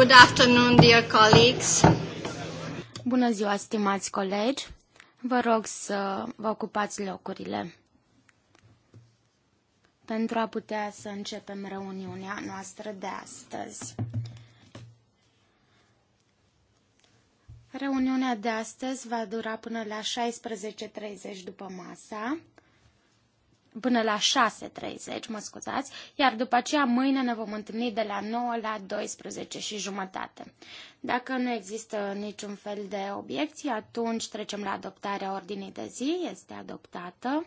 Good afternoon, dear colleagues. Bună ziua, stimați colegi. Vă rog să vă ocupați locurile pentru a putea să începem reuniunea noastră de astăzi. Reuniunea de astăzi va dura până la 16.30 după masa până la 6.30, mă scuzați, iar după aceea mâine ne vom întâlni de la 9 la 12 și jumătate. Dacă nu există niciun fel de obiecții, atunci trecem la adoptarea ordinii de zi, este adoptată.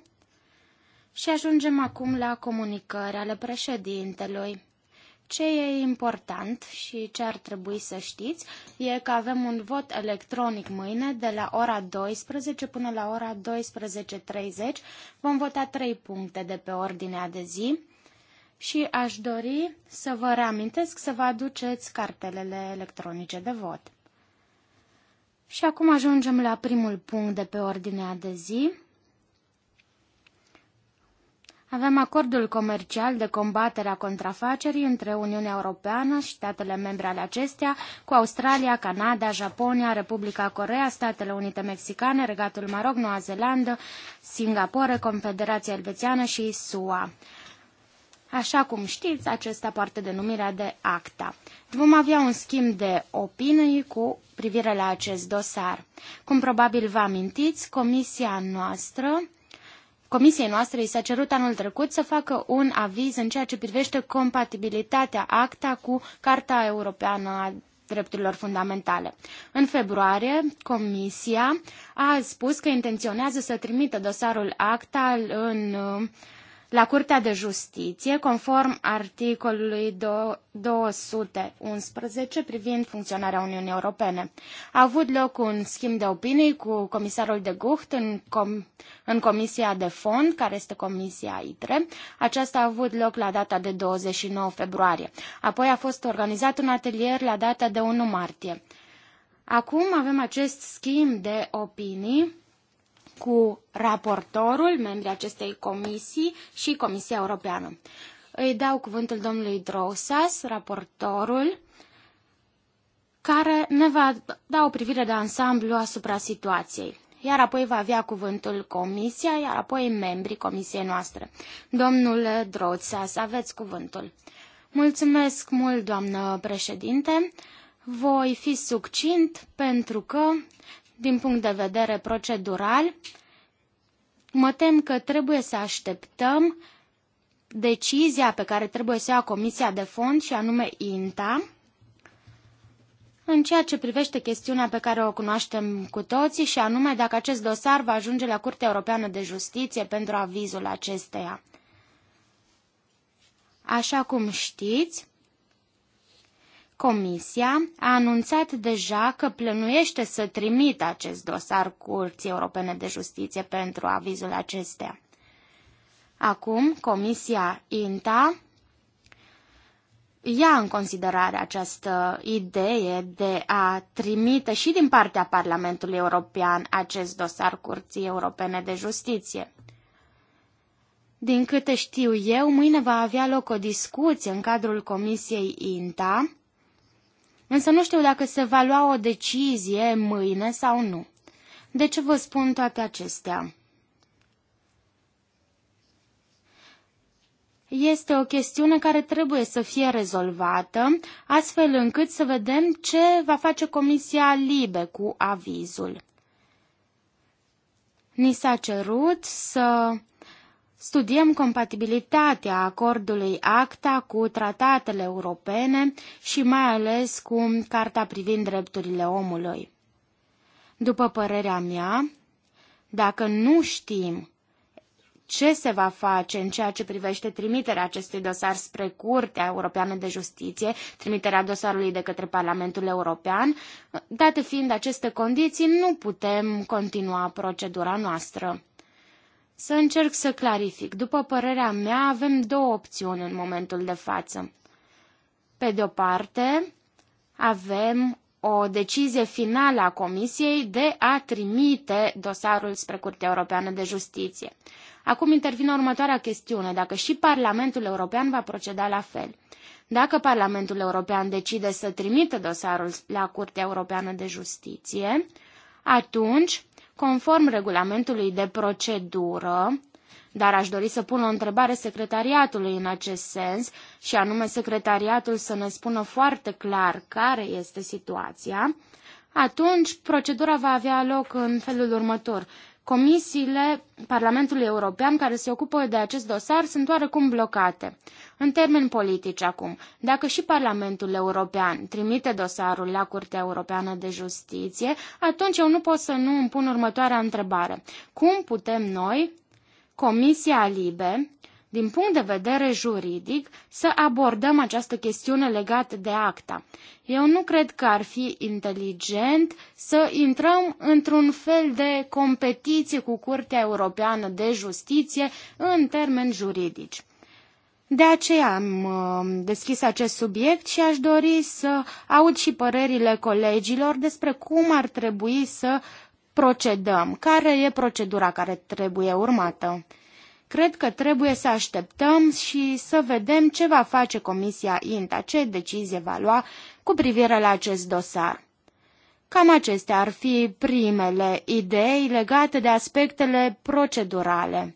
Și ajungem acum la comunicări ale președintelui. Ce e important și ce ar trebui să știți e că avem un vot electronic mâine de la ora 12 până la ora 12.30. Vom vota trei puncte de pe ordinea de zi și aș dori să vă reamintesc să vă aduceți cartelele electronice de vot. Și acum ajungem la primul punct de pe ordinea de zi, avem acordul comercial de combatere a contrafacerii între Uniunea Europeană și statele membre ale acestea cu Australia, Canada, Japonia, Republica Corea, Statele Unite Mexicane, Regatul Maroc, Noua Zeelandă, Singapore, Confederația Elvețiană și SUA. Așa cum știți, acesta parte denumirea de ACTA. Vom avea un schimb de opinii cu privire la acest dosar. Cum probabil vă amintiți, comisia noastră Comisiei noastre i s-a cerut anul trecut să facă un aviz în ceea ce privește compatibilitatea ACTA cu Carta Europeană a drepturilor fundamentale. În februarie, Comisia a spus că intenționează să trimită dosarul ACTA în uh, la Curtea de Justiție, conform articolului 211 privind funcționarea Uniunii Europene. A avut loc un schimb de opinii cu comisarul de Gucht în, com în Comisia de Fond, care este Comisia ITRE. Aceasta a avut loc la data de 29 februarie. Apoi a fost organizat un atelier la data de 1 martie. Acum avem acest schimb de opinii cu raportorul, membrii acestei comisii și Comisia Europeană. Îi dau cuvântul domnului Drosas, raportorul, care ne va da o privire de ansamblu asupra situației. Iar apoi va avea cuvântul comisia, iar apoi membrii comisiei noastre. Domnule Droțas, aveți cuvântul. Mulțumesc mult, doamnă președinte. Voi fi succint pentru că din punct de vedere procedural, mă tem că trebuie să așteptăm decizia pe care trebuie să ia Comisia de Fond și anume INTA, în ceea ce privește chestiunea pe care o cunoaștem cu toții și anume dacă acest dosar va ajunge la Curtea Europeană de Justiție pentru avizul acesteia. Așa cum știți, Comisia a anunțat deja că plănuiește să trimită acest dosar Curții Europene de Justiție pentru avizul acestea. Acum, Comisia INTA ia în considerare această idee de a trimite și din partea Parlamentului European acest dosar Curții Europene de Justiție. Din câte știu eu, mâine va avea loc o discuție în cadrul Comisiei INTA Însă nu știu dacă se va lua o decizie mâine sau nu. De ce vă spun toate acestea? Este o chestiune care trebuie să fie rezolvată, astfel încât să vedem ce va face Comisia Libe cu avizul. Ni s-a cerut să Studiem compatibilitatea acordului ACTA cu tratatele europene și mai ales cu Carta privind drepturile omului. După părerea mea, dacă nu știm ce se va face în ceea ce privește trimiterea acestui dosar spre Curtea Europeană de Justiție, trimiterea dosarului de către Parlamentul European, date fiind aceste condiții, nu putem continua procedura noastră. Să încerc să clarific. După părerea mea, avem două opțiuni în momentul de față. Pe de-o parte, avem o decizie finală a Comisiei de a trimite dosarul spre Curtea Europeană de Justiție. Acum intervine următoarea chestiune, dacă și Parlamentul European va proceda la fel. Dacă Parlamentul European decide să trimită dosarul la Curtea Europeană de Justiție, atunci Conform regulamentului de procedură, dar aș dori să pun o întrebare secretariatului în acest sens și anume secretariatul să ne spună foarte clar care este situația, atunci procedura va avea loc în felul următor. Comisiile Parlamentului European care se ocupă de acest dosar sunt oarecum blocate. În termeni politici acum, dacă și Parlamentul European trimite dosarul la Curtea Europeană de Justiție, atunci eu nu pot să nu îmi pun următoarea întrebare. Cum putem noi, Comisia Libe, din punct de vedere juridic, să abordăm această chestiune legată de acta. Eu nu cred că ar fi inteligent să intrăm într-un fel de competiție cu Curtea Europeană de Justiție în termeni juridici. De aceea am um, deschis acest subiect și aș dori să aud și părerile colegilor despre cum ar trebui să procedăm, care e procedura care trebuie urmată. Cred că trebuie să așteptăm și să vedem ce va face Comisia INTA, ce decizie va lua cu privire la acest dosar. Cam acestea ar fi primele idei legate de aspectele procedurale.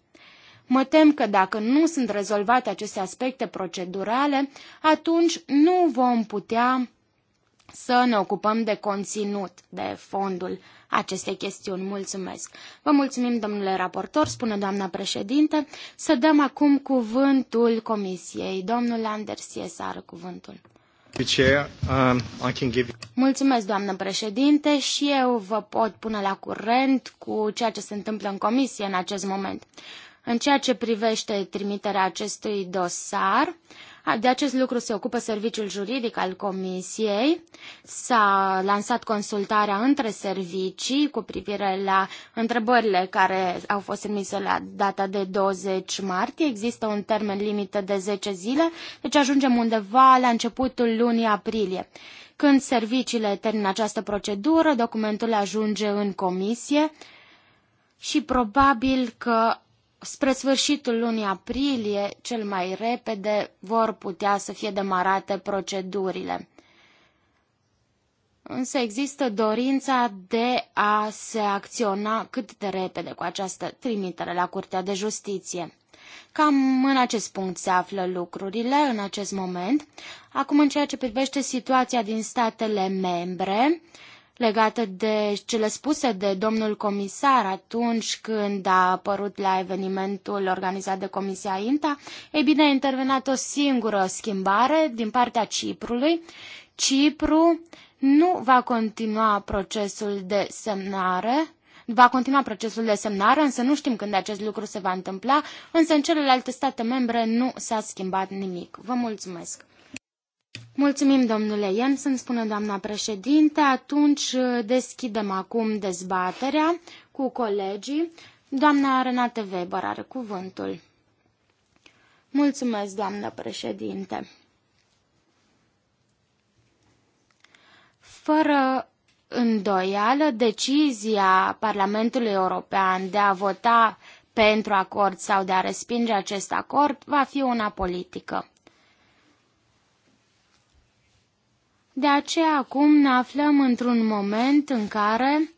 Mă tem că dacă nu sunt rezolvate aceste aspecte procedurale, atunci nu vom putea să ne ocupăm de conținut, de fondul acestei chestiuni. Mulțumesc! Vă mulțumim, domnule raportor, spune doamna președinte. Să dăm acum cuvântul comisiei. Domnul Anders Ies are cuvântul. Um, Mulțumesc, doamnă președinte, și eu vă pot pune la curent cu ceea ce se întâmplă în comisie în acest moment. În ceea ce privește trimiterea acestui dosar, uh, de acest lucru se ocupă serviciul juridic al Comisiei. S-a lansat consultarea între servicii cu privire la întrebările care au fost emise la data de 20 martie. Există un termen limită de 10 zile, deci ajungem undeva la începutul lunii aprilie. Când serviciile termină această procedură, documentul ajunge în comisie și probabil că spre sfârșitul lunii aprilie, cel mai repede, vor putea să fie demarate procedurile. Însă există dorința de a se acționa cât de repede cu această trimitere la Curtea de Justiție. Cam în acest punct se află lucrurile în acest moment. Acum, în ceea ce privește situația din statele membre, uh, legată de cele spuse de domnul comisar atunci când a apărut la evenimentul organizat de Comisia INTA, e bine, a intervenat o singură schimbare din partea Ciprului. Cipru nu va continua procesul de semnare, va continua procesul de semnare, însă nu știm când acest lucru se va întâmpla, însă în celelalte state membre nu s-a schimbat nimic. Vă mulțumesc! Mulțumim, domnule Jensen, spune doamna președinte. Atunci uh, deschidem acum dezbaterea cu colegii. Doamna Renate Weber are cuvântul. Mulțumesc, doamnă președinte. Fără îndoială, decizia Parlamentului European de a vota pentru acord sau de a respinge acest acord va fi una politică. De aceea acum ne aflăm într-un moment în care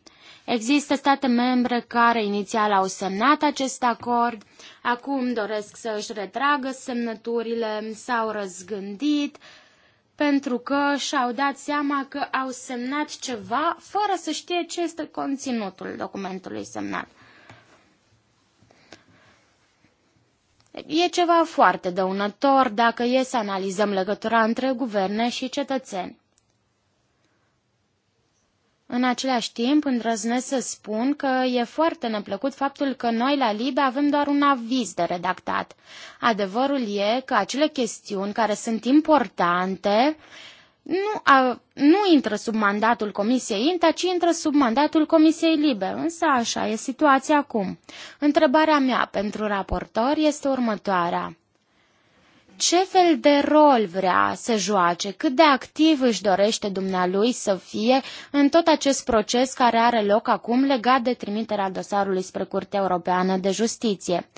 există state membre care inițial au semnat acest acord, acum doresc să își retragă semnăturile, s-au răzgândit, pentru că și-au dat seama că au semnat ceva fără să știe ce este conținutul documentului semnat. E ceva foarte dăunător dacă e să analizăm legătura între guverne și cetățeni. În același timp, îndrăznesc să spun că e foarte neplăcut faptul că noi la LIBE avem doar un aviz de redactat. Adevărul e că acele chestiuni care sunt importante nu, a, nu intră sub mandatul Comisiei INTA, ci intră sub mandatul Comisiei LIBE, însă așa e situația acum. Întrebarea mea pentru raportor este următoarea ce fel de rol vrea să joace, cât de activ își dorește dumnealui să fie în tot acest proces care are loc acum legat de trimiterea dosarului spre Curtea Europeană de Justiție.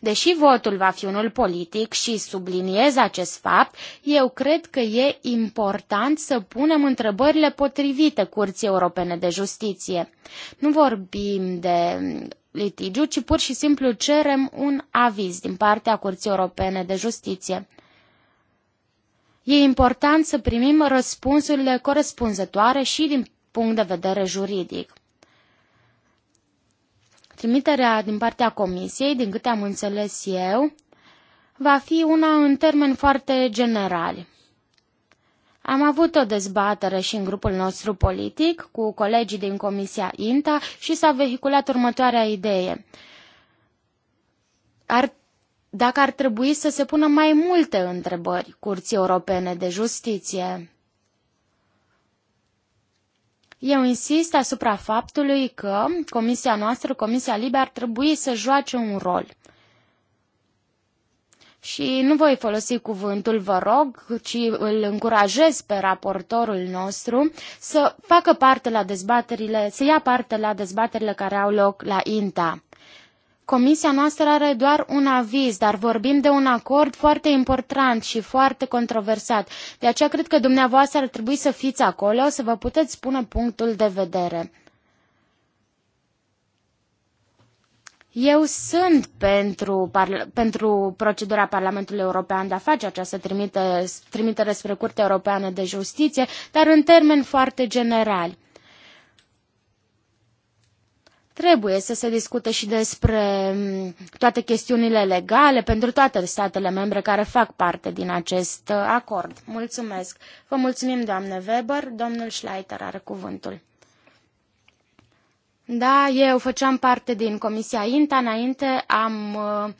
Deși votul va fi unul politic și subliniez acest fapt, eu cred că e important să punem întrebările potrivite Curții Europene de Justiție. Nu vorbim de litigiu, ci pur și simplu cerem un aviz din partea Curții Europene de Justiție. E important să primim răspunsurile corespunzătoare și din punct de vedere juridic. Trimiterea din partea Comisiei, din câte am înțeles eu, va fi una în termeni foarte generali. Am avut o dezbatere și în grupul nostru politic cu colegii din Comisia INTA și s-a vehiculat următoarea idee. Ar, dacă ar trebui să se pună mai multe întrebări Curții Europene de Justiție. Eu insist asupra faptului că Comisia noastră, Comisia Liberă, ar trebui să joace un rol și nu voi folosi cuvântul vă rog, ci îl încurajez pe raportorul nostru să facă parte la dezbaterile, să ia parte la dezbaterile care au loc la INTA. Comisia noastră are doar un aviz, dar vorbim de un acord foarte important și foarte controversat. De aceea cred că dumneavoastră ar trebui să fiți acolo, să vă puteți spune punctul de vedere. Eu sunt pentru, pentru procedura Parlamentului European de a face această trimite trimitere spre Curtea Europeană de Justiție, dar în termeni foarte generali. Trebuie să se discute și despre mm, toate chestiunile legale pentru toate statele membre care fac parte din acest uh, acord. Mulțumesc. Vă mulțumim, doamne Weber. Domnul Schleiter are cuvântul. Da, eu făceam parte din Comisia INTA. Înainte am uh,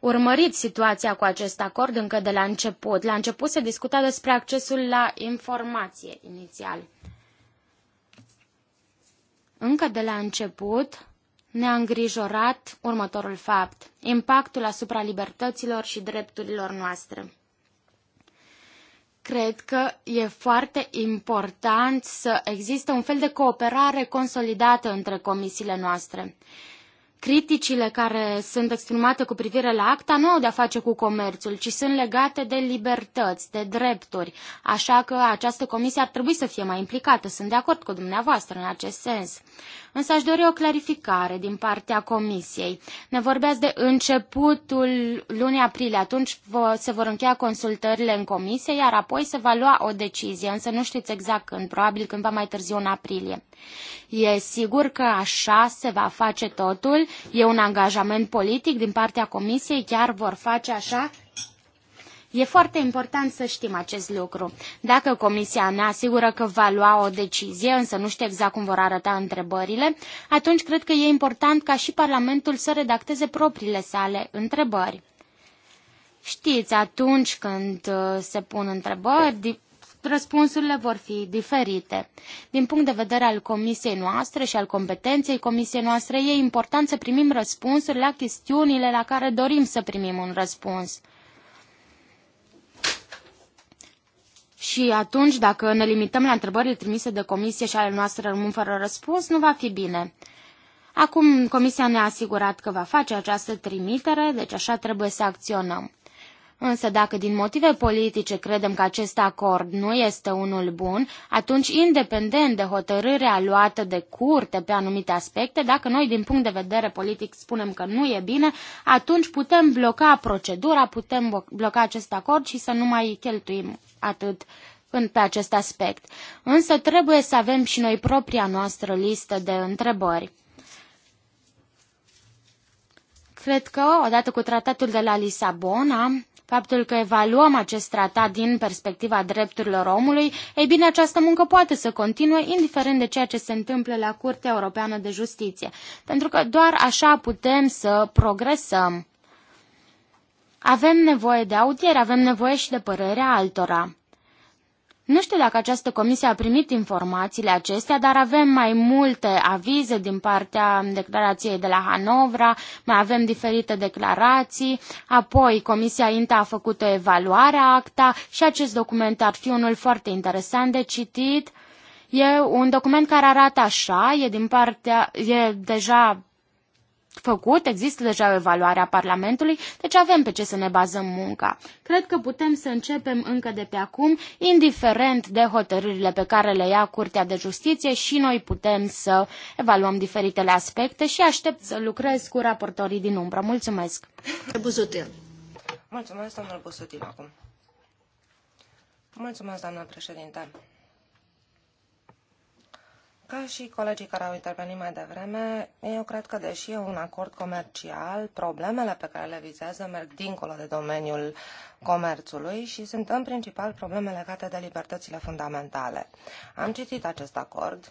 urmărit situația cu acest acord încă de la început. La început se discuta despre accesul la informație inițial. Încă de la început ne-a îngrijorat următorul fapt, impactul asupra libertăților și drepturilor noastre cred că e foarte important să existe un fel de cooperare consolidată între comisiile noastre. Criticile care sunt exprimate cu privire la acta nu au de-a face cu comerțul, ci sunt legate de libertăți, de drepturi, așa că această comisie ar trebui să fie mai implicată. Sunt de acord cu dumneavoastră în acest sens. Însă aș dori o clarificare din partea Comisiei. Ne vorbeați de începutul lunii aprilie, atunci se vor încheia consultările în Comisie, iar apoi se va lua o decizie, însă nu știți exact când, probabil cândva mai târziu în aprilie. E sigur că așa se va face totul? E un angajament politic din partea Comisiei? Chiar vor face așa? E foarte important să știm acest lucru. Dacă Comisia ne asigură că va lua o decizie, însă nu știu exact cum vor arăta întrebările, atunci cred că e important ca și Parlamentul să redacteze propriile sale întrebări. Știți, atunci când uh, se pun întrebări, răspunsurile vor fi diferite. Din punct de vedere al comisiei noastre și al competenței comisiei noastre, e important să primim răspunsuri la chestiunile la care dorim să primim un răspuns. Și atunci, dacă ne limităm la întrebările trimise de comisie și ale noastre rămân fără răspuns, nu va fi bine. Acum, comisia ne-a asigurat că va face această trimitere, deci așa trebuie să acționăm. Însă dacă din motive politice credem că acest acord nu este unul bun, atunci independent de hotărârea luată de curte pe anumite aspecte, dacă noi din punct de vedere politic spunem că nu e bine, atunci putem bloca procedura, putem bloca acest acord și să nu mai cheltuim atât în, pe acest aspect. Însă trebuie să avem și noi propria noastră listă de întrebări cred că, odată cu tratatul de la Lisabona, faptul că evaluăm acest tratat din perspectiva drepturilor omului, ei bine, această muncă poate să continue, indiferent de ceea ce se întâmplă la Curtea Europeană de Justiție, pentru că doar așa putem să progresăm. Avem nevoie de audieri, avem nevoie și de părerea altora. Nu știu dacă această comisie a primit informațiile acestea, dar avem mai multe avize din partea declarației de la Hanovra, mai avem diferite declarații, apoi Comisia INTA a făcut o evaluare a acta și acest document ar fi unul foarte interesant de citit. E un document care arată așa, e din partea, e deja făcut, există deja o evaluare a Parlamentului, deci avem pe ce să ne bazăm munca. Cred că putem să începem încă de pe acum, indiferent de hotărârile pe care le ia Curtea de Justiție și noi putem să evaluăm diferitele aspecte și aștept să lucrez cu raportorii din umbră. Mulțumesc! Buzutil. Mulțumesc, domnul Busutil, acum. Mulțumesc, doamnă președinte. Ca și colegii care au intervenit mai devreme, eu cred că, deși e un acord comercial, problemele pe care le vizează merg dincolo de domeniul comerțului și sunt în principal probleme legate de libertățile fundamentale. Am citit acest acord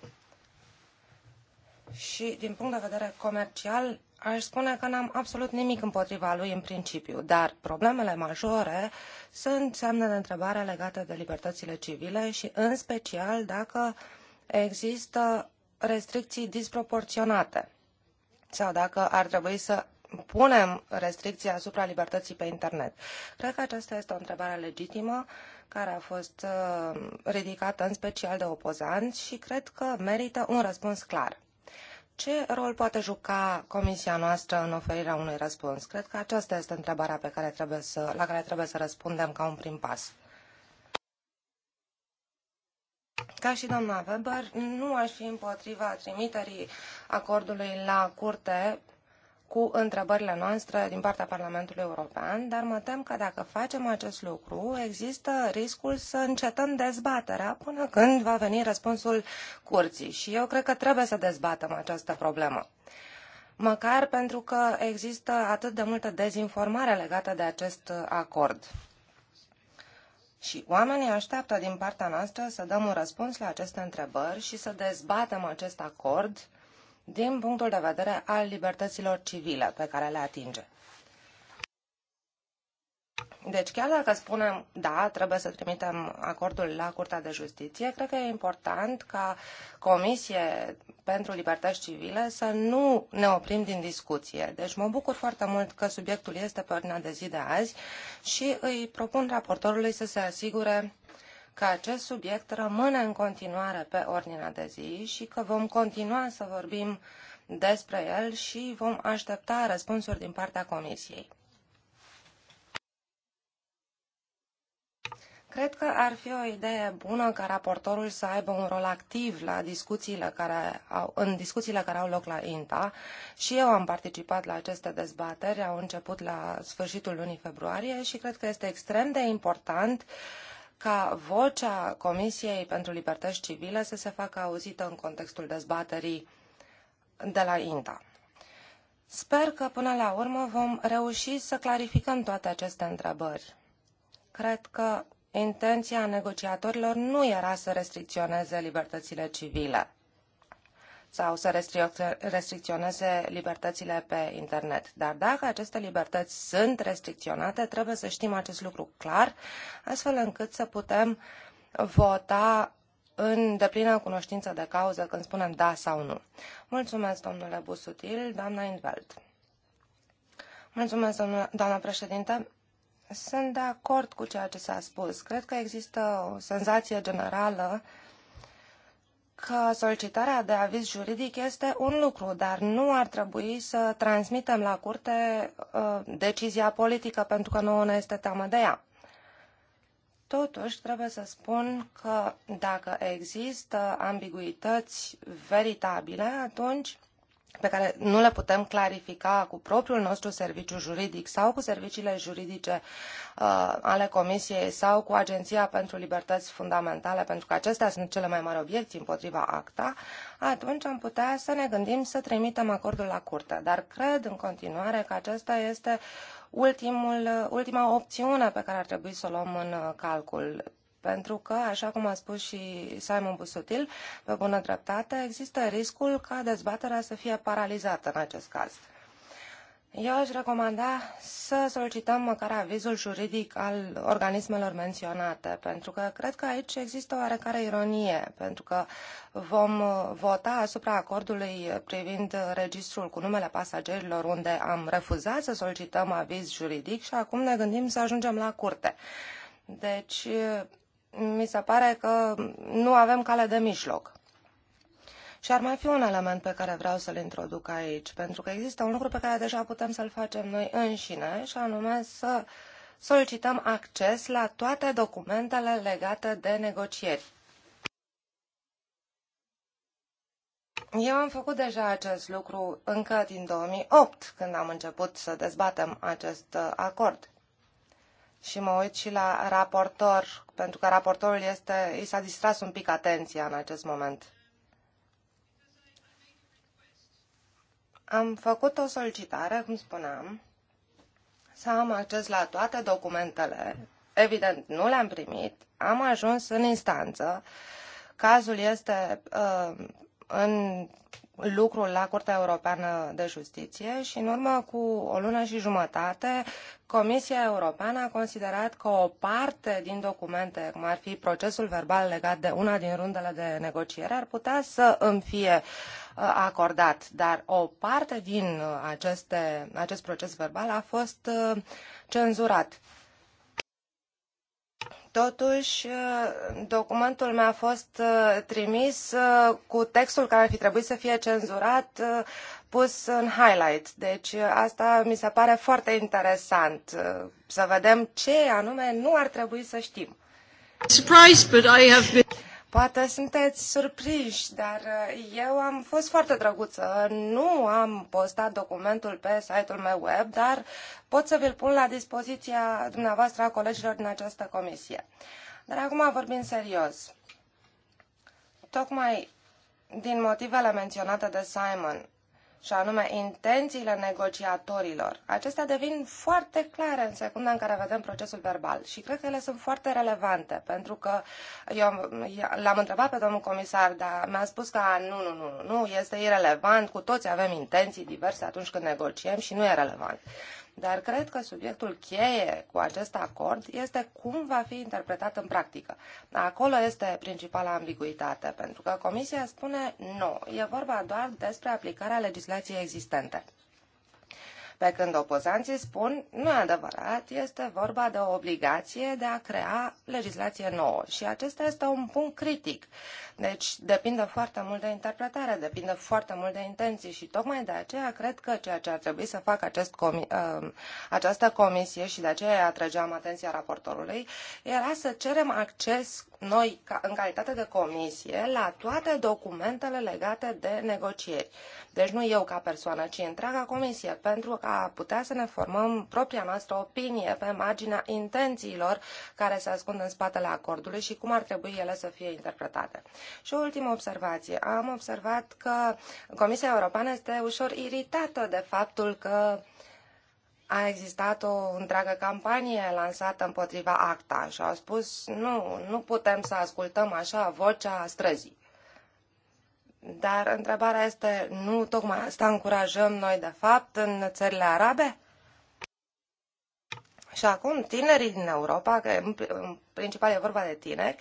și, din punct de vedere comercial, aș spune că n-am absolut nimic împotriva lui în principiu, dar problemele majore sunt semne de întrebare legate de libertățile civile și, în special, dacă uh, există restricții disproporționate sau dacă ar trebui să punem restricții asupra libertății pe internet. Cred că aceasta este o întrebare legitimă care a fost uh, ridicată în special de opozanți și cred că merită un răspuns clar. Ce rol poate juca comisia noastră în oferirea unui răspuns? Cred că aceasta este întrebarea pe care trebuie să, la care trebuie să răspundem ca un prim pas. Ca și doamna Weber, nu aș fi împotriva trimiterii acordului la curte cu întrebările noastre din partea Parlamentului European, dar mă tem că dacă facem acest lucru, există riscul să încetăm dezbaterea până când va veni răspunsul curții. Și eu cred că trebuie să dezbatem această problemă. Măcar pentru că există atât de multă dezinformare legată de acest acord. Și oamenii așteaptă din partea noastră să dăm un răspuns la aceste întrebări și să dezbatem acest acord din punctul de vedere al libertăților civile pe care le atinge. Deci chiar dacă spunem, da, trebuie să trimitem acordul la Curtea de Justiție, cred că e important ca Comisie pentru Libertăți Civile să nu ne oprim din discuție. Deci mă bucur foarte mult că subiectul este pe ordinea de zi de azi și îi propun raportorului să se asigure că acest subiect rămâne în continuare pe ordinea de zi și că vom continua să vorbim despre el și vom aștepta răspunsuri din partea Comisiei. Cred că ar fi o idee bună ca raportorul să aibă un rol activ la discuțiile care au, în discuțiile care au loc la INTA și eu am participat la aceste dezbateri, au început la sfârșitul lunii februarie și cred că este extrem de important ca vocea Comisiei pentru Libertăți Civile să se facă auzită în contextul dezbaterii de la INTA. Sper că până la urmă vom reuși să clarificăm toate aceste întrebări. Cred că intenția negociatorilor nu era să restricționeze libertățile civile sau să restricționeze libertățile pe internet. Dar dacă aceste libertăți sunt restricționate, trebuie să știm acest lucru clar, astfel încât să putem vota în deplină cunoștință de cauză când spunem da sau nu. Mulțumesc, domnule Busutil, doamna Indveld. Mulțumesc, doamna președinte. Sunt de acord cu ceea ce s-a spus. Cred că există o senzație generală că solicitarea de aviz juridic este un lucru, dar nu ar trebui să transmitem la curte uh, decizia politică pentru că nouă ne este teamă de ea. Totuși, trebuie să spun că dacă există ambiguități veritabile, atunci pe care nu le putem clarifica cu propriul nostru serviciu juridic sau cu serviciile juridice uh, ale Comisiei sau cu Agenția pentru Libertăți Fundamentale, pentru că acestea sunt cele mai mari obiecții împotriva ACTA, atunci am putea să ne gândim să trimitem acordul la curte. Dar cred în continuare că aceasta este ultimul, ultima opțiune pe care ar trebui să o luăm în calcul pentru că, așa cum a spus și Simon Busutil, pe bună dreptate, există riscul ca dezbaterea să fie paralizată în acest caz. Eu aș recomanda să solicităm măcar avizul juridic al organismelor menționate, pentru că cred că aici există oarecare ironie, pentru că vom uh, vota asupra acordului privind registrul cu numele pasagerilor, unde am refuzat să solicităm aviz juridic și acum ne gândim să ajungem la curte. Deci, mi se pare că nu avem cale de mijloc. Și ar mai fi un element pe care vreau să-l introduc aici, pentru că există un lucru pe care deja putem să-l facem noi înșine, și anume să solicităm acces la toate documentele legate de negocieri. Eu am făcut deja acest lucru încă din 2008, când am început să dezbatem acest uh, acord și mă uit și la raportor, pentru că raportorul este, i s-a distras un pic atenția în acest moment. Am făcut o solicitare, cum spuneam, să am acces la toate documentele. Evident, nu le-am primit. Am ajuns în instanță. Cazul este uh, în lucru la Curtea Europeană de Justiție și în urmă cu o lună și jumătate Comisia Europeană a considerat că o parte din documente, cum ar fi procesul verbal legat de una din rundele de negociere, ar putea să îmi fie uh, acordat, dar o parte din uh, aceste, acest proces verbal a fost uh, cenzurat. Totuși, uh, documentul mi-a fost uh, trimis uh, cu textul care ar fi trebuit să fie cenzurat pus în highlight. Deci asta mi se pare foarte interesant, să vedem ce anume nu ar trebui să știm. Surprise, but I have been... Poate sunteți surprinși, dar uh, eu am fost foarte drăguță. Nu am postat documentul pe site-ul meu web, dar pot să vi-l pun la dispoziția dumneavoastră a colegilor din această comisie. Dar acum vorbim serios. Tocmai din motivele menționate de Simon, și anume intențiile negociatorilor. Acestea devin foarte clare în secunda în care vedem procesul verbal și cred că ele sunt foarte relevante, pentru că eu l-am întrebat pe domnul comisar, dar mi-a spus că nu, nu, nu, nu, este irelevant, cu toți avem intenții diverse atunci când negociem și nu e relevant. Dar cred că subiectul cheie cu acest acord este cum va fi interpretat în practică. Acolo este principala ambiguitate, pentru că Comisia spune nu, e vorba doar despre aplicarea legislației existente. Pe când opozanții spun, nu e adevărat, este vorba de o obligație de a crea legislație nouă. Și acesta este un punct critic. Deci depinde foarte mult de interpretare, depinde foarte mult de intenții și tocmai de aceea cred că ceea ce ar trebui să facă acest comi- uh, această comisie și de aceea atrageam atenția raportorului era să cerem acces noi, ca, în calitate de comisie, la toate documentele legate de negocieri. Deci nu eu ca persoană, ci întreaga comisie, pentru a putea să ne formăm propria noastră opinie pe marginea intențiilor care se ascund în spatele acordului și cum ar trebui ele să fie interpretate. Și o ultimă observație. Am observat că Comisia Europeană este ușor iritată de faptul că a existat o întreagă campanie lansată împotriva ACTA și au spus nu, nu putem să ascultăm așa vocea străzii. Dar întrebarea este, nu tocmai asta încurajăm noi de fapt în țările arabe? Și acum tinerii din Europa, că în principal e vorba de tineri,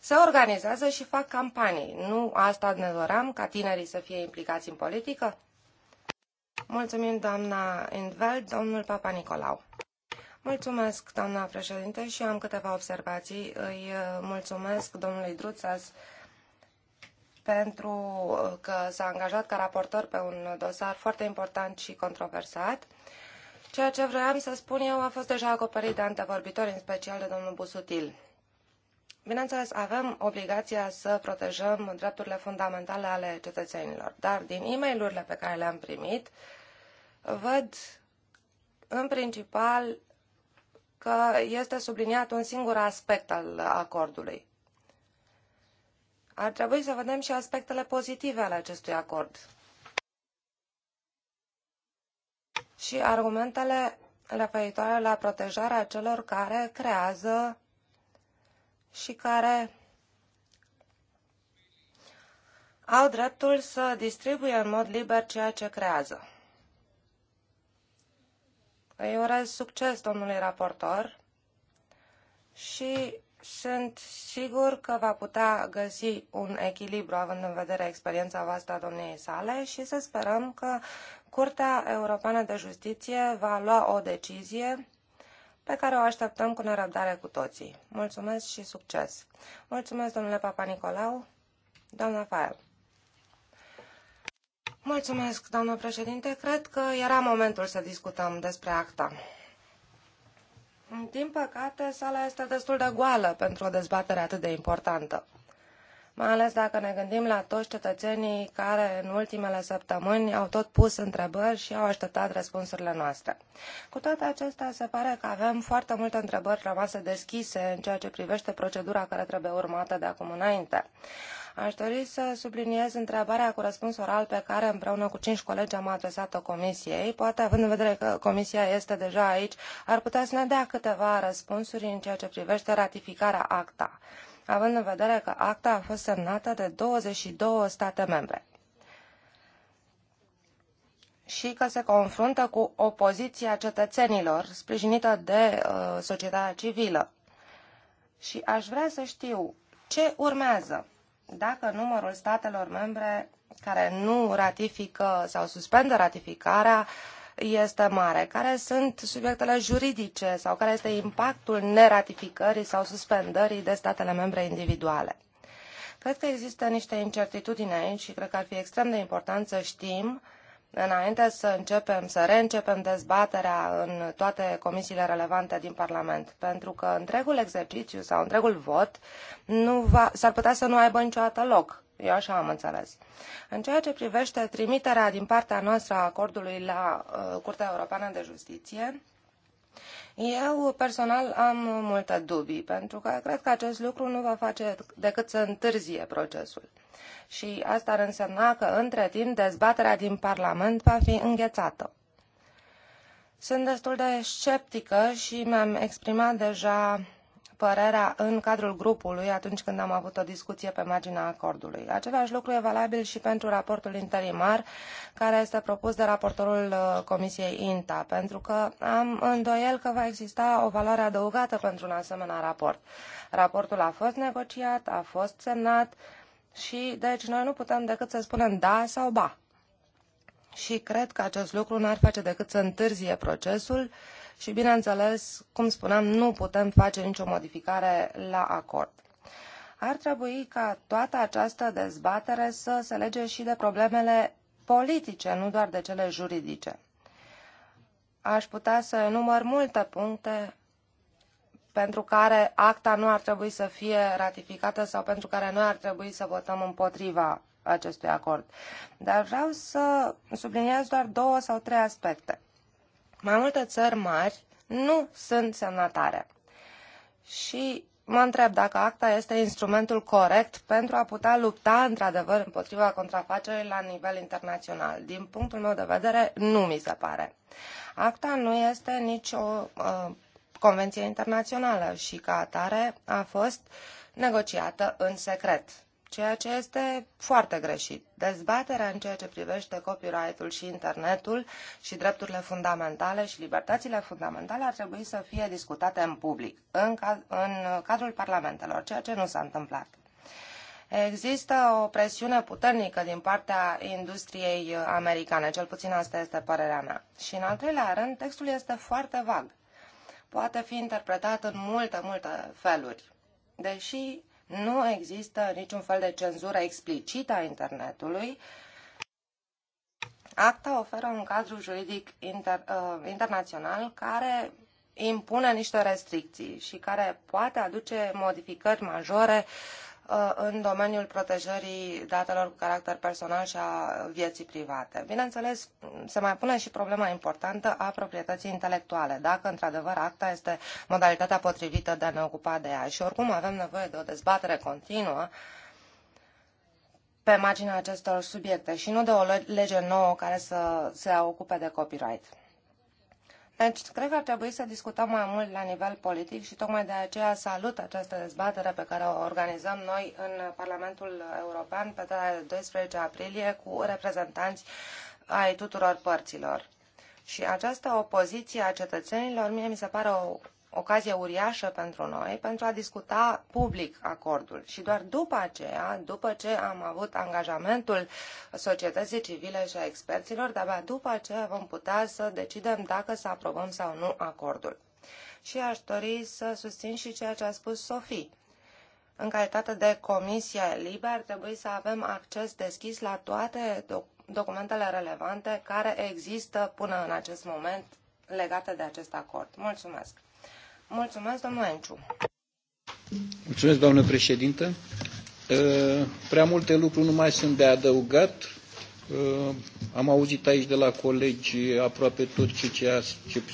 se organizează și fac campanii. Nu asta ne doream, ca tinerii să fie implicați în politică? Mulțumim, doamna Indveld, domnul Papa Nicolau. Mulțumesc, doamna președinte, și am câteva observații. Îi uh, mulțumesc domnului Druțas pentru uh, că s-a angajat ca raportor pe un dosar foarte important și controversat. Ceea ce vreau să spun eu a fost deja acoperit de antevorbitori, în special de domnul Busutil. Bineînțeles, avem obligația să protejăm drepturile fundamentale ale cetățenilor, dar din e urile pe care le-am primit, văd în principal că este subliniat un singur aspect al acordului. Ar trebui să vedem și aspectele pozitive ale acestui acord. Și argumentele referitoare la protejarea celor care creează și care au dreptul să distribuie în mod liber ceea ce creează. Îi urez succes domnului raportor și sunt sigur că va putea găsi un echilibru având în vedere experiența voastră a domniei sale și să sperăm că Curtea Europeană de Justiție va lua o decizie pe care o așteptăm cu nerăbdare cu toții. Mulțumesc și succes! Mulțumesc, domnule Papa Nicolau, doamna Faia. Mulțumesc, doamnă președinte. Cred că era momentul să discutăm despre acta. Din păcate, sala este destul de goală pentru o dezbatere atât de importantă. Mai ales dacă ne gândim la toți cetățenii care în ultimele săptămâni au tot pus întrebări și au așteptat răspunsurile noastre. Cu toate acestea, se pare că avem foarte multe întrebări rămase deschise în ceea ce privește procedura care trebuie urmată de acum înainte. Aș dori să subliniez întrebarea cu răspuns oral pe care împreună cu cinci colegi am adresat-o Comisiei. Poate, având în vedere că Comisia este deja aici, ar putea să ne dea câteva răspunsuri în ceea ce privește ratificarea ACTA, având în vedere că ACTA a fost semnată de 22 state membre și că se confruntă cu opoziția cetățenilor sprijinită de uh, societatea civilă. Și aș vrea să știu ce urmează dacă numărul statelor membre care nu ratifică sau suspendă ratificarea este mare, care sunt subiectele juridice sau care este impactul neratificării sau suspendării de statele membre individuale. Cred că există niște incertitudini aici și cred că ar fi extrem de important să știm uh, înainte să începem, să reîncepem dezbaterea în toate comisiile relevante din Parlament, pentru că întregul exercițiu sau întregul vot nu va, s-ar putea să nu aibă niciodată loc. Eu așa am înțeles. În ceea ce privește trimiterea din partea noastră a acordului la uh, Curtea Europeană de Justiție, eu personal am multe dubii, pentru că cred că acest lucru nu va face decât să întârzie procesul. Și asta ar însemna că, între timp, dezbaterea din Parlament va fi înghețată. Sunt destul de sceptică și mi-am exprimat deja părerea în cadrul grupului atunci când am avut o discuție pe marginea acordului. Același lucru e valabil și pentru raportul interimar care este propus de raportorul uh, Comisiei INTA, pentru că am îndoiel că va exista o valoare adăugată pentru un asemenea raport. Raportul a fost negociat, a fost semnat și deci noi nu putem decât să spunem da sau ba. Și cred că acest lucru n-ar face decât să întârzie procesul uh, și, bineînțeles, cum spuneam, nu putem face nicio modificare la acord. Ar trebui ca toată această dezbatere să se lege și de problemele politice, nu doar de cele juridice. Aș putea să enumăr multe puncte pentru care acta nu ar trebui să fie ratificată sau pentru care noi ar trebui să votăm împotriva acestui acord. Dar vreau să subliniez doar două sau trei aspecte. Mai multe țări mari nu sunt semnatare. Și mă întreb dacă acta este instrumentul corect pentru a putea lupta într-adevăr împotriva contrafacerii la nivel internațional. Din punctul meu de vedere, nu mi se pare. Acta nu este nicio uh, convenție internațională și ca atare a fost negociată în secret ceea ce este foarte greșit. Dezbaterea în ceea ce privește copyright-ul și internetul și drepturile fundamentale și libertățile fundamentale ar trebui să fie discutate în public, în, în cadrul parlamentelor, ceea ce nu s-a întâmplat. Există o presiune puternică din partea industriei americane, cel puțin asta este părerea mea. Și în al treilea rând, textul este foarte vag. Poate fi interpretat în multe, multe feluri. Deși nu există niciun fel de cenzură explicită a internetului. Acta oferă un cadru juridic inter, uh, internațional care impune niște restricții și care poate aduce modificări majore uh, Uh, în domeniul protejării datelor cu caracter personal și a vieții private. Bineînțeles, se mai pune și problema importantă a proprietății intelectuale, dacă într-adevăr acta este modalitatea potrivită de a ne ocupa de ea. Și oricum avem nevoie de o dezbatere continuă pe marginea acestor subiecte și nu de o lege nouă care să se ocupe de copyright. Deci, cred că ar trebui să discutăm mai mult la nivel politic și tocmai de aceea salut această dezbatere pe care o organizăm noi în Parlamentul European pe data de 12 aprilie cu reprezentanți ai tuturor părților. Și această opoziție a cetățenilor, mie mi se pare o ocazie uriașă pentru noi pentru a discuta public acordul. Și doar după aceea, după ce am avut angajamentul societății civile și a experților, de-abia după aceea vom putea să decidem dacă să aprobăm sau nu acordul. Și aș dori să susțin și ceea ce a spus Sofie. În calitate de Comisia Libe ar trebui să avem acces deschis la toate doc documentele relevante care există până în acest moment legate de acest acord. Mulțumesc! Mulțumesc, domnul Enciu. Mulțumesc, doamnă președintă. Prea multe lucruri nu mai sunt de adăugat. Am auzit aici de la colegi aproape tot ce, ce,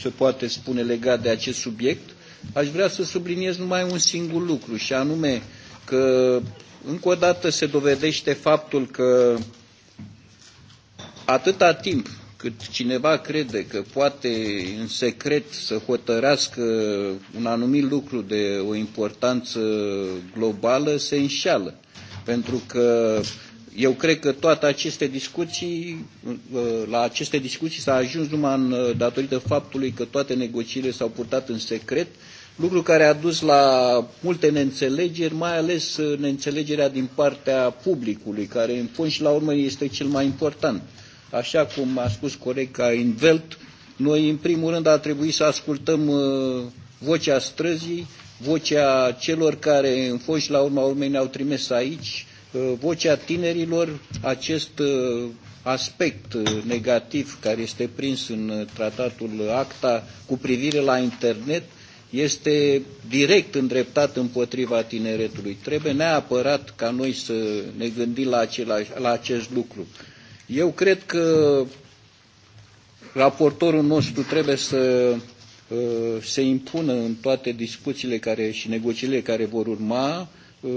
se poate spune legat de acest subiect. Aș vrea să subliniez numai un singur lucru, și anume că încă o dată se dovedește faptul că atâta timp cât cineva crede că poate în secret să hotărească un anumit lucru de o importanță globală, se înșeală. Pentru că eu cred că toate aceste discuții, uh, la aceste discuții s-a ajuns numai în, uh, datorită faptului că toate negocierile s-au purtat în secret, lucru care a dus la multe neînțelegeri, mai ales uh, neînțelegerea din partea publicului, care în fond și la urmă este cel mai important. Uh, așa cum a spus colega Invelt, noi în primul rând ar trebui să ascultăm uh, vocea străzii, vocea celor care în foști la urma urmei ne-au trimis aici, uh, vocea tinerilor, acest uh, aspect negativ care este prins în tratatul ACTA cu privire la internet este direct îndreptat împotriva tineretului. Trebuie neapărat ca noi să ne gândim la, același, la acest lucru. Eu cred că raportorul nostru trebuie să uh, se impună în toate discuțiile care, și negocierile care vor urma uh,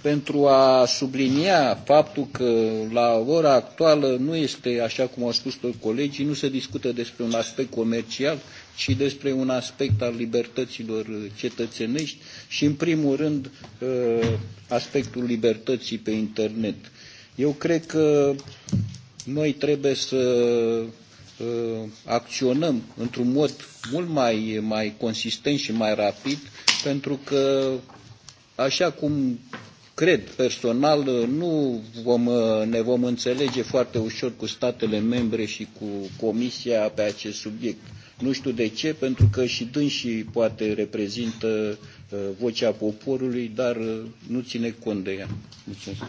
pentru a sublinia faptul că la ora actuală nu este, așa cum au spus toți colegii, nu se discută despre un aspect comercial, ci despre un aspect al libertăților cetățenești și, în primul rând, uh, aspectul libertății pe internet. Eu cred că noi trebuie să ă, acționăm într-un mod mult mai, mai consistent și mai rapid, pentru că, așa cum cred personal, nu vom, ne vom înțelege foarte ușor cu statele membre și cu Comisia pe acest subiect. Nu știu de ce, pentru că și dânsii poate reprezintă ă, vocea poporului, dar ă, nu ține cont de ea. Mulțumesc.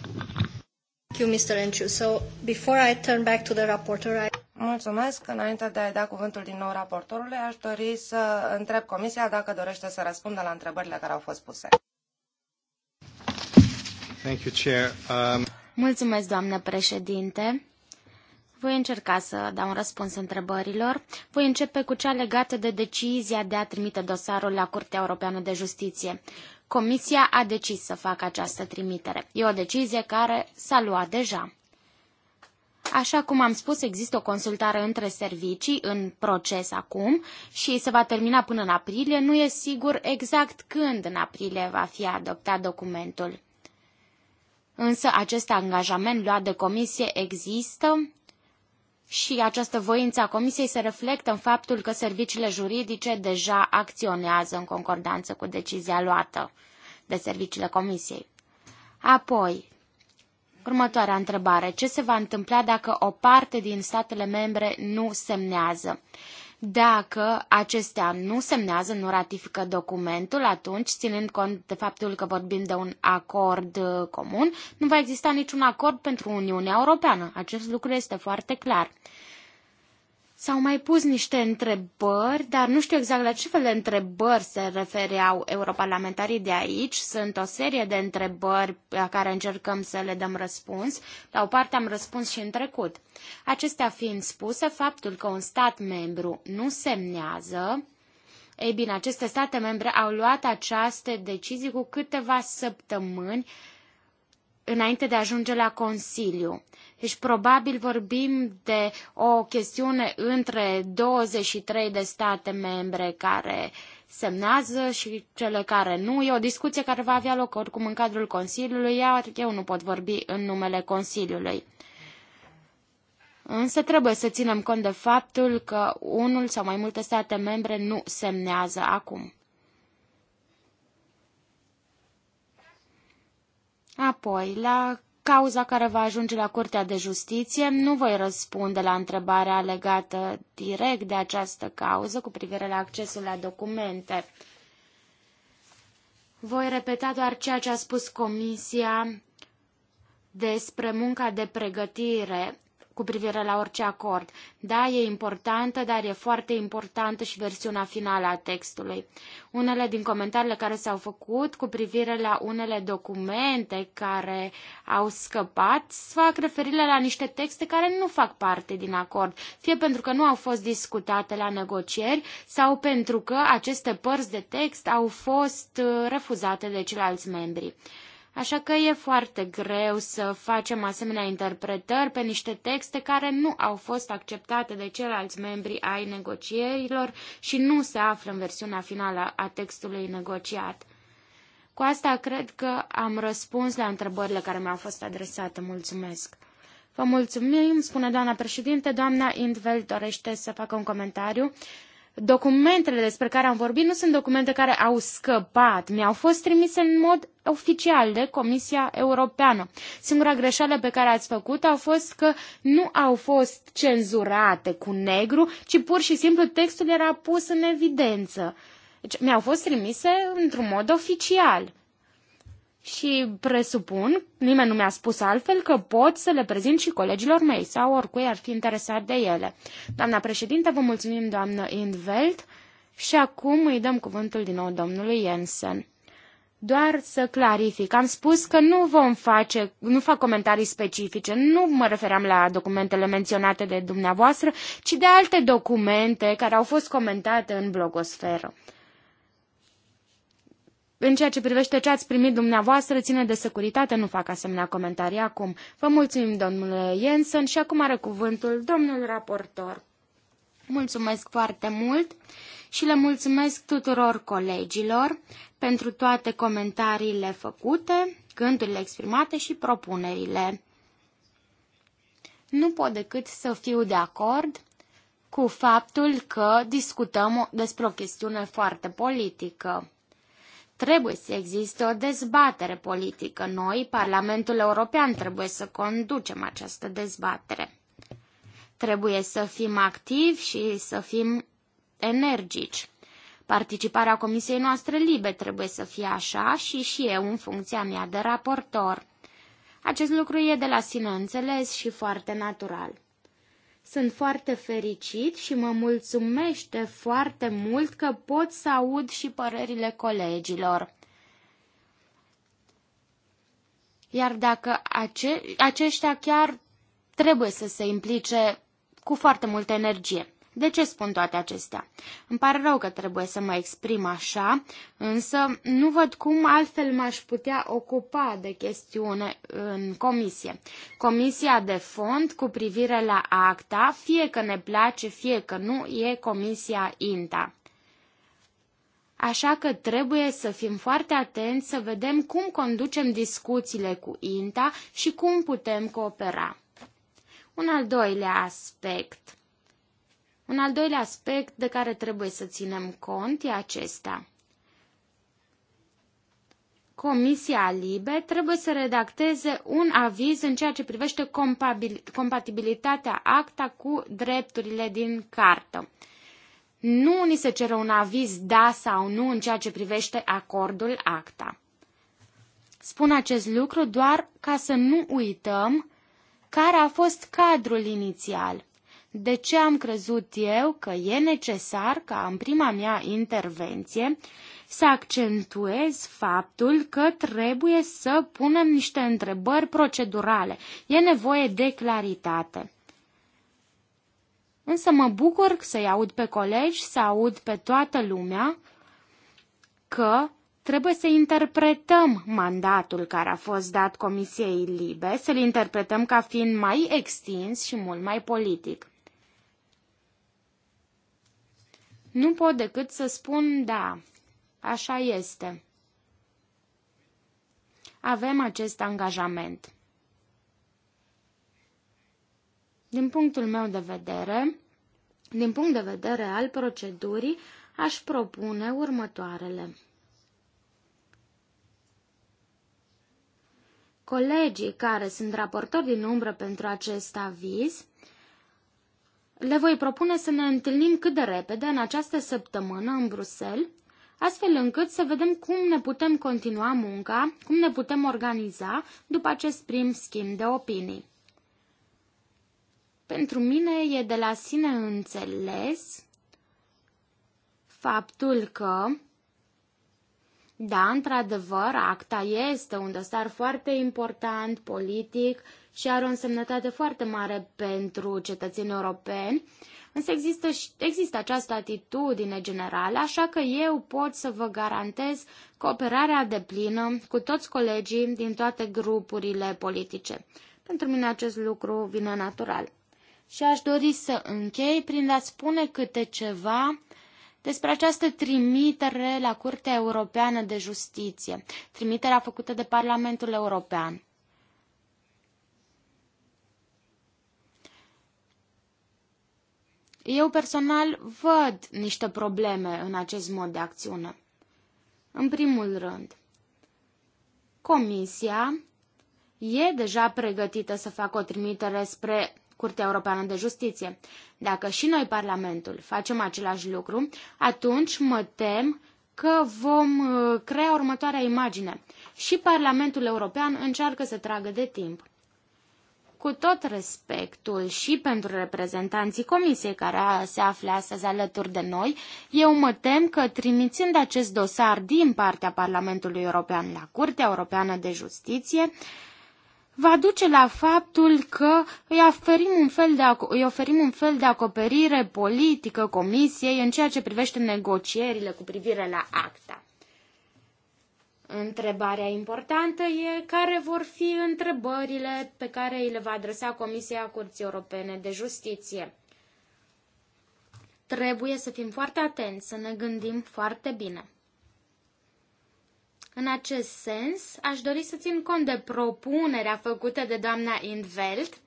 Mulțumesc. Înainte de a da cuvântul din nou raportorului, aș dori să întreb Comisia dacă dorește să răspundă la întrebările care au fost puse. Thank you, Chair. Um... Mulțumesc, doamnă președinte. Voi încerca să dau un răspuns întrebărilor. Voi începe cu cea legată de decizia de a trimite dosarul la Curtea Europeană de Justiție. Comisia a decis să facă această trimitere. E o decizie care s-a luat deja. Așa cum am spus, există o consultare între servicii în proces acum și se va termina până în aprilie. Nu e sigur exact când în aprilie va fi adoptat documentul. Însă acest angajament luat de comisie există și această voință a Comisiei se reflectă în faptul că serviciile juridice deja acționează în concordanță cu decizia luată de serviciile Comisiei. Apoi, următoarea întrebare. Ce se va întâmpla dacă o parte din statele membre nu semnează? Uh, dacă acestea nu semnează, nu ratifică documentul, atunci, ținând cont de faptul că vorbim de un acord uh, comun, nu va exista niciun acord pentru Uniunea Europeană. Acest lucru este foarte clar. S-au mai pus niște întrebări, dar nu știu exact la ce fel de întrebări se refereau europarlamentarii de aici. Sunt o serie de întrebări la care încercăm să le dăm răspuns. La o parte am răspuns și în trecut. Acestea fiind spuse, faptul că un stat membru nu semnează, ei bine, aceste state membre au luat această decizie cu câteva săptămâni înainte de a ajunge la Consiliu. Deci probabil vorbim de o chestiune între 23 de state membre care semnează și cele care nu. E o discuție care va avea loc oricum în cadrul Consiliului, iar eu nu pot vorbi în numele Consiliului. Însă trebuie să ținem cont de faptul că unul sau mai multe state membre nu semnează acum. Apoi, la cauza care va ajunge la Curtea de Justiție, nu voi răspunde la întrebarea legată direct de această cauză cu privire la accesul la documente. Voi repeta doar ceea ce a spus Comisia despre munca de pregătire cu privire la orice acord. Da, e importantă, dar e foarte importantă și versiunea finală a textului. Unele din comentariile care s-au făcut cu privire la unele documente care au scăpat fac referire la niște texte care nu fac parte din acord, fie pentru că nu au fost discutate la negocieri sau pentru că aceste părți de text au fost uh, refuzate de ceilalți membri. Așa că e foarte greu să facem asemenea interpretări pe niște texte care nu au fost acceptate de ceilalți membri ai negocierilor și nu se află în versiunea finală a textului negociat. Cu asta cred că am răspuns la întrebările care mi-au fost adresate. Mulțumesc! Vă mulțumim, spune doamna președinte. Doamna Indvel dorește să facă un comentariu. Uh, documentele despre care am vorbit nu sunt documente care au scăpat, mi-au fost trimise în mod oficial de Comisia Europeană. Singura greșeală pe care ați făcut a fost că nu au fost cenzurate cu negru, ci pur și simplu textul era pus în evidență. Deci mi-au fost trimise într-un mod oficial și presupun, nimeni nu mi-a spus altfel, că pot să le prezint și colegilor mei sau oricui ar fi interesat de ele. Doamna președinte, vă mulțumim, doamnă Indveld, și acum îi dăm cuvântul din nou domnului Jensen. Doar să clarific, am spus că nu vom face, nu fac comentarii specifice, nu mă refeream la documentele menționate de dumneavoastră, ci de alte documente care au fost comentate în blogosferă. În ceea ce privește ce ați primit dumneavoastră, ține de securitate, nu fac asemenea comentarii acum. Vă mulțumim, domnule Jensen, și acum are cuvântul domnul raportor. Mulțumesc foarte mult și le mulțumesc tuturor colegilor pentru toate comentariile făcute, gândurile exprimate și propunerile. Nu pot decât să fiu de acord cu faptul că discutăm despre o chestiune foarte politică. Trebuie să existe o dezbatere politică. Noi, Parlamentul European, trebuie să conducem această dezbatere. Trebuie să fim activi și să fim energici. Participarea comisiei noastre libe trebuie să fie așa și și eu în funcția mea de raportor. Acest lucru e de la sine înțeles și foarte natural. Sunt foarte fericit și mă mulțumește foarte mult că pot să aud și părerile colegilor. Iar dacă ace- aceștia chiar trebuie să se implice cu foarte multă energie. De ce spun toate acestea? Îmi pare rău că trebuie să mă exprim așa, însă nu văd cum altfel m-aș putea ocupa de chestiune în comisie. Comisia de fond cu privire la acta, fie că ne place, fie că nu, e comisia INTA. Așa că trebuie să fim foarte atenți să vedem cum conducem discuțiile cu INTA și cum putem coopera. Un al doilea aspect – un al doilea aspect de care trebuie să ținem cont e acesta. Comisia Libe trebuie să redacteze un aviz în ceea ce privește compatibilitatea acta cu drepturile din cartă. Nu ni se cere un aviz da sau nu în ceea ce privește acordul acta. Spun acest lucru doar ca să nu uităm care a fost cadrul inițial. De ce am crezut eu că e necesar ca în prima mea intervenție să accentuez faptul că trebuie să punem niște întrebări procedurale. E nevoie de claritate. Însă mă bucur să-i aud pe colegi, să aud pe toată lumea că trebuie să interpretăm mandatul care a fost dat Comisiei Libe, să-l interpretăm ca fiind mai extins și mult mai politic. Nu pot decât să spun da, așa este. Avem acest angajament. Din punctul meu de vedere, din punct de vedere al procedurii, aș propune următoarele. Colegii care sunt raportori din umbră pentru acest aviz le voi propune să ne întâlnim cât de repede în această săptămână în Bruxelles, astfel încât să vedem cum ne putem continua munca, cum ne putem organiza după acest prim schimb de opinii. Pentru mine e de la sine înțeles faptul că, da, într-adevăr, acta este un dosar foarte important politic și are o însemnătate foarte mare pentru cetățenii europeni, însă există, există această atitudine generală, așa că eu pot să vă garantez cooperarea plină cu toți colegii din toate grupurile politice. Pentru mine acest lucru vine natural. Și aș dori să închei prin a spune câte ceva despre această trimitere la Curtea Europeană de Justiție, trimiterea făcută de Parlamentul European. Eu personal văd niște probleme în acest mod de acțiune. În primul rând, Comisia e deja pregătită să facă o trimitere spre Curtea Europeană de Justiție. Dacă și noi, Parlamentul, facem același lucru, atunci mă tem că vom uh, crea următoarea imagine. Și Parlamentul European încearcă să tragă de timp. Cu tot respectul și pentru reprezentanții comisiei care se află astăzi alături de noi, eu mă tem că trimițând acest dosar din partea Parlamentului European la Curtea Europeană de Justiție, va duce la faptul că îi oferim un fel de, îi oferim un fel de acoperire politică comisiei în ceea ce privește negocierile cu privire la acta. Întrebarea importantă e care vor fi întrebările pe care îi le va adresa Comisia Curții Europene de Justiție. Trebuie să fim foarte atenți, să ne gândim foarte bine. În acest sens, aș dori să țin cont de propunerea făcută de doamna Indveld.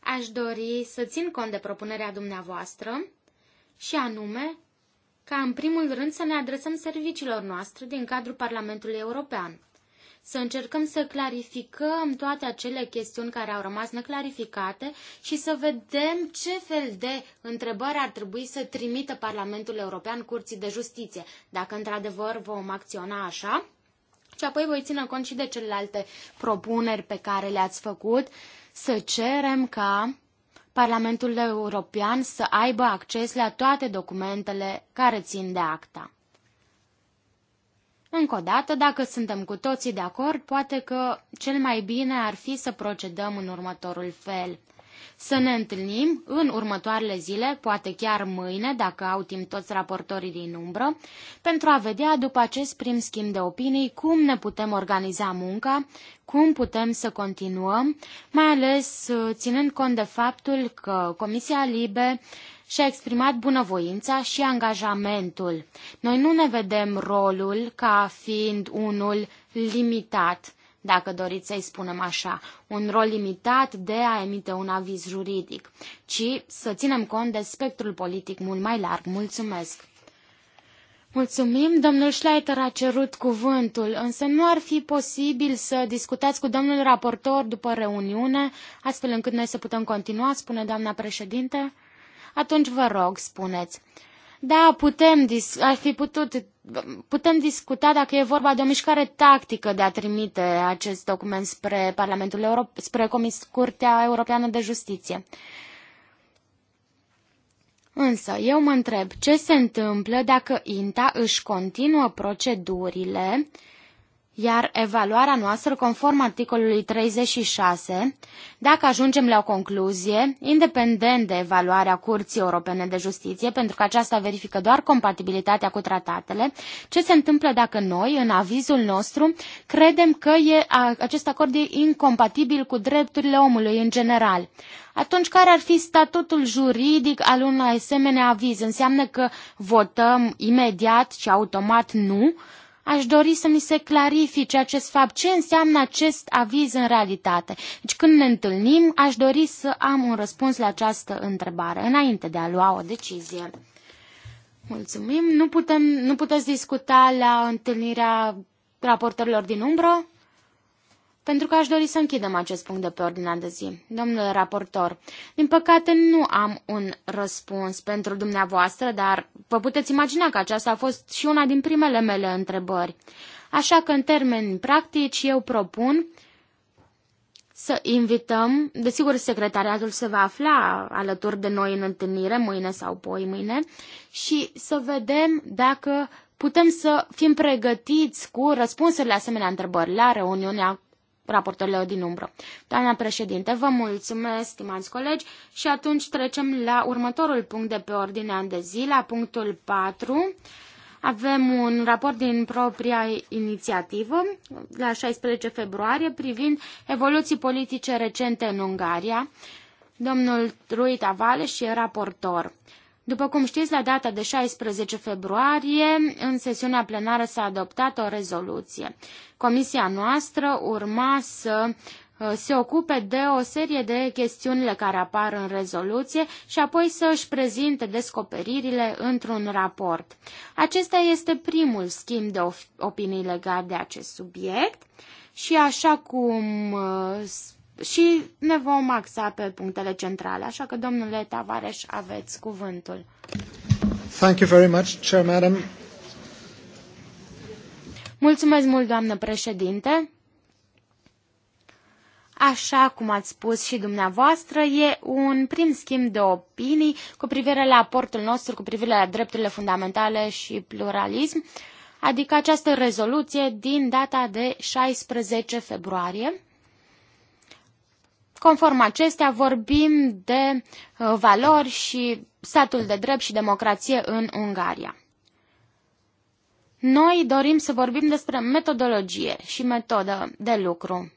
Aș dori să țin cont de propunerea dumneavoastră și anume ca în primul rând să ne adresăm serviciilor noastre din cadrul Parlamentului European. Să încercăm să clarificăm toate acele chestiuni care au rămas neclarificate și să vedem ce fel de întrebări ar trebui să trimită Parlamentul European Curții de Justiție, dacă într-adevăr vom acționa așa. Și apoi voi ține cont și de celelalte propuneri pe care le-ați făcut, să cerem ca Parlamentul European să aibă acces la toate documentele care țin de acta. Încă o dată, dacă suntem cu toții de acord, poate că cel mai bine ar fi să procedăm în următorul fel – să ne întâlnim în următoarele zile, poate chiar mâine, dacă au timp toți raportorii din umbră, pentru a vedea după acest prim schimb de opinii cum ne putem organiza munca, cum putem să continuăm, mai ales uh, ținând cont de faptul că Comisia Libe și-a exprimat bunăvoința și angajamentul. Noi nu ne vedem rolul ca fiind unul limitat dacă doriți să-i spunem așa, un rol limitat de a emite un aviz juridic, ci să ținem cont de spectrul politic mult mai larg. Mulțumesc! Mulțumim, domnul Schleiter a cerut cuvântul, însă nu ar fi posibil să discutați cu domnul raportor după reuniune, astfel încât noi să putem continua, spune doamna președinte? Atunci vă rog, spuneți. Da, putem, ar fi putut, putem discuta dacă e vorba de o mișcare tactică de a trimite acest document spre Parlamentul Euro- spre Comis- Curtea Europeană de Justiție. Însă, eu mă întreb ce se întâmplă dacă INTA își continuă procedurile uh, iar evaluarea noastră, conform articolului 36, dacă ajungem la o concluzie, independent de evaluarea Curții Europene de Justiție, pentru că aceasta verifică doar compatibilitatea cu tratatele, ce se întâmplă dacă noi, în avizul nostru, credem că e, acest acord e incompatibil cu drepturile omului în general? Atunci, care ar fi statutul juridic al unui asemenea aviz? Înseamnă că votăm imediat și automat nu? aș dori să ni se clarifice acest fapt, ce înseamnă acest aviz în realitate. Deci când ne întâlnim, aș dori să am un răspuns la această întrebare, înainte de a lua o decizie. Mulțumim. Nu, putem, nu puteți discuta la întâlnirea raportărilor din umbră? pentru că aș dori să închidem acest punct de pe ordinea de zi. Domnule raportor, din păcate nu am un răspuns pentru dumneavoastră, dar vă puteți imagina că aceasta a fost și una din primele mele întrebări. Așa că, în termeni practici, eu propun să invităm, desigur secretariatul se va afla alături de noi în întâlnire mâine sau poi mâine și să vedem dacă putem să fim pregătiți cu răspunsurile asemenea întrebări la reuniunea raportorilor din umbră. Doamna președinte, vă mulțumesc, stimați colegi, și atunci trecem la următorul punct de pe ordinea de zi, la punctul 4. Avem un raport din propria inițiativă la 16 februarie privind evoluții politice recente în Ungaria. Domnul Rui Tavale și raportor. După cum știți, la data de 16 februarie, în sesiunea plenară s-a adoptat o rezoluție. Comisia noastră urma să uh, se ocupe de o serie de chestiunile care apar în rezoluție și apoi să își prezinte descoperirile într-un raport. Acesta este primul schimb de opinii legat de acest subiect și așa cum uh, și ne vom axa pe punctele centrale. Așa că, domnule Tavares, aveți cuvântul. Thank you very much, Chair Madam. Mulțumesc mult, doamnă președinte. Așa cum ați spus și dumneavoastră, e un prim schimb de opinii cu privire la aportul nostru, cu privire la drepturile fundamentale și pluralism, adică această rezoluție din data de 16 februarie. Conform acestea, vorbim de uh, valori și statul de drept și democrație în Ungaria. Noi dorim să vorbim despre metodologie și metodă de lucru.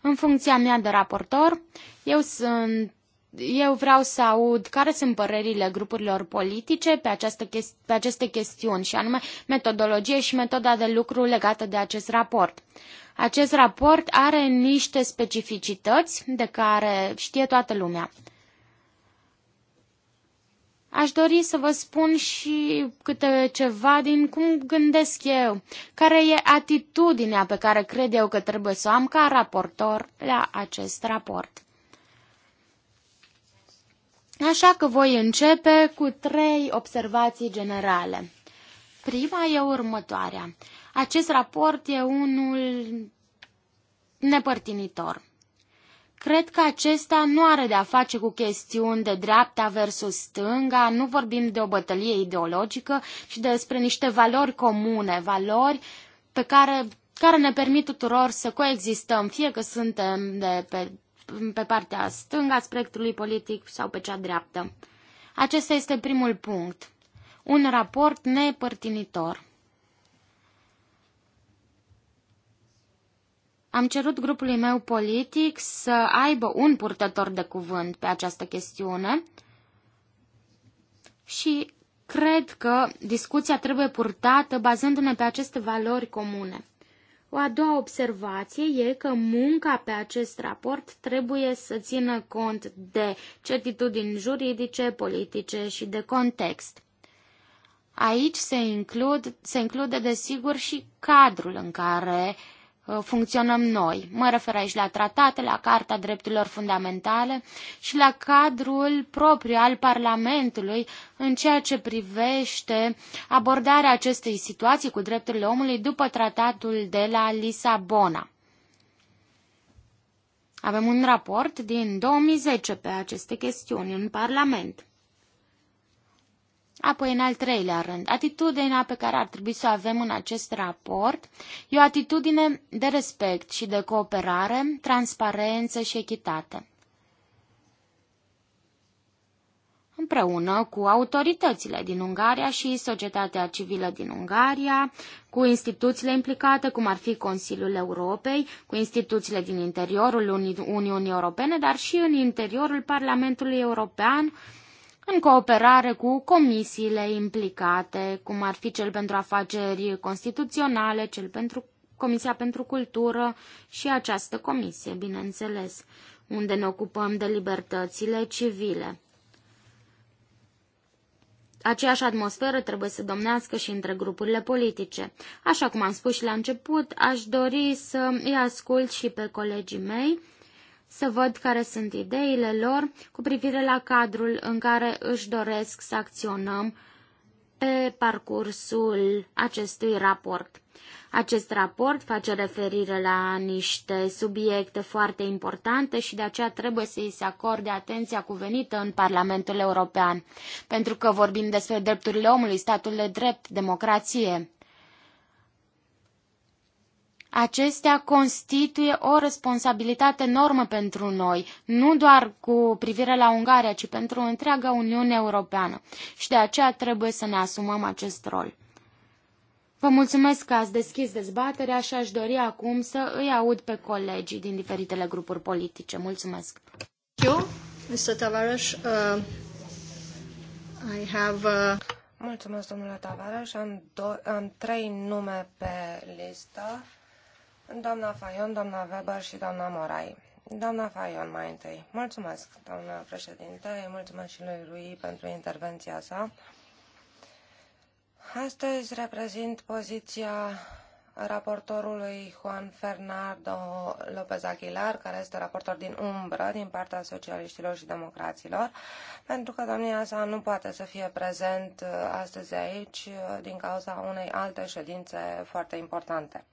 În funcția mea de raportor, eu sunt eu vreau să aud care sunt părerile grupurilor politice pe, această pe aceste chestiuni, și anume metodologie și metoda de lucru legată de acest raport. Acest raport are niște specificități de care știe toată lumea. Aș dori să vă spun și câte ceva din cum gândesc eu, care e atitudinea pe care cred eu că trebuie să o am ca raportor la acest raport. Așa că voi începe cu trei observații generale. Prima e următoarea. Acest raport e unul nepărtinitor. Cred că acesta nu are de-a face cu chestiuni de dreapta versus stânga, nu vorbim de o bătălie ideologică, ci despre niște valori comune, valori pe care, care ne permit tuturor să coexistăm, fie că suntem de pe, pe partea stânga a spectrului politic sau pe cea dreaptă. Acesta este primul punct un raport nepărtinitor. Am cerut grupului meu politic să aibă un purtător de cuvânt pe această chestiune și cred că discuția trebuie purtată bazându-ne pe aceste valori comune. O a doua observație e că munca pe acest raport trebuie să țină cont de certitudini juridice, politice și de context. Aici se, includ, se include, desigur, și cadrul în care uh, funcționăm noi. Mă refer aici la tratate, la Carta Drepturilor Fundamentale și la cadrul propriu al Parlamentului în ceea ce privește abordarea acestei situații cu drepturile omului după tratatul de la Lisabona. Avem un raport din 2010 pe aceste chestiuni în Parlament. Apoi, în al treilea rând, atitudinea pe care ar trebui să o avem în acest raport e o atitudine de respect și de cooperare, transparență și echitate. Împreună cu autoritățile din Ungaria și societatea civilă din Ungaria, cu instituțiile implicate, cum ar fi Consiliul Europei, cu instituțiile din interiorul Uni Uniunii Europene, dar și în interiorul Parlamentului European, în cooperare cu comisiile implicate, cum ar fi cel pentru afaceri constituționale, cel pentru Comisia pentru Cultură și această comisie, bineînțeles, unde ne ocupăm de libertățile civile. Aceeași atmosferă trebuie să domnească și între grupurile politice. Așa cum am spus și la început, aș dori să îi ascult și pe colegii mei, să văd care sunt ideile lor cu privire la cadrul în care își doresc să acționăm pe parcursul acestui raport. Acest raport face referire la niște subiecte foarte importante și de aceea trebuie să îi se acorde atenția cuvenită în Parlamentul European, pentru că vorbim despre drepturile omului, statul de drept, democrație. Acestea constituie o responsabilitate enormă pentru noi, nu doar cu privire la Ungaria, ci pentru întreaga Uniune Europeană și de aceea trebuie să ne asumăm acest rol. Vă mulțumesc că ați deschis dezbaterea și aș dori acum să îi aud pe colegii din diferitele grupuri politice. Mulțumesc! Eu, Mr. Tavares, uh, I have, uh... Mulțumesc, domnule Tavares. Am, do- am trei nume pe listă. Doamna Fayon, doamna Weber și doamna Morai. Doamna Fayon, mai întâi. Mulțumesc, doamna președinte, mulțumesc și lui Rui pentru intervenția sa. Astăzi reprezint poziția raportorului Juan Fernando López Aguilar, care este raportor din umbră din partea socialiștilor și democraților, pentru că domnia sa nu poate să fie prezent uh, astăzi aici uh, din cauza unei alte ședințe foarte importante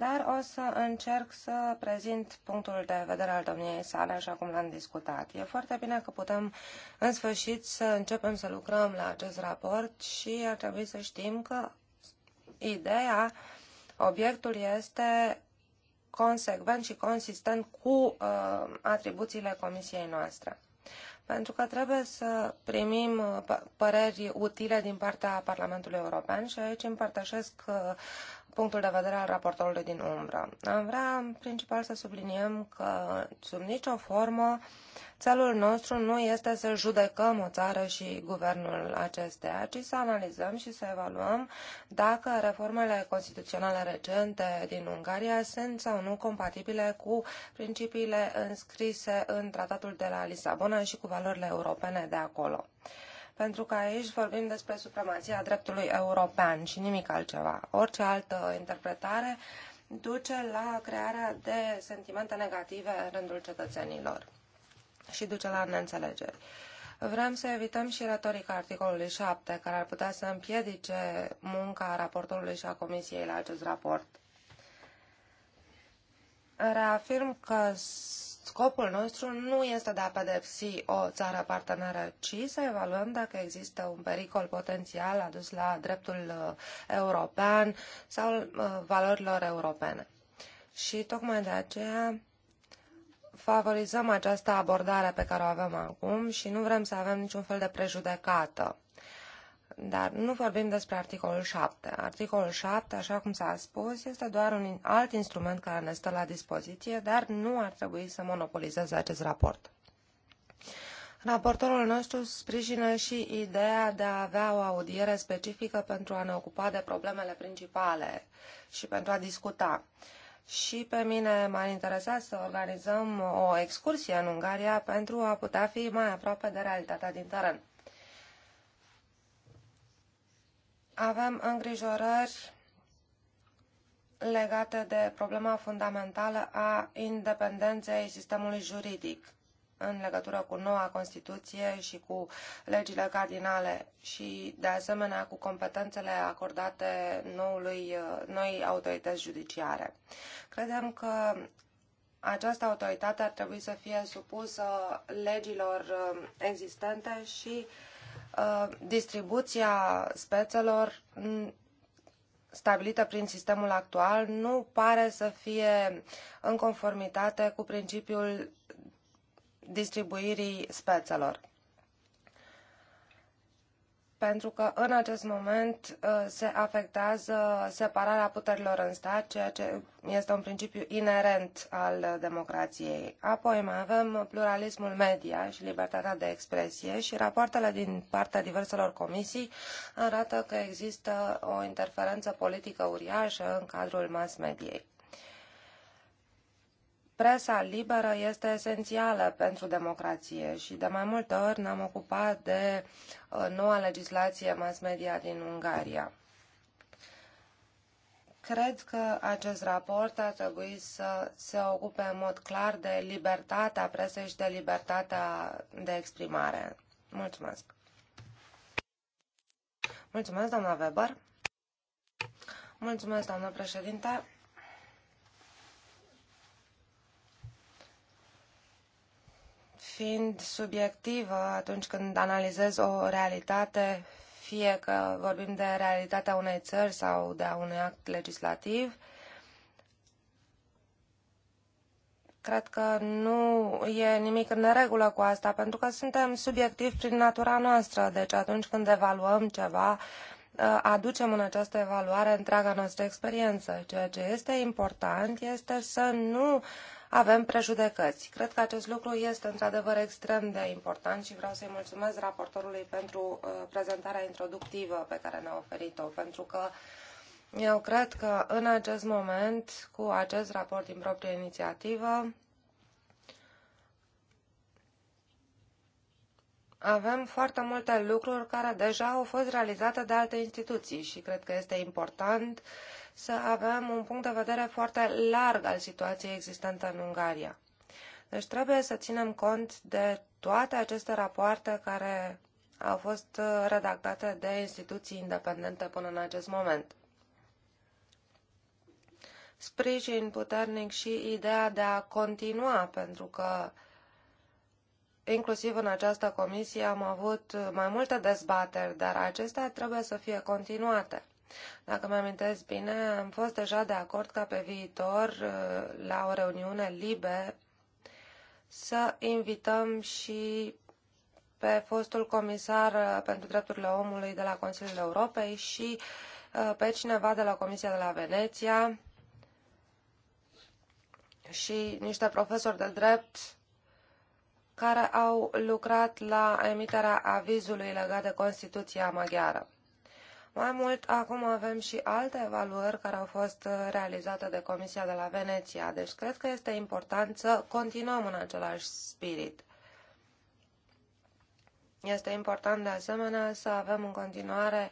dar o să încerc să prezint punctul de vedere al domniei sale, așa cum l-am discutat. E foarte bine că putem, în sfârșit, să începem să lucrăm la acest raport și ar trebui să știm că ideea, obiectul este consecvent și consistent cu uh, atribuțiile comisiei noastre. Pentru că trebuie să primim uh, păreri utile din partea Parlamentului European și aici împărtășesc uh, punctul de vedere al raportorului din umbră. Am vrea, în principal, să subliniem că, sub nicio formă, țelul nostru nu este să judecăm o țară și guvernul acesteia, ci să analizăm și să evaluăm dacă reformele constituționale recente din Ungaria sunt sau nu compatibile cu principiile înscrise în tratatul de la Lisabona și cu valorile europene de acolo. Uh, pentru că aici vorbim despre supremația dreptului european și nimic altceva. Orice altă interpretare duce la crearea de sentimente negative în rândul cetățenilor și duce la neînțelegeri. Vrem să evităm și retorica articolului 7, care ar putea să împiedice munca raportorului și a comisiei la acest raport. Reafirm că Scopul nostru nu este de a pedepsi o țară parteneră, ci să evaluăm dacă există un pericol potențial adus la dreptul uh, european sau uh, valorilor europene. Și tocmai de aceea favorizăm această abordare pe care o avem acum și nu vrem să avem niciun fel de prejudecată dar nu vorbim despre articolul 7. Articolul 7, așa cum s-a spus, este doar un alt instrument care ne stă la dispoziție, dar nu ar trebui să monopolizeze acest raport. Raportorul nostru sprijină și ideea de a avea o audiere specifică pentru a ne ocupa de problemele principale și pentru a discuta. Și pe mine m-ar interesa să organizăm o excursie în Ungaria pentru a putea fi mai aproape de realitatea din teren. avem îngrijorări legate de problema fundamentală a independenței sistemului juridic în legătură cu noua Constituție și cu legile cardinale și, de asemenea, cu competențele acordate noului, noi autorități judiciare. Credem că această autoritate ar trebui să fie supusă legilor uh, existente și uh, Uh, distribuția spețelor stabilită prin sistemul actual nu pare să fie în conformitate cu principiul distribuirii spețelor pentru că în acest moment uh, se afectează separarea puterilor în stat, ceea ce este un principiu inerent al democrației. Apoi mai avem pluralismul media și libertatea de expresie și rapoartele din partea diverselor comisii arată că există o interferență politică uriașă în cadrul mass mediei. Presa liberă este esențială pentru democrație și de mai multe ori ne-am ocupat de uh, noua legislație mass media din Ungaria. Cred că acest raport ar trebui să se ocupe în mod clar de libertatea presei și de libertatea de exprimare. Mulțumesc. Mulțumesc, doamna Weber. Mulțumesc, doamnă președinte. fiind subiectivă atunci când analizez o realitate, fie că vorbim de realitatea unei țări sau de a unui act legislativ, cred că nu e nimic în neregulă cu asta, pentru că suntem subiectivi prin natura noastră. Deci atunci când evaluăm ceva, ă, aducem în această evaluare întreaga noastră experiență. Ceea ce este important este să nu avem prejudecăți. Cred că acest lucru este într-adevăr extrem de important și vreau să-i mulțumesc raportorului pentru uh, prezentarea introductivă pe care ne-a oferit-o, pentru că eu cred că în acest moment, cu acest raport din proprie inițiativă, avem foarte multe lucruri care deja au fost realizate de alte instituții și cred că este important uh, să avem un punct de vedere foarte larg al situației existente în Ungaria. Deci trebuie să ținem cont de toate aceste rapoarte care au fost uh, redactate de instituții independente până în acest moment. Sprijin puternic și ideea de a continua, pentru că inclusiv în această comisie am avut mai multe dezbateri, dar acestea trebuie să fie continuate. Dacă mă amintesc bine, am fost deja de acord ca pe viitor, uh, la o reuniune libe, să invităm și pe fostul comisar uh, pentru drepturile omului de la Consiliul Europei și uh, pe cineva de la Comisia de la Veneția și niște profesori de drept care au lucrat la emiterea avizului legat de Constituția maghiară. Mai mult, acum avem și alte evaluări care au fost uh, realizate de Comisia de la Veneția, deci cred că este important să continuăm în același spirit. Este important de asemenea să avem în continuare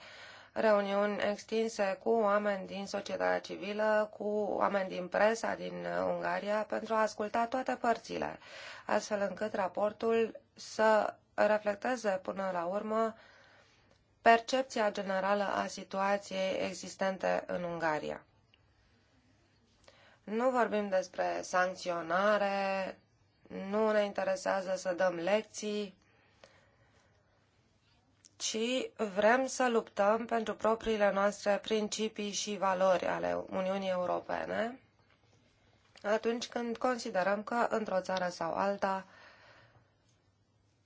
reuniuni extinse cu oameni din societatea civilă, cu oameni din presa din uh, Ungaria, pentru a asculta toate părțile, astfel încât raportul să reflecteze până la urmă percepția generală a situației existente în Ungaria. Nu vorbim despre sancționare, nu ne interesează să dăm lecții, ci vrem să luptăm pentru propriile noastre principii și valori ale Uniunii Europene atunci când considerăm că într-o țară sau alta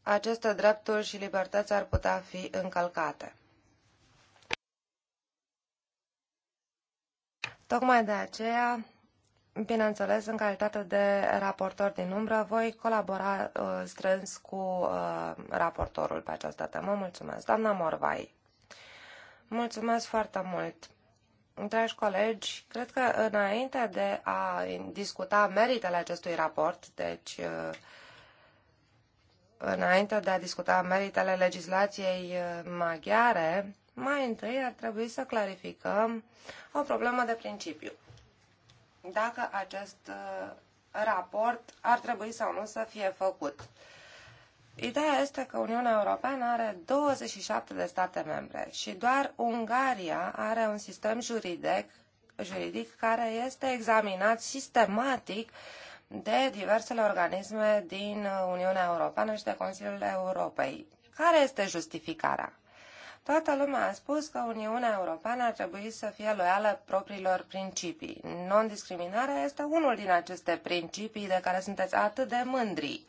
aceste drepturi și libertăți ar putea fi încălcate. Tocmai de aceea, bineînțeles, în calitate de raportor din umbră, voi colabora uh, strâns cu uh, raportorul pe această temă. Mulțumesc, doamna Morvai. Mulțumesc foarte mult. Dragi colegi, cred că înainte de a discuta meritele acestui raport, deci uh, înainte de a discuta meritele legislației uh, maghiare, mai întâi ar trebui să clarificăm o problemă de principiu. Dacă acest uh, raport ar trebui sau nu să fie făcut. Ideea este că Uniunea Europeană are 27 de state membre și doar Ungaria are un sistem juridic, juridic care este examinat sistematic uh, de diversele organisme din Uniunea Europeană și de Consiliul Europei. Care este justificarea? Toată lumea a spus că Uniunea Europeană ar trebui să fie loială propriilor principii. Non-discriminarea este unul din aceste principii de care sunteți atât de mândri.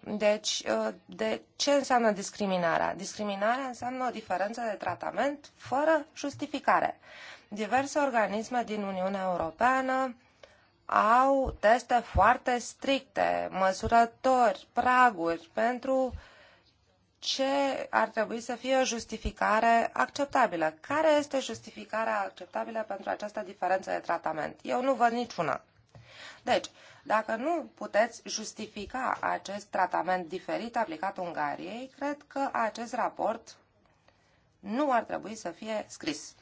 Deci, uh, de ce înseamnă discriminarea? Discriminarea înseamnă o diferență de tratament fără justificare. Diverse organisme din Uniunea Europeană au teste foarte stricte, măsurători, praguri pentru ce ar trebui să fie o justificare acceptabilă. Care este justificarea acceptabilă pentru această diferență de tratament? Eu nu văd niciuna. Deci, dacă nu puteți justifica acest tratament diferit aplicat Ungariei, cred că acest raport nu ar trebui să fie scris.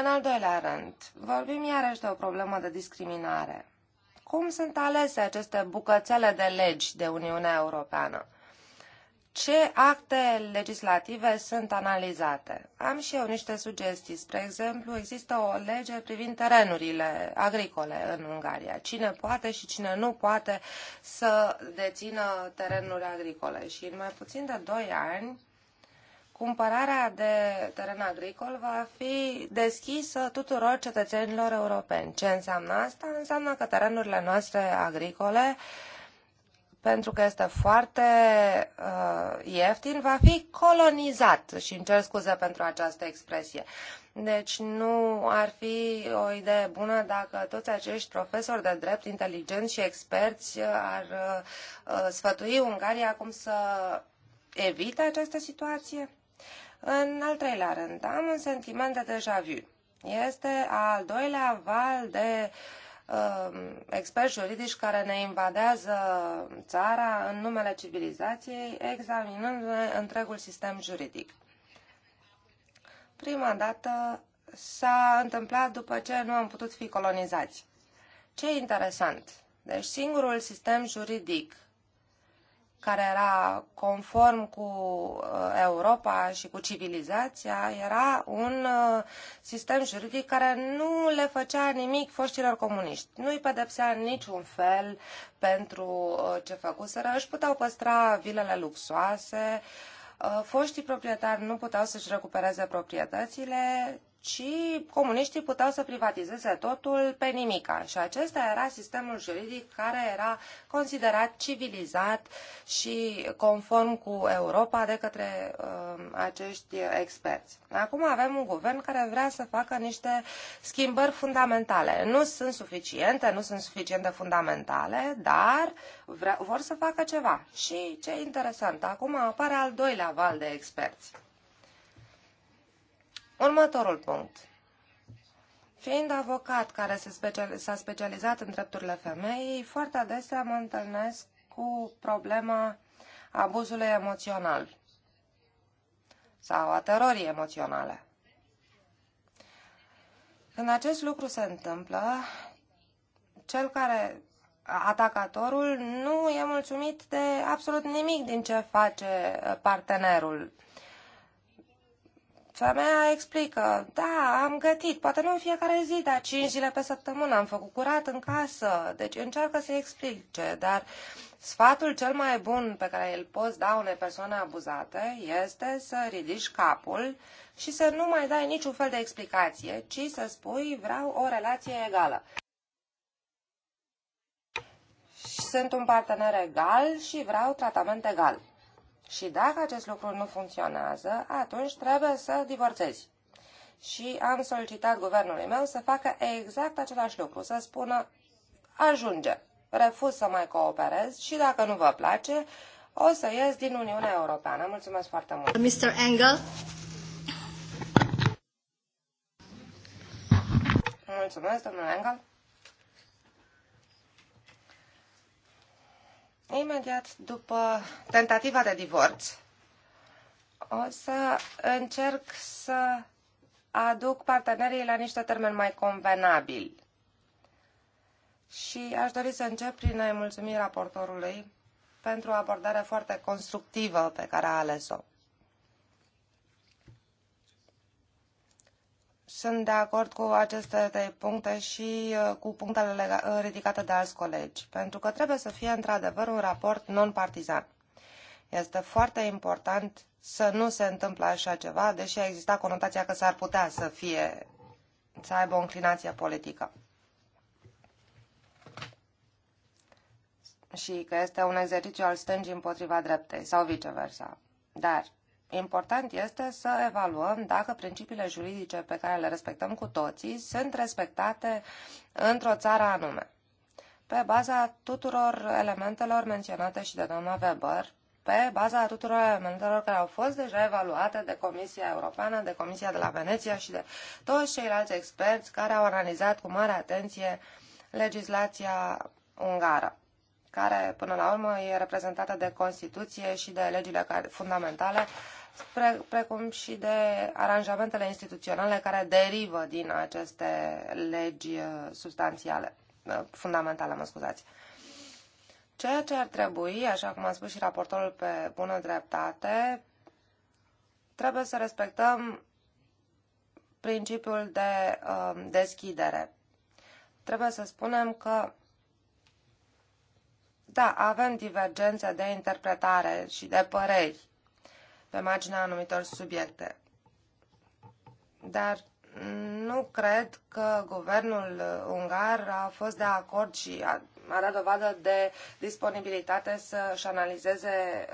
În al doilea rând, vorbim iarăși de o problemă de discriminare. Cum sunt alese aceste bucățele de legi de Uniunea Europeană? Ce acte legislative sunt analizate? Am și eu niște sugestii. Spre exemplu, există o lege privind terenurile agricole în Ungaria. Cine poate și cine nu poate să dețină terenuri agricole. Și în mai puțin de 2 ani, cumpărarea de teren agricol va fi deschisă tuturor cetățenilor europeni. Ce înseamnă asta? Înseamnă că terenurile noastre agricole, pentru că este foarte uh, ieftin, va fi colonizat și îmi cer scuze pentru această expresie. Deci nu ar fi o idee bună dacă toți acești profesori de drept inteligenți și experți uh, ar uh, sfătui Ungaria cum să evite această situație? În al treilea rând, am un sentiment de deja vu. Este al doilea val de uh, experți juridici care ne invadează țara în numele civilizației, examinând întregul sistem juridic. Prima dată s-a întâmplat după ce nu am putut fi colonizați. Ce interesant! Deci singurul sistem juridic care era conform cu uh, Europa și cu civilizația, era un uh, sistem juridic care nu le făcea nimic foștilor comuniști. Nu îi pedepsea niciun fel pentru uh, ce făcuseră, își puteau păstra vilele luxoase, foștii proprietari nu puteau să-și recupereze proprietățile, și comuniștii puteau să privatizeze totul pe nimica. Și acesta era sistemul juridic care era considerat civilizat și conform cu Europa de către uh, acești experți. Acum avem un guvern care vrea să facă niște schimbări fundamentale. Nu sunt suficiente, nu sunt suficient de fundamentale, dar vor să facă ceva. Și ce interesant, acum apare al doilea val de experți Următorul punct. Fiind avocat care s-a specializat în drepturile femeii, foarte adesea mă întâlnesc cu problema abuzului emoțional sau a terorii emoționale. Când acest lucru se întâmplă, cel care atacatorul nu e mulțumit de absolut nimic din ce face partenerul mea explică, da, am gătit, poate nu în fiecare zi, dar cinci zile pe săptămână, am făcut curat în casă, deci încearcă să explice, dar sfatul cel mai bun pe care îl poți da unei persoane abuzate este să ridici capul și să nu mai dai niciun fel de explicație, ci să spui vreau o relație egală sunt un partener egal și vreau tratament egal. Și dacă acest lucru nu funcționează, atunci trebuie să divorțezi. Și am solicitat guvernului meu să facă exact același lucru, să spună ajunge, refuz să mai cooperez și dacă nu vă place, o să ies din Uniunea Europeană. Mulțumesc foarte mult. Mr. Engel. Mulțumesc, domnule Engel. Imediat după tentativa de divorț, o să încerc să aduc partenerii la niște termeni mai convenabili. Și aș dori să încep prin a-i mulțumi raportorului pentru o abordare foarte constructivă pe care a ales-o. Sunt de acord cu aceste trei puncte și uh, cu punctele uh, ridicate de alți colegi, pentru că trebuie să fie într-adevăr un raport non-partizan. Este foarte important să nu se întâmple așa ceva, deși a existat conotația că s-ar putea să fie, să aibă o înclinație politică. Și că este un exercițiu al stângii împotriva dreptei sau viceversa. Dar Important este să evaluăm dacă principiile juridice pe care le respectăm cu toții sunt respectate într-o țară anume, pe baza tuturor elementelor menționate și de doamna Weber, pe baza tuturor elementelor care au fost deja evaluate de Comisia Europeană, de Comisia de la Veneția și de toți ceilalți experți care au analizat cu mare atenție legislația ungară care până la urmă e reprezentată de Constituție și de legile fundamentale pre, precum și de aranjamentele instituționale care derivă din aceste legi uh, substanțiale, uh, fundamentale, mă scuzați. Ceea ce ar trebui, așa cum a spus și raportorul pe bună dreptate, trebuie să respectăm principiul de uh, deschidere. Trebuie să spunem că da, avem divergențe de interpretare și de păreri pe marginea anumitor subiecte. Dar nu cred că guvernul ungar a fost de acord și a, a dat dovadă de disponibilitate să-și analizeze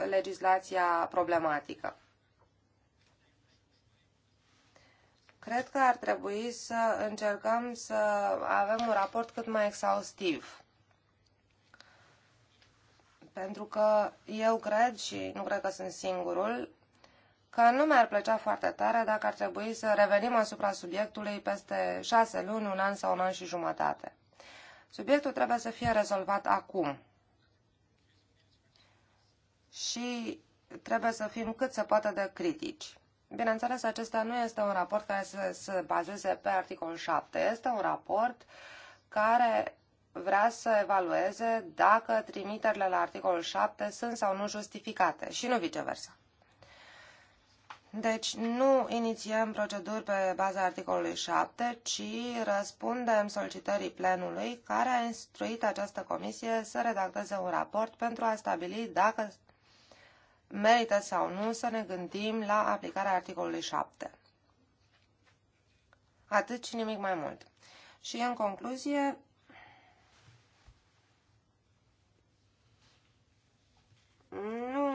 legislația problematică. Cred că ar trebui să încercăm să avem un raport cât mai exhaustiv. Pentru că eu cred și nu cred că sunt singurul, că nu mi-ar plăcea foarte tare dacă ar trebui să revenim asupra subiectului peste șase luni, un an sau un an și jumătate. Subiectul trebuie să fie rezolvat acum. Și trebuie să fim cât se poate de critici. Bineînțeles, acesta nu este un raport care să se bazeze pe articolul 7. Este un raport care vrea să evalueze dacă trimiterile la articolul 7 sunt sau nu justificate și nu viceversa. Deci nu inițiem proceduri pe baza articolului 7, ci răspundem solicitării plenului care a instruit această comisie să redacteze un raport pentru a stabili dacă merită sau nu să ne gândim la aplicarea articolului 7. Atât și nimic mai mult. Și în concluzie,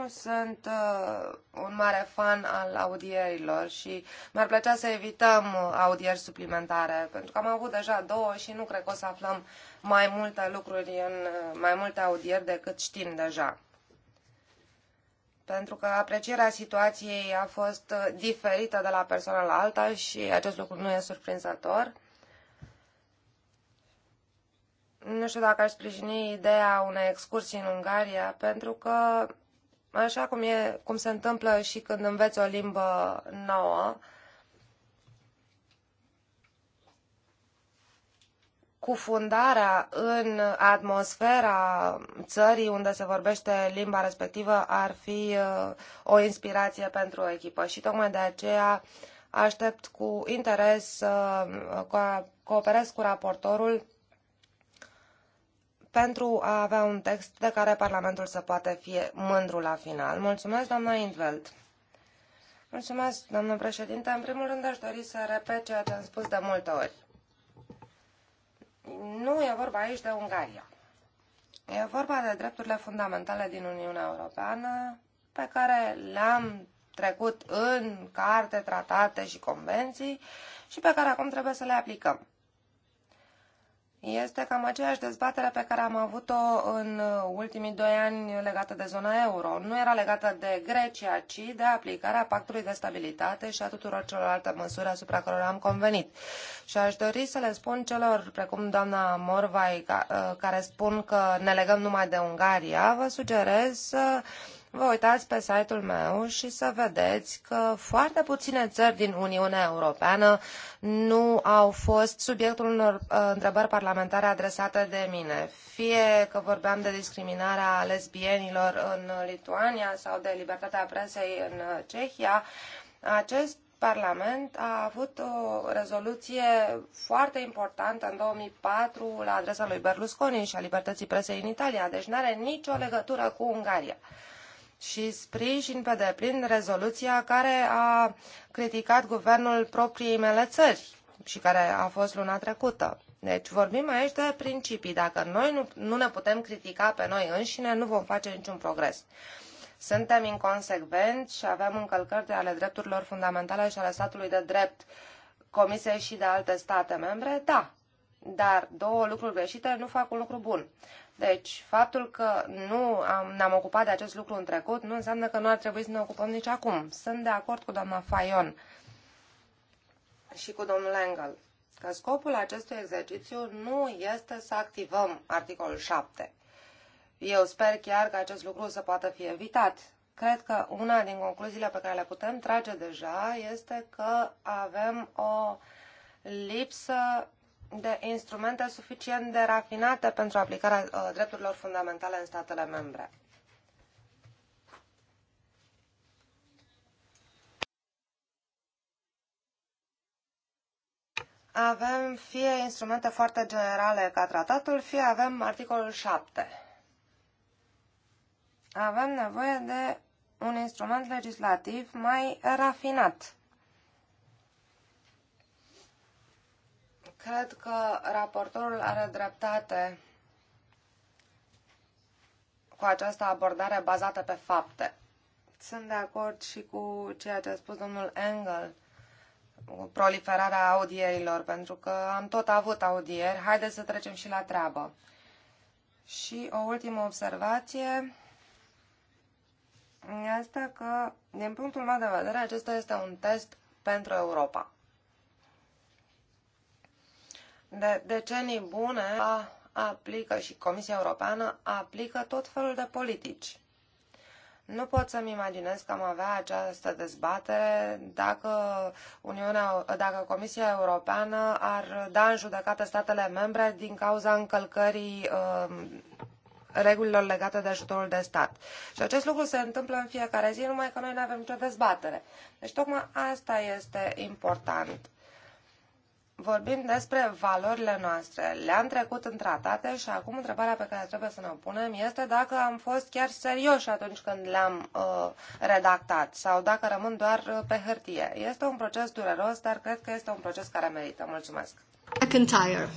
nu sunt uh, un mare fan al audierilor și mi-ar plăcea să evităm uh, audieri suplimentare, pentru că am avut deja două și nu cred că o să aflăm mai multe lucruri în uh, mai multe audieri decât știm deja. Pentru că aprecierea situației a fost uh, diferită de la persoană la alta și acest lucru nu e surprinzător. nu știu dacă aș sprijini ideea unei excursii în Ungaria, pentru că așa cum, e, cum se întâmplă și când înveți o limbă nouă, cufundarea în atmosfera țării unde se vorbește limba respectivă ar fi uh, o inspirație pentru o echipă și tocmai de aceea aștept cu interes să uh, cooperez cu raportorul pentru a avea un text de care Parlamentul să poată fi mândru la final. Mulțumesc, doamna Indveld. Mulțumesc, doamnă președinte. În primul rând aș dori să repet ceea ce am spus de multe ori. Nu e vorba aici de Ungaria. E vorba de drepturile fundamentale din Uniunea Europeană pe care le-am trecut în carte, tratate și convenții și pe care acum trebuie să le aplicăm este cam aceeași dezbatere pe care am avut-o în uh, ultimii doi ani legată de zona euro. Nu era legată de Grecia, ci de aplicarea pactului de stabilitate și a tuturor celorlalte măsuri asupra cărora am convenit. Și aș dori să le spun celor, precum doamna Morvai, uh, care spun că ne legăm numai de Ungaria, vă sugerez să uh, vă uitați pe site-ul meu și să vedeți că foarte puține țări din Uniunea Europeană nu au fost subiectul unor uh, întrebări parlamentare adresate de mine. Fie că vorbeam de discriminarea lesbienilor în Lituania sau de libertatea presei în Cehia, acest Parlament a avut o rezoluție foarte importantă în 2004 la adresa lui Berlusconi și a libertății presei în Italia, deci nu are nicio legătură cu Ungaria și sprijin pe deplin rezoluția care a criticat guvernul propriei mele țări și care a fost luna trecută. Deci vorbim aici de principii. Dacă noi nu, nu ne putem critica pe noi înșine, nu vom face niciun progres. Suntem inconsecvenți și avem încălcări de ale drepturilor fundamentale și ale statului de drept comise și de alte state membre, da. Dar două lucruri greșite nu fac un lucru bun. Deci, faptul că nu am, ne-am ocupat de acest lucru în trecut nu înseamnă că nu ar trebui să ne ocupăm nici acum. Sunt de acord cu doamna Fayon și cu domnul Engel că scopul acestui exercițiu nu este să activăm articolul 7. Eu sper chiar că acest lucru să poată fi evitat. Cred că una din concluziile pe care le putem trage deja este că avem o lipsă de instrumente suficient de rafinate pentru aplicarea uh, drepturilor fundamentale în statele membre. Avem fie instrumente foarte generale ca tratatul, fie avem articolul 7. Avem nevoie de un instrument legislativ mai rafinat Cred că raportorul are dreptate cu această abordare bazată pe fapte. Sunt de acord și cu ceea ce a spus domnul Engel, cu proliferarea audierilor, pentru că am tot avut audieri. Haideți să trecem și la treabă. Și o ultimă observație este că, din punctul meu de vedere, acesta este un test pentru Europa de decenii bune a, aplică și Comisia Europeană aplică tot felul de politici. Nu pot să-mi imaginez că am avea această dezbatere dacă, Uniunea, dacă Comisia Europeană ar da în judecată statele membre din cauza încălcării uh, regulilor legate de ajutorul de stat. Și acest lucru se întâmplă în fiecare zi, numai că noi nu avem nicio dezbatere. Deci tocmai asta este important vorbim despre valorile noastre. Le-am trecut în tratate și acum întrebarea pe care trebuie să ne o punem este dacă am fost chiar serioși atunci când le-am uh, redactat sau dacă rămân doar uh, pe hârtie. Este un proces dureros, dar cred că este un proces care merită. Mulțumesc. McIntyre.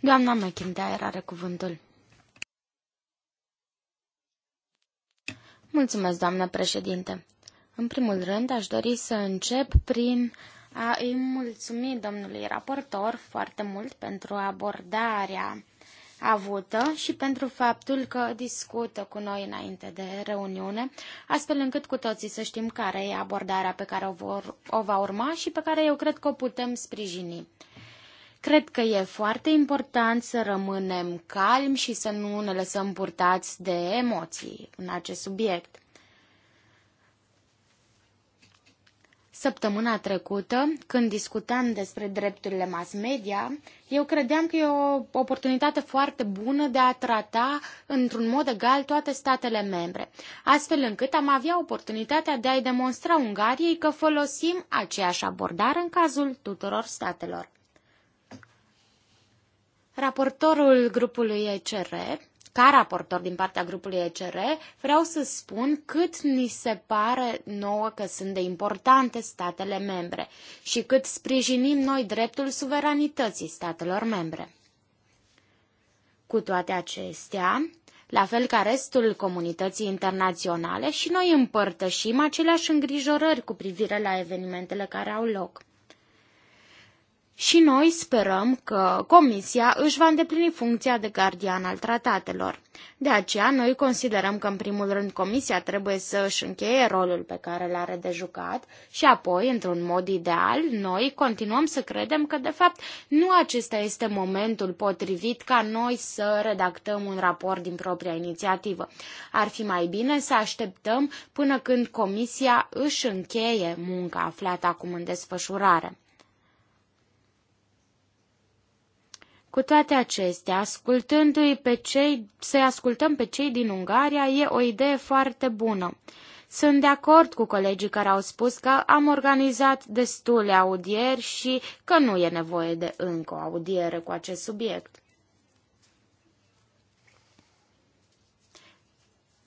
Doamna McIntyre are cuvântul. Mulțumesc, doamnă președinte. În primul rând, aș dori să încep prin a, îi mulțumim domnului raportor foarte mult pentru abordarea avută și pentru faptul că discută cu noi înainte de reuniune, astfel încât cu toții să știm care e abordarea pe care o, vor, o va urma și pe care eu cred că o putem sprijini. Cred că e foarte important să rămânem calmi și să nu ne lăsăm purtați de emoții în acest subiect. Săptămâna trecută, când discutam despre drepturile mass media, eu credeam că e o oportunitate foarte bună de a trata într-un mod egal toate statele membre, astfel încât am avea oportunitatea de a-i demonstra Ungariei că folosim aceeași abordare în cazul tuturor statelor. Raportorul grupului ECR, ca raportor din partea grupului ECR, vreau să spun cât ni se pare nouă că sunt de importante statele membre și cât sprijinim noi dreptul suveranității statelor membre. Cu toate acestea, la fel ca restul comunității internaționale, și noi împărtășim aceleași îngrijorări cu privire la evenimentele care au loc. Și noi sperăm că Comisia își va îndeplini funcția de gardian al tratatelor. De aceea, noi considerăm că, în primul rând, Comisia trebuie să își încheie rolul pe care l-are de jucat și apoi, într-un mod ideal, noi continuăm să credem că, de fapt, nu acesta este momentul potrivit ca noi să redactăm un raport din propria inițiativă. Ar fi mai bine să așteptăm până când Comisia își încheie munca aflată acum în desfășurare. Cu toate acestea, ascultându-i pe cei, să-i ascultăm pe cei din Ungaria e o idee foarte bună. Sunt de acord cu colegii care au spus că am organizat destule audieri și că nu e nevoie de încă o audiere cu acest subiect.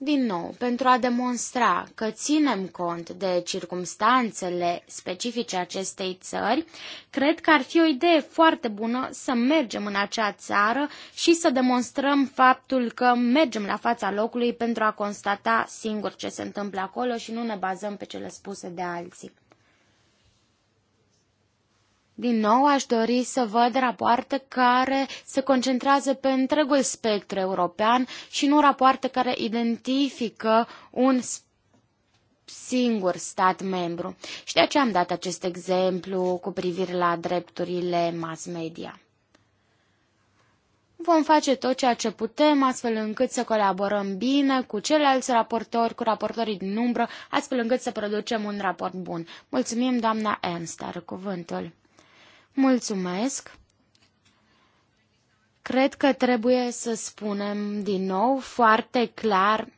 Din nou, pentru a demonstra că ținem cont de circumstanțele specifice acestei țări, cred că ar fi o idee foarte bună să mergem în acea țară și să demonstrăm faptul că mergem la fața locului pentru a constata singur ce se întâmplă acolo și nu ne bazăm pe cele spuse de alții. Din nou, aș dori să văd rapoarte care se concentrează pe întregul spectru european și nu rapoarte care identifică un singur stat membru. Și de aceea am dat acest exemplu cu privire la drepturile mass media. Vom face tot ceea ce putem, astfel încât să colaborăm bine cu ceilalți raportori, cu raportorii din umbră, astfel încât să producem un raport bun. Mulțumim, doamna Ernst, are cuvântul. Mulțumesc! Cred că trebuie să spunem din nou foarte clar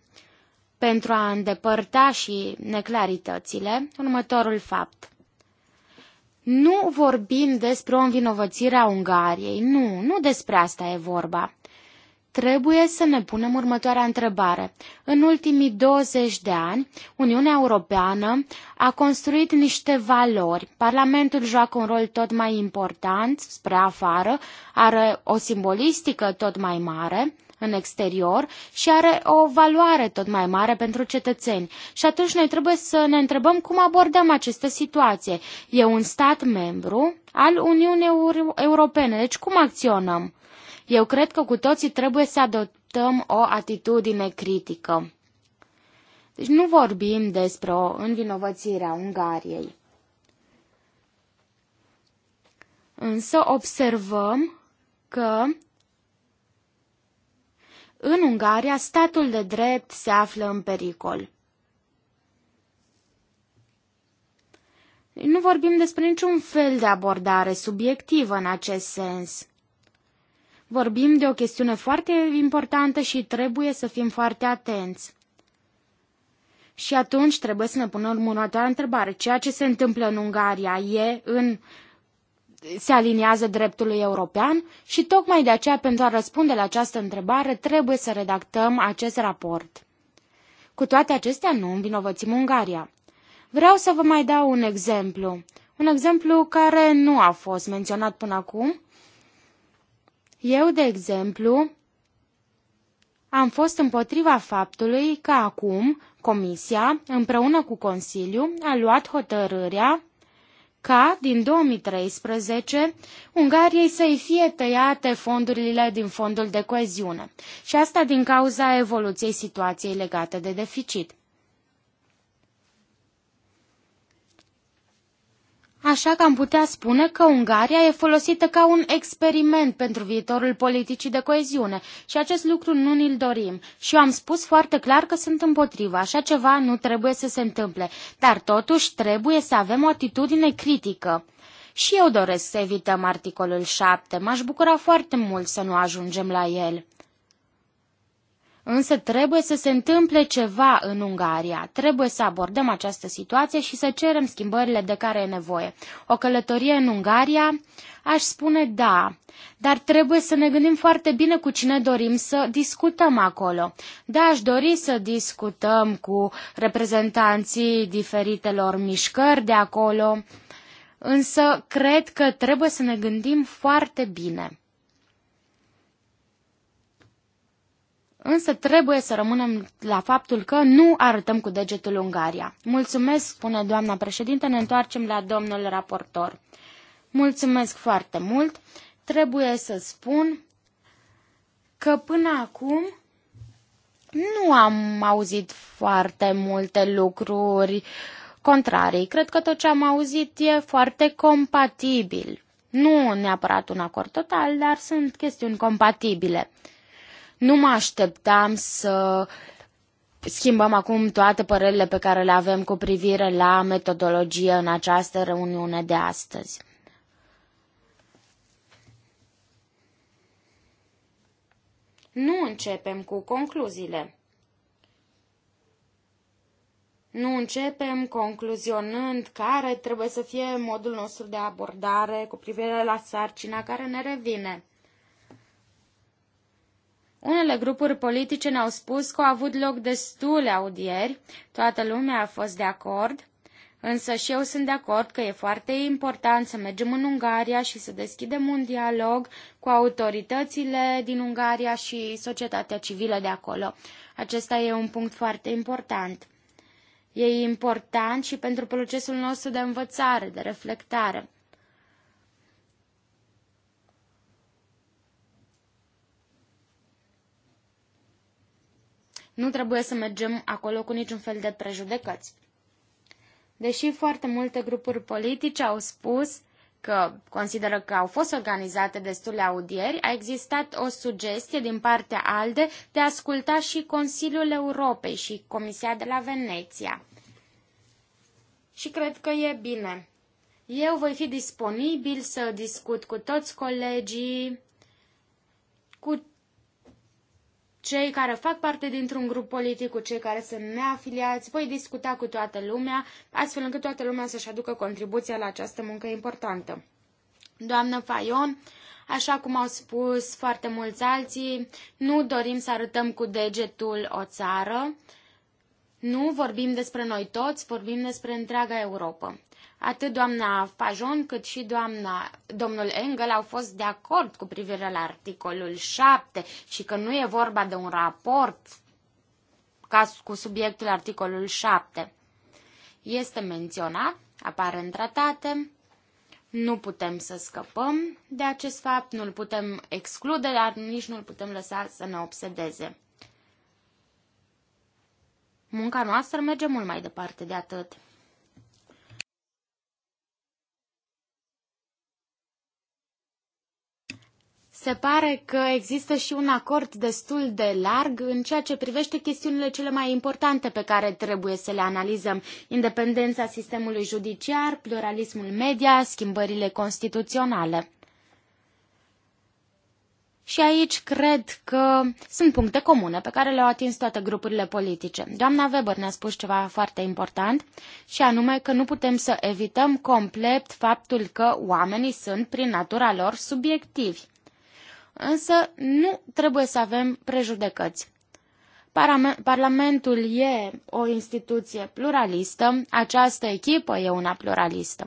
pentru a îndepărta și neclaritățile următorul fapt. Nu vorbim despre o învinovățire a Ungariei, nu, nu despre asta e vorba. Trebuie să ne punem următoarea întrebare. În ultimii 20 de ani, Uniunea Europeană a construit niște valori. Parlamentul joacă un rol tot mai important spre afară, are o simbolistică tot mai mare în exterior și are o valoare tot mai mare pentru cetățeni. Și atunci noi trebuie să ne întrebăm cum abordăm această situație. E un stat membru al Uniunii Europene, deci cum acționăm? Eu cred că cu toții trebuie să adoptăm o atitudine critică. Deci nu vorbim despre o învinovățire a Ungariei. Însă observăm că în Ungaria statul de drept se află în pericol. Deci nu vorbim despre niciun fel de abordare subiectivă în acest sens. Vorbim de o chestiune foarte importantă și trebuie să fim foarte atenți. Și atunci trebuie să ne punem următoarea întrebare. Ceea ce se întâmplă în Ungaria e în se aliniază dreptului european și tocmai de aceea pentru a răspunde la această întrebare trebuie să redactăm acest raport. Cu toate acestea nu învinovățim Ungaria. Vreau să vă mai dau un exemplu, un exemplu care nu a fost menționat până acum, eu, de exemplu, am fost împotriva faptului că acum Comisia, împreună cu Consiliul, a luat hotărârea ca, din 2013, Ungariei să-i fie tăiate fondurile din fondul de coeziune, și asta din cauza evoluției situației legate de deficit. Așa că am putea spune că Ungaria e folosită ca un experiment pentru viitorul politicii de coeziune și acest lucru nu ni-l dorim. Și eu am spus foarte clar că sunt împotriva, așa ceva nu trebuie să se întâmple, dar totuși trebuie să avem o atitudine critică. Și eu doresc să evităm articolul 7, m-aș bucura foarte mult să nu ajungem la el. Însă trebuie să se întâmple ceva în Ungaria. Trebuie să abordăm această situație și să cerem schimbările de care e nevoie. O călătorie în Ungaria, aș spune da, dar trebuie să ne gândim foarte bine cu cine dorim să discutăm acolo. Da, aș dori să discutăm cu reprezentanții diferitelor mișcări de acolo, însă cred că trebuie să ne gândim foarte bine. Însă trebuie să rămânem la faptul că nu arătăm cu degetul Ungaria. Mulțumesc, spune doamna președinte, ne întoarcem la domnul raportor. Mulțumesc foarte mult. Trebuie să spun că până acum nu am auzit foarte multe lucruri contrarii. Cred că tot ce am auzit e foarte compatibil. Nu neapărat un acord total, dar sunt chestiuni compatibile. Nu mă așteptam să schimbăm acum toate părerile pe care le avem cu privire la metodologie în această reuniune de astăzi. Nu începem cu concluziile. Nu începem concluzionând care trebuie să fie modul nostru de abordare cu privire la sarcina care ne revine. Unele grupuri politice ne-au spus că au avut loc destule audieri, toată lumea a fost de acord, însă și eu sunt de acord că e foarte important să mergem în Ungaria și să deschidem un dialog cu autoritățile din Ungaria și societatea civilă de acolo. Acesta e un punct foarte important. E important și pentru procesul nostru de învățare, de reflectare. Nu trebuie să mergem acolo cu niciun fel de prejudecăți. Deși foarte multe grupuri politice au spus că consideră că au fost organizate destule audieri, a existat o sugestie din partea ALDE de a asculta și Consiliul Europei și Comisia de la Veneția. Și cred că e bine. Eu voi fi disponibil să discut cu toți colegii, cu cei care fac parte dintr-un grup politic, cu cei care sunt neafiliați. Voi discuta cu toată lumea, astfel încât toată lumea să-și aducă contribuția la această muncă importantă. Doamnă Fayon, așa cum au spus foarte mulți alții, nu dorim să arătăm cu degetul o țară. Nu vorbim despre noi toți, vorbim despre întreaga Europa. Atât doamna Pajon cât și doamna, domnul Engel au fost de acord cu privire la articolul 7 și că nu e vorba de un raport ca cu subiectul articolul 7. Este menționat, apare în tratate, nu putem să scăpăm de acest fapt, nu-l putem exclude, dar nici nu-l putem lăsa să ne obsedeze. Munca noastră merge mult mai departe de atât. Se pare că există și un acord destul de larg în ceea ce privește chestiunile cele mai importante pe care trebuie să le analizăm. Independența sistemului judiciar, pluralismul media, schimbările constituționale. Și aici cred că sunt puncte comune pe care le-au atins toate grupurile politice. Doamna Weber ne-a spus ceva foarte important și anume că nu putem să evităm complet faptul că oamenii sunt prin natura lor subiectivi însă nu trebuie să avem prejudecăți. Parlamentul e o instituție pluralistă, această echipă e una pluralistă.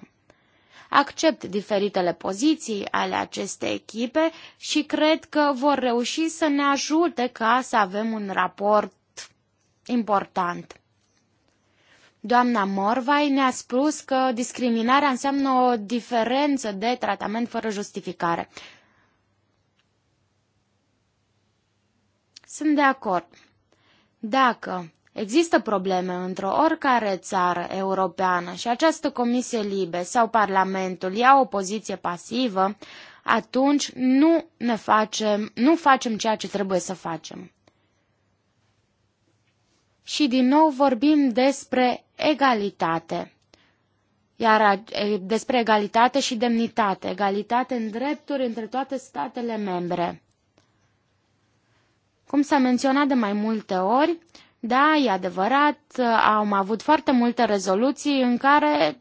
Accept diferitele poziții ale acestei echipe și cred că vor reuși să ne ajute ca să avem un raport important. Doamna Morvai ne-a spus că discriminarea înseamnă o diferență de tratament fără justificare. Sunt de acord. Dacă există probleme într-o oricare țară europeană și această comisie libe sau parlamentul ia o poziție pasivă, atunci nu ne facem, nu facem ceea ce trebuie să facem. Și din nou vorbim despre egalitate. Iar despre egalitate și demnitate, egalitate în drepturi între toate statele membre. Cum s-a menționat de mai multe ori, da, e adevărat, am avut foarte multe rezoluții în care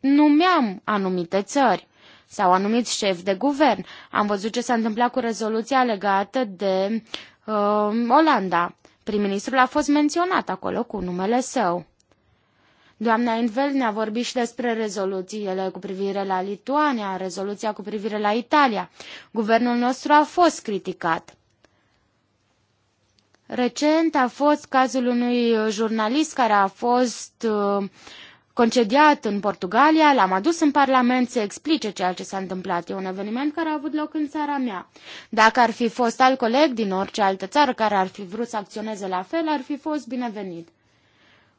numeam anumite țări sau anumiți șefi de guvern. Am văzut ce s-a întâmplat cu rezoluția legată de uh, Olanda. Prim-ministrul a fost menționat acolo cu numele său. Doamna Invel ne-a vorbit și despre rezoluțiile cu privire la Lituania, rezoluția cu privire la Italia. Guvernul nostru a fost criticat. Recent a fost cazul unui uh, jurnalist care a fost uh, concediat în Portugalia, l-am adus în Parlament să explice ceea ce s-a întâmplat. E un eveniment care a avut loc în țara mea. Dacă ar fi fost alt coleg din orice altă țară care ar fi vrut să acționeze la fel, ar fi fost binevenit.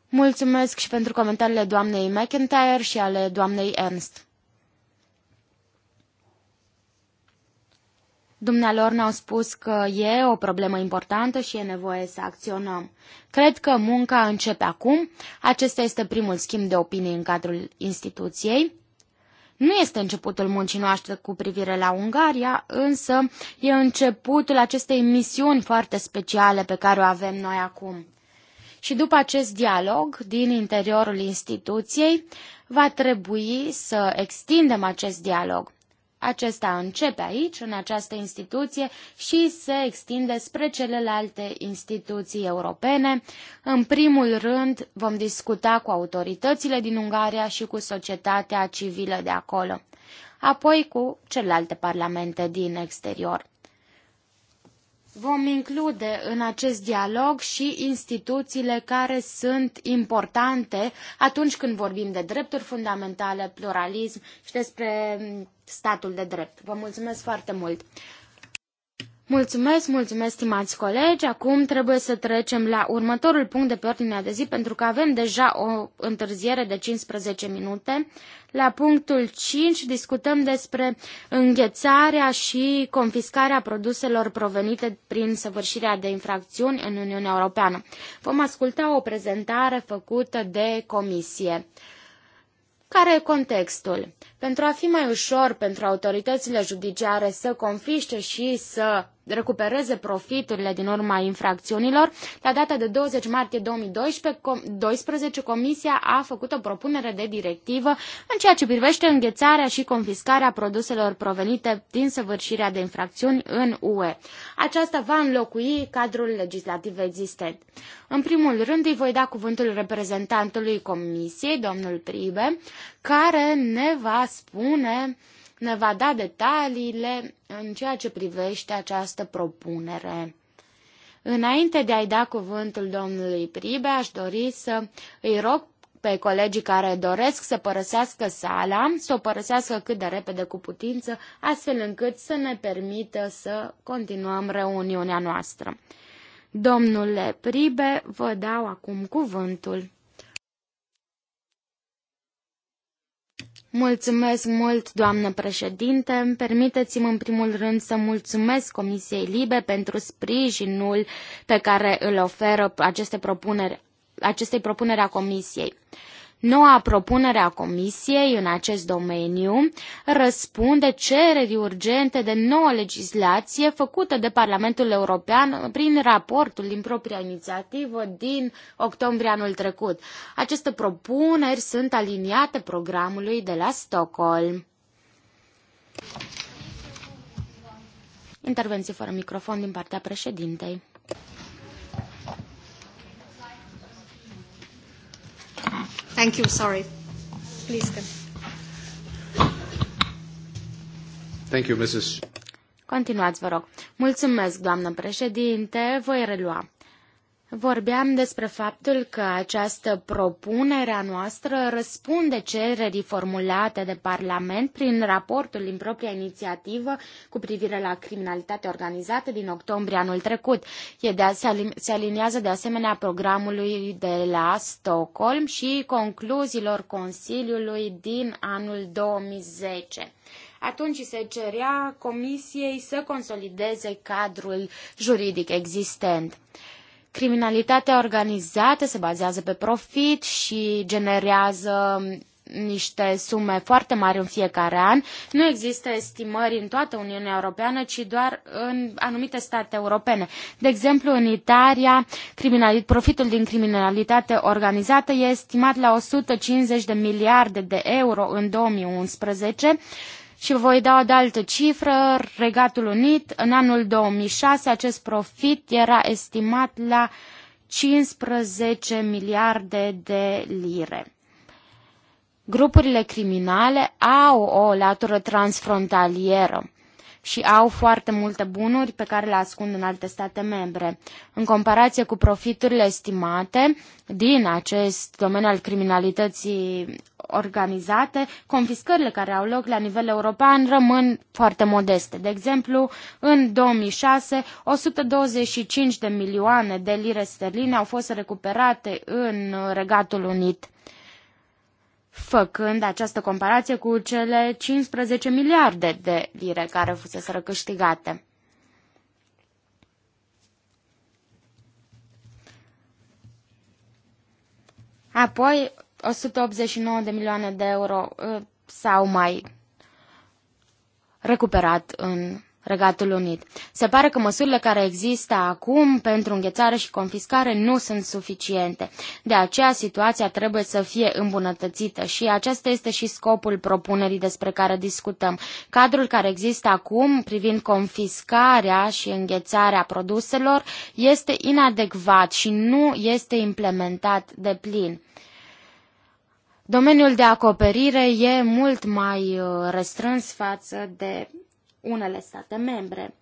Mulțumesc și pentru comentariile doamnei McIntyre și ale doamnei Ernst. Dumnealor ne-au spus că e o problemă importantă și e nevoie să acționăm. Cred că munca începe acum. Acesta este primul schimb de opinii în cadrul instituției. Nu este începutul muncii noastre cu privire la Ungaria, însă e începutul acestei misiuni foarte speciale pe care o avem noi acum. Și după acest dialog din interiorul instituției, va trebui să extindem acest dialog acesta începe aici, în această instituție, și se extinde spre celelalte instituții europene. În primul rând, vom discuta cu autoritățile din Ungaria și cu societatea civilă de acolo, apoi cu celelalte parlamente din exterior. Vom include în acest dialog și instituțiile care sunt importante atunci când vorbim de drepturi fundamentale, pluralism și despre statul de drept. Vă mulțumesc foarte mult! Mulțumesc, mulțumesc, stimați colegi. Acum trebuie să trecem la următorul punct de pe ordinea de zi, pentru că avem deja o întârziere de 15 minute. La punctul 5 discutăm despre înghețarea și confiscarea produselor provenite prin săvârșirea de infracțiuni în Uniunea Europeană. Vom asculta o prezentare făcută de comisie. Care e contextul? Pentru a fi mai ușor pentru autoritățile judiciare să confiște și să recupereze profiturile din urma infracțiunilor. La data de 20 martie 2012, Comisia a făcut o propunere de directivă în ceea ce privește înghețarea și confiscarea produselor provenite din săvârșirea de infracțiuni în UE. Aceasta va înlocui cadrul legislativ existent. În primul rând îi voi da cuvântul reprezentantului Comisiei, domnul Pribe, care ne va spune uh, ne va da detaliile în ceea ce privește această propunere. Înainte de a-i da cuvântul domnului Pribe, aș dori să îi rog pe colegii care doresc să părăsească sala, să o părăsească cât de repede cu putință, astfel încât să ne permită să continuăm reuniunea noastră. Domnule Pribe, vă dau acum cuvântul. Mulțumesc mult, doamnă președinte. Permiteți-mi în primul rând să mulțumesc Comisiei Libe pentru sprijinul pe care îl oferă aceste propuneri, acestei propuneri a Comisiei. Noua propunere a Comisiei în acest domeniu răspunde cererii urgente de nouă legislație făcută de Parlamentul European prin raportul din propria inițiativă din octombrie anul trecut. Aceste propuneri sunt aliniate programului de la Stockholm. Intervenție fără microfon din partea președintei. Thank you. Sorry. Please. Thank you, Mrs. Continuați, vă rog. Mulțumesc, doamnă președinte. Voi relua. Vorbeam despre faptul că această propunere a noastră răspunde cererii formulate de Parlament prin raportul din propria inițiativă cu privire la criminalitatea organizată din octombrie anul trecut. E de a, se aliniază de asemenea programului de la Stockholm și concluziilor Consiliului din anul 2010. Atunci se cerea Comisiei să consolideze cadrul juridic existent. Criminalitatea organizată se bazează pe profit și generează niște sume foarte mari în fiecare an. Nu există estimări în toată Uniunea Europeană, ci doar în anumite state europene. De exemplu, în Italia, profitul din criminalitate organizată este estimat la 150 de miliarde de euro în 2011 și voi da o de altă cifră, Regatul Unit, în anul 2006 acest profit era estimat la 15 miliarde de lire. Grupurile criminale au o latură transfrontalieră și au foarte multe bunuri pe care le ascund în alte state membre. În comparație cu profiturile estimate din acest domeniu al criminalității organizate, confiscările care au loc la nivel european rămân foarte modeste. De exemplu, în 2006, 125 de milioane de lire sterline au fost recuperate în Regatul Unit făcând această comparație cu cele 15 miliarde de lire care fusese câștigate. Apoi, 189 de milioane de euro uh, sau mai recuperat în Regatul Unit. Se pare că măsurile care există acum pentru înghețare și confiscare nu sunt suficiente. De aceea situația trebuie să fie îmbunătățită și acesta este și scopul propunerii despre care discutăm. Cadrul care există acum privind confiscarea și înghețarea produselor este inadecvat și nu este implementat de plin. Domeniul de acoperire e mult mai uh, restrâns față de unele state membre.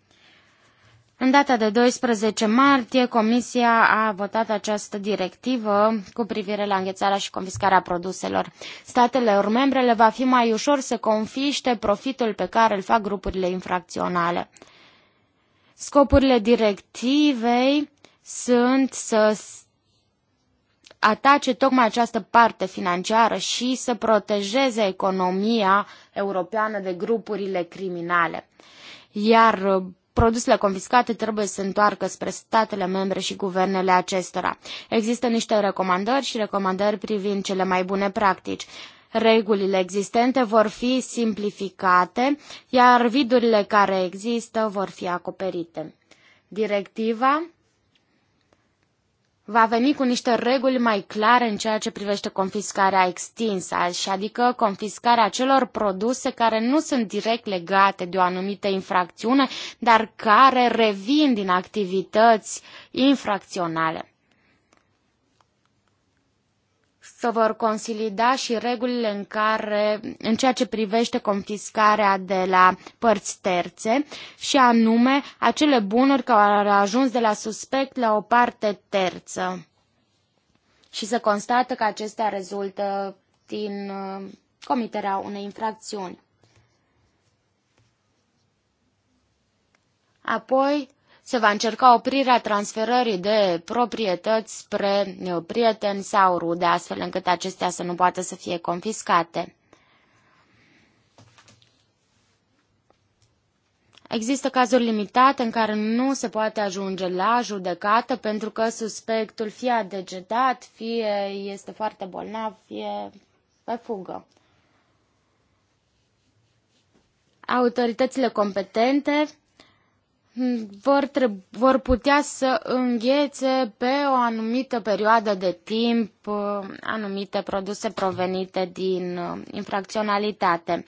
În data de 12 martie, Comisia a votat această directivă cu privire la înghețarea și confiscarea produselor. Statelor membre le va fi mai ușor să confiște profitul pe care îl fac grupurile infracționale. Scopurile directivei sunt să atace tocmai această parte financiară și să protejeze economia europeană de grupurile criminale. Iar uh, produsele confiscate trebuie să întoarcă spre statele membre și guvernele acestora. Există niște recomandări și recomandări privind cele mai bune practici. Regulile existente vor fi simplificate, iar vidurile care există vor fi acoperite. Directiva va veni cu niște reguli mai clare în ceea ce privește confiscarea extinsă, și adică confiscarea celor produse care nu sunt direct legate de o anumită infracțiune, dar care revin din activități infracționale. se vor consolida și regulile în care, în ceea ce privește confiscarea de la părți terțe, și anume acele bunuri care au ajuns de la suspect la o parte terță. Și se constată că acestea rezultă din uh, comiterea unei infracțiuni. Apoi, se va încerca oprirea transferării de proprietăți spre eh, prieteni sau rude, astfel încât acestea să nu poată să fie confiscate. Există cazuri limitate în care nu se poate ajunge la judecată pentru că suspectul fie a degetat, fie este foarte bolnav, fie pe fugă. Autoritățile competente vor, vor putea să înghețe pe o anumită perioadă de timp uh, anumite produse provenite din uh, infracționalitate.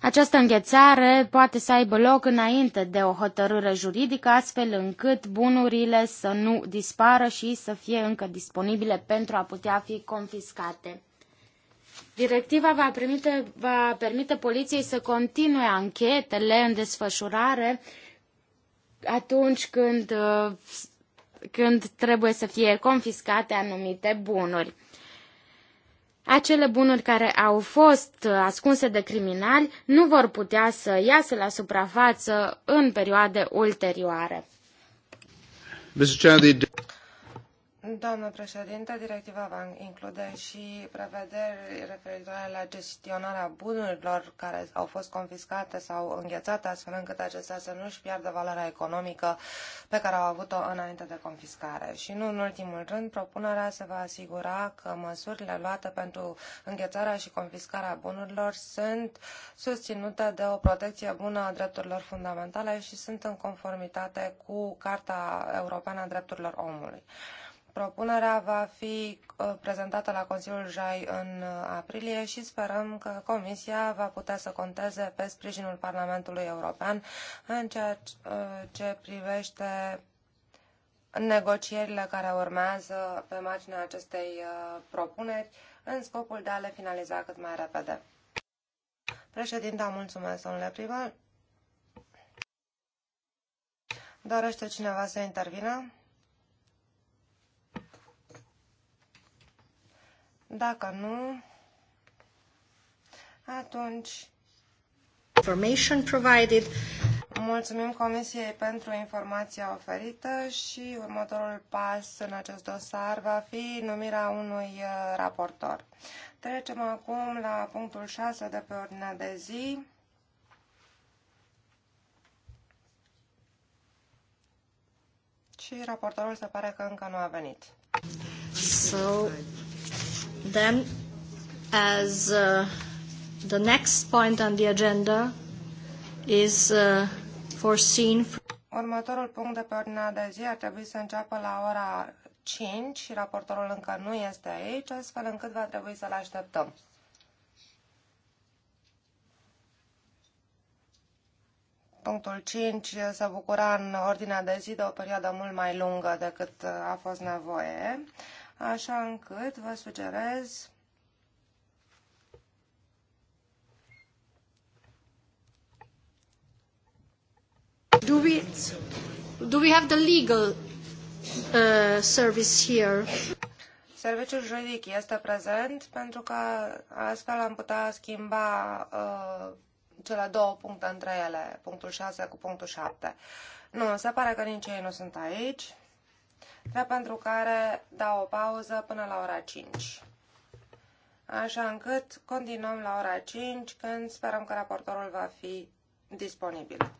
Această înghețare poate să aibă loc înainte de o hotărâre juridică, astfel încât bunurile să nu dispară și să fie încă disponibile pentru a putea fi confiscate. Directiva va, primite, va permite poliției să continue anchetele în desfășurare atunci când, uh, când trebuie să fie confiscate anumite bunuri. Acele bunuri care au fost uh, ascunse de criminali nu vor putea să iasă la suprafață în perioade ulterioare. Mr. Doamnă președintă, directiva va include și prevederi referitoare la gestionarea bunurilor care au fost confiscate sau înghețate, astfel încât acestea să nu și piardă valoarea economică pe care au avut-o înainte de confiscare. Și nu în ultimul rând, propunerea se va asigura că măsurile luate pentru înghețarea și confiscarea bunurilor sunt susținute de o protecție bună a drepturilor fundamentale și sunt în conformitate cu Carta Europeană a Drepturilor Omului. Propunerea va fi uh, prezentată la Consiliul JAI în uh, aprilie și sperăm că Comisia va putea să conteze pe sprijinul Parlamentului European în ceea ce uh, privește negocierile care urmează pe marginea acestei propuneri în scopul de a le finaliza cât mai repede. Președinta, mulțumesc, domnule primar. Dorește cineva să intervină? Dacă nu, atunci... Information provided. Mulțumim Comisiei pentru informația oferită și următorul pas în acest dosar va fi numirea unui uh, raportor. Trecem acum la punctul 6 de pe ordinea de zi. Și raportorul se pare că încă nu a venit. So, then as uh, the next point on the agenda is uh, foreseen Următorul punct de pe ordinea de zi ar trebui să înceapă la ora 5 și raportorul încă nu este aici, astfel încât va trebui să-l așteptăm. Punctul 5 se bucura în ordinea de zi de o perioadă mult mai lungă decât a fost nevoie așa încât vă sugerez Do we, do we have the legal uh, service here? Serviciul juridic este prezent pentru că astfel am putea schimba uh, cele două puncte între ele, punctul 6 cu punctul 7. Nu, se pare că nici ei nu sunt aici drept pentru care dau o pauză până la ora 5. Așa încât continuăm la ora 5 când sperăm că raportorul va fi disponibil.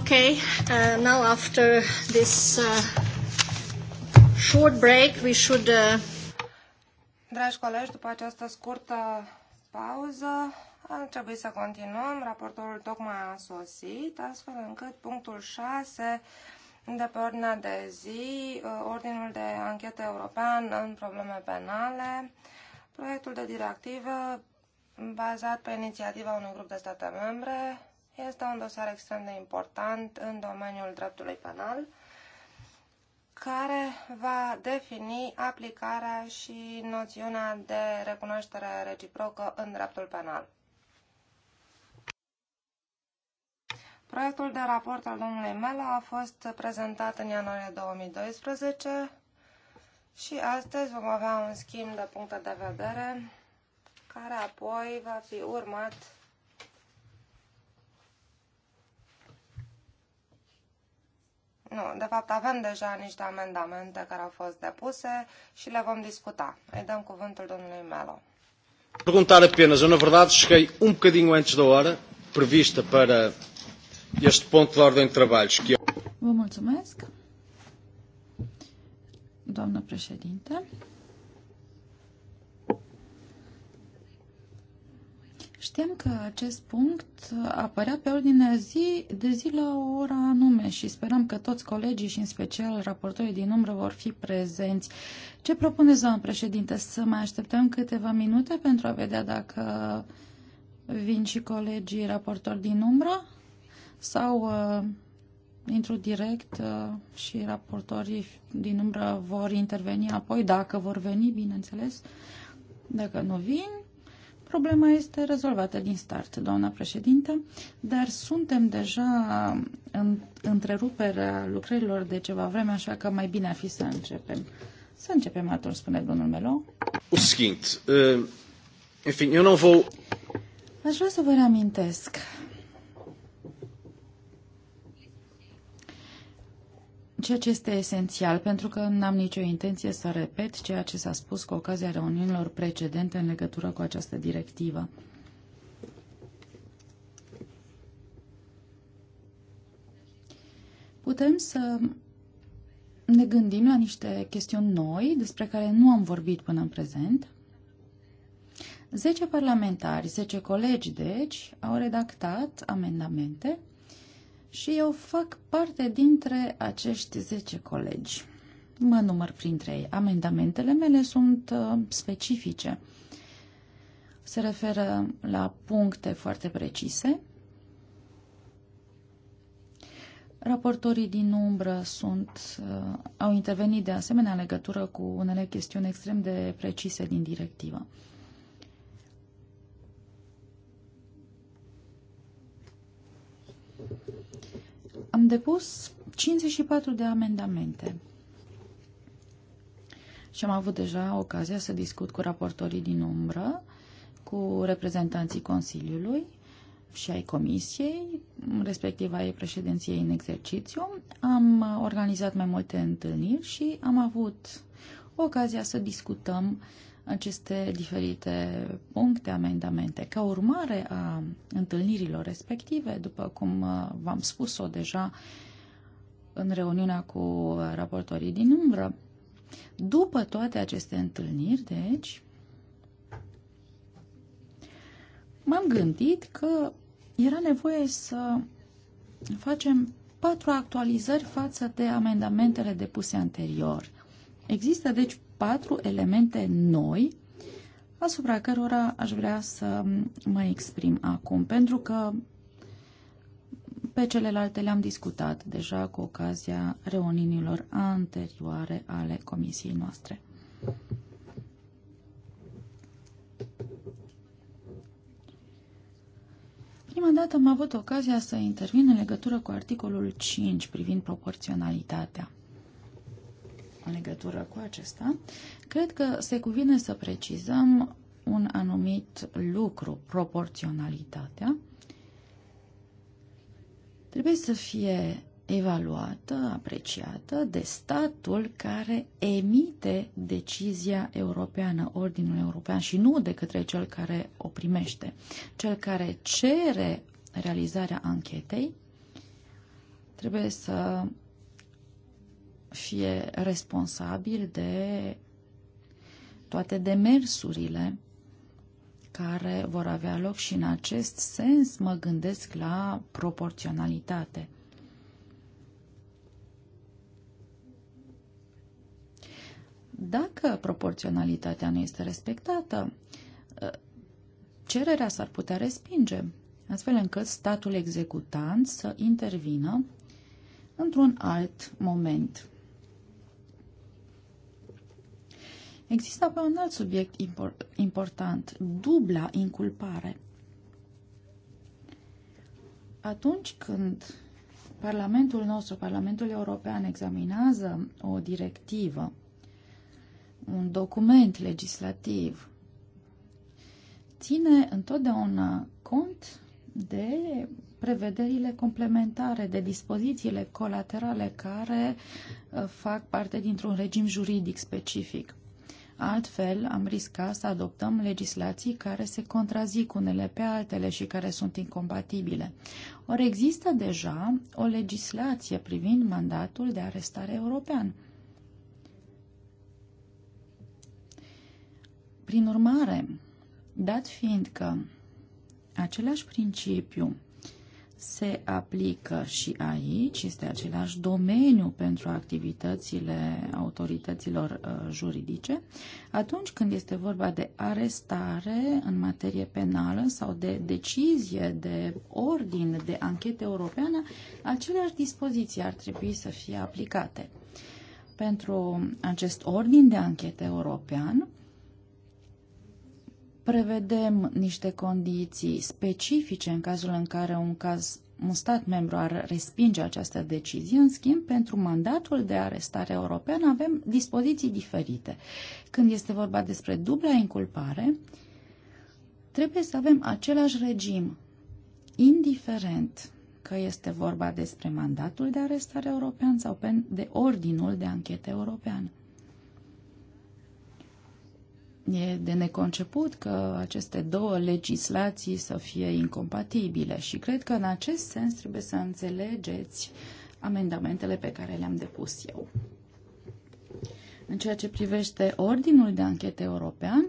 Okay, uh, now after this uh, short break, we should. Uh, Dragi colegi, după această scurtă pauză, ar trebui să continuăm. Raportorul tocmai a sosit, astfel încât punctul 6 de pe ordinea de zi, uh, Ordinul de Anchetă European în Probleme Penale, proiectul de directivă bazat pe inițiativa unui grup de state membre este un dosar extrem de important în domeniul dreptului penal, care va defini aplicarea și noțiunea de recunoaștere reciprocă în dreptul penal. Proiectul de raport al domnului Mela a fost prezentat în ianuarie 2012 și astăzi vom avea un schimb de puncte de vedere care apoi va fi urmat Nu, de fapt avem deja niște amendamente care au fost depuse și le vom discuta. Îi dăm cuvântul domnului Melo. Perguntar apenas, eu na verdade cheguei um bocadinho antes da hora prevista para este ponto de ordem de trabalhos que Vă mulțumesc. Doamnă președinte, Știam că acest punct apărea pe ordinea zi, de zi la o ora anume și speram că toți colegii și în special raportorii din umbră vor fi prezenți. Ce propuneți, doamnă președinte, să mai așteptăm câteva minute pentru a vedea dacă vin și colegii raportori din umbră sau uh, intru direct uh, și raportorii din umbră vor interveni apoi, dacă vor veni, bineînțeles. Dacă nu vin, Problema este rezolvată din start, doamna președintă, dar suntem deja în întreruperea lucrărilor de ceva vreme, așa că mai bine ar fi să începem. Să începem atunci, spune domnul Melo. O seguinte, uh, enfim, eu nu vă... Aș vrea să vă reamintesc ceea ce este esențial, pentru că n-am nicio intenție să repet ceea ce s-a spus cu ocazia reuniunilor precedente în legătură cu această directivă. Putem să ne gândim la niște chestiuni noi despre care nu am vorbit până în prezent. Zece parlamentari, zece colegi, deci, au redactat amendamente și eu fac parte dintre acești 10 colegi. Mă număr printre ei. Amendamentele mele sunt uh, specifice. Se referă la puncte foarte precise. Raportorii din umbră sunt, uh, au intervenit de asemenea în legătură cu unele chestiuni extrem de precise din directivă. Am depus 54 de amendamente și am avut deja ocazia să discut cu raportorii din umbră, cu reprezentanții Consiliului și ai Comisiei, respectiv ai președinției în exercițiu. Am organizat mai multe întâlniri și am avut ocazia să discutăm uh, aceste diferite puncte, amendamente. Ca urmare a întâlnirilor respective, după cum uh, v-am spus-o deja în reuniunea cu raportorii din umbră, după toate aceste întâlniri, deci, m-am gândit că era nevoie să facem patru actualizări față de amendamentele depuse anterior. Există, deci, patru elemente noi asupra cărora aș vrea să mă exprim acum, pentru că pe celelalte le-am discutat deja cu ocazia reuniunilor anterioare ale comisiei noastre. Prima dată am avut ocazia să intervin în legătură cu articolul 5 privind proporționalitatea în legătură cu acesta, cred că se cuvine să precizăm un anumit lucru, proporționalitatea, trebuie să fie evaluată, apreciată de statul care emite decizia europeană, Ordinul European și nu de către cel care o primește. Cel care cere realizarea anchetei trebuie să fie responsabil de toate demersurile care vor avea loc și în acest sens mă gândesc la proporționalitate. Dacă proporționalitatea nu este respectată, cererea s-ar putea respinge, astfel încât statul executant să intervină într-un alt moment. Există apoi un alt subiect important, dubla inculpare. Atunci când Parlamentul nostru, Parlamentul European, examinează o directivă, un document legislativ, ține întotdeauna cont de prevederile complementare, de dispozițiile colaterale care uh, fac parte dintr-un regim juridic specific. Altfel, am riscat să adoptăm legislații care se contrazic unele pe altele și care sunt incompatibile. Ori există deja o legislație privind mandatul de arestare european. Prin urmare, dat fiind că același principiu se aplică și aici, este același domeniu pentru activitățile autorităților uh, juridice, atunci când este vorba de arestare în materie penală sau de decizie de ordin de anchetă europeană, aceleași dispoziții ar trebui să fie aplicate. Pentru acest ordin de anchetă european, prevedem niște condiții specifice în cazul în care un caz un stat membru ar respinge această decizie, în schimb, pentru mandatul de arestare european avem dispoziții diferite. Când este vorba despre dubla inculpare, trebuie să avem același regim, indiferent că este vorba despre mandatul de arestare european sau de ordinul de anchetă european. E de neconceput că aceste două legislații să fie incompatibile și cred că în acest sens trebuie să înțelegeți amendamentele pe care le-am depus eu. În ceea ce privește Ordinul de Anchetă European,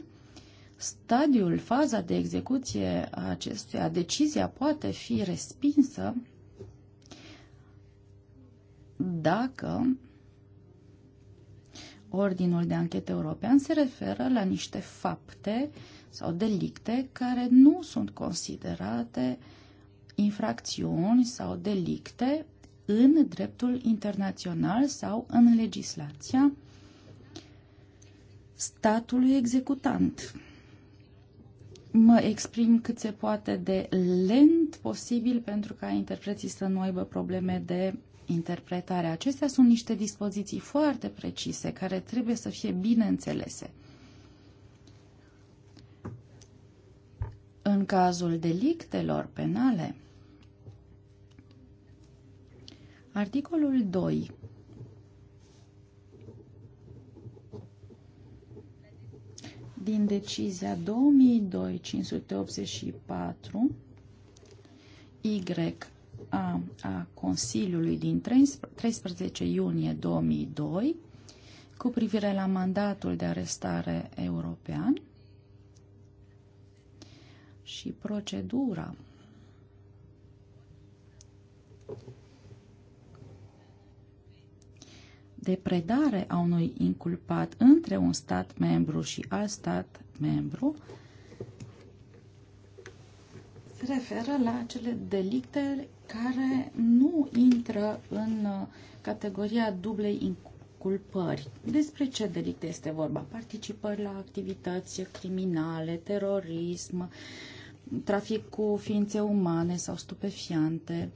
stadiul, faza de execuție a acestuia, decizia poate fi respinsă dacă Ordinul de Anchetă European se referă la niște fapte sau delicte care nu sunt considerate infracțiuni sau delicte în dreptul internațional sau în legislația statului executant. Mă exprim cât se poate de lent posibil pentru ca interpreții să nu aibă probleme de interpretare. Acestea sunt niște dispoziții foarte precise care trebuie să fie bine înțelese. În cazul delictelor penale, articolul 2 din decizia 2002-584 Y a, a Consiliului din 13 iunie 2002 cu privire la mandatul de arestare european și procedura de predare a unui inculpat între un stat membru și alt stat membru se referă la acele delicte care nu intră în uh, categoria dublei inculpări. Despre ce delicte este vorba? Participări la activități criminale, terorism, trafic cu ființe umane sau stupefiante,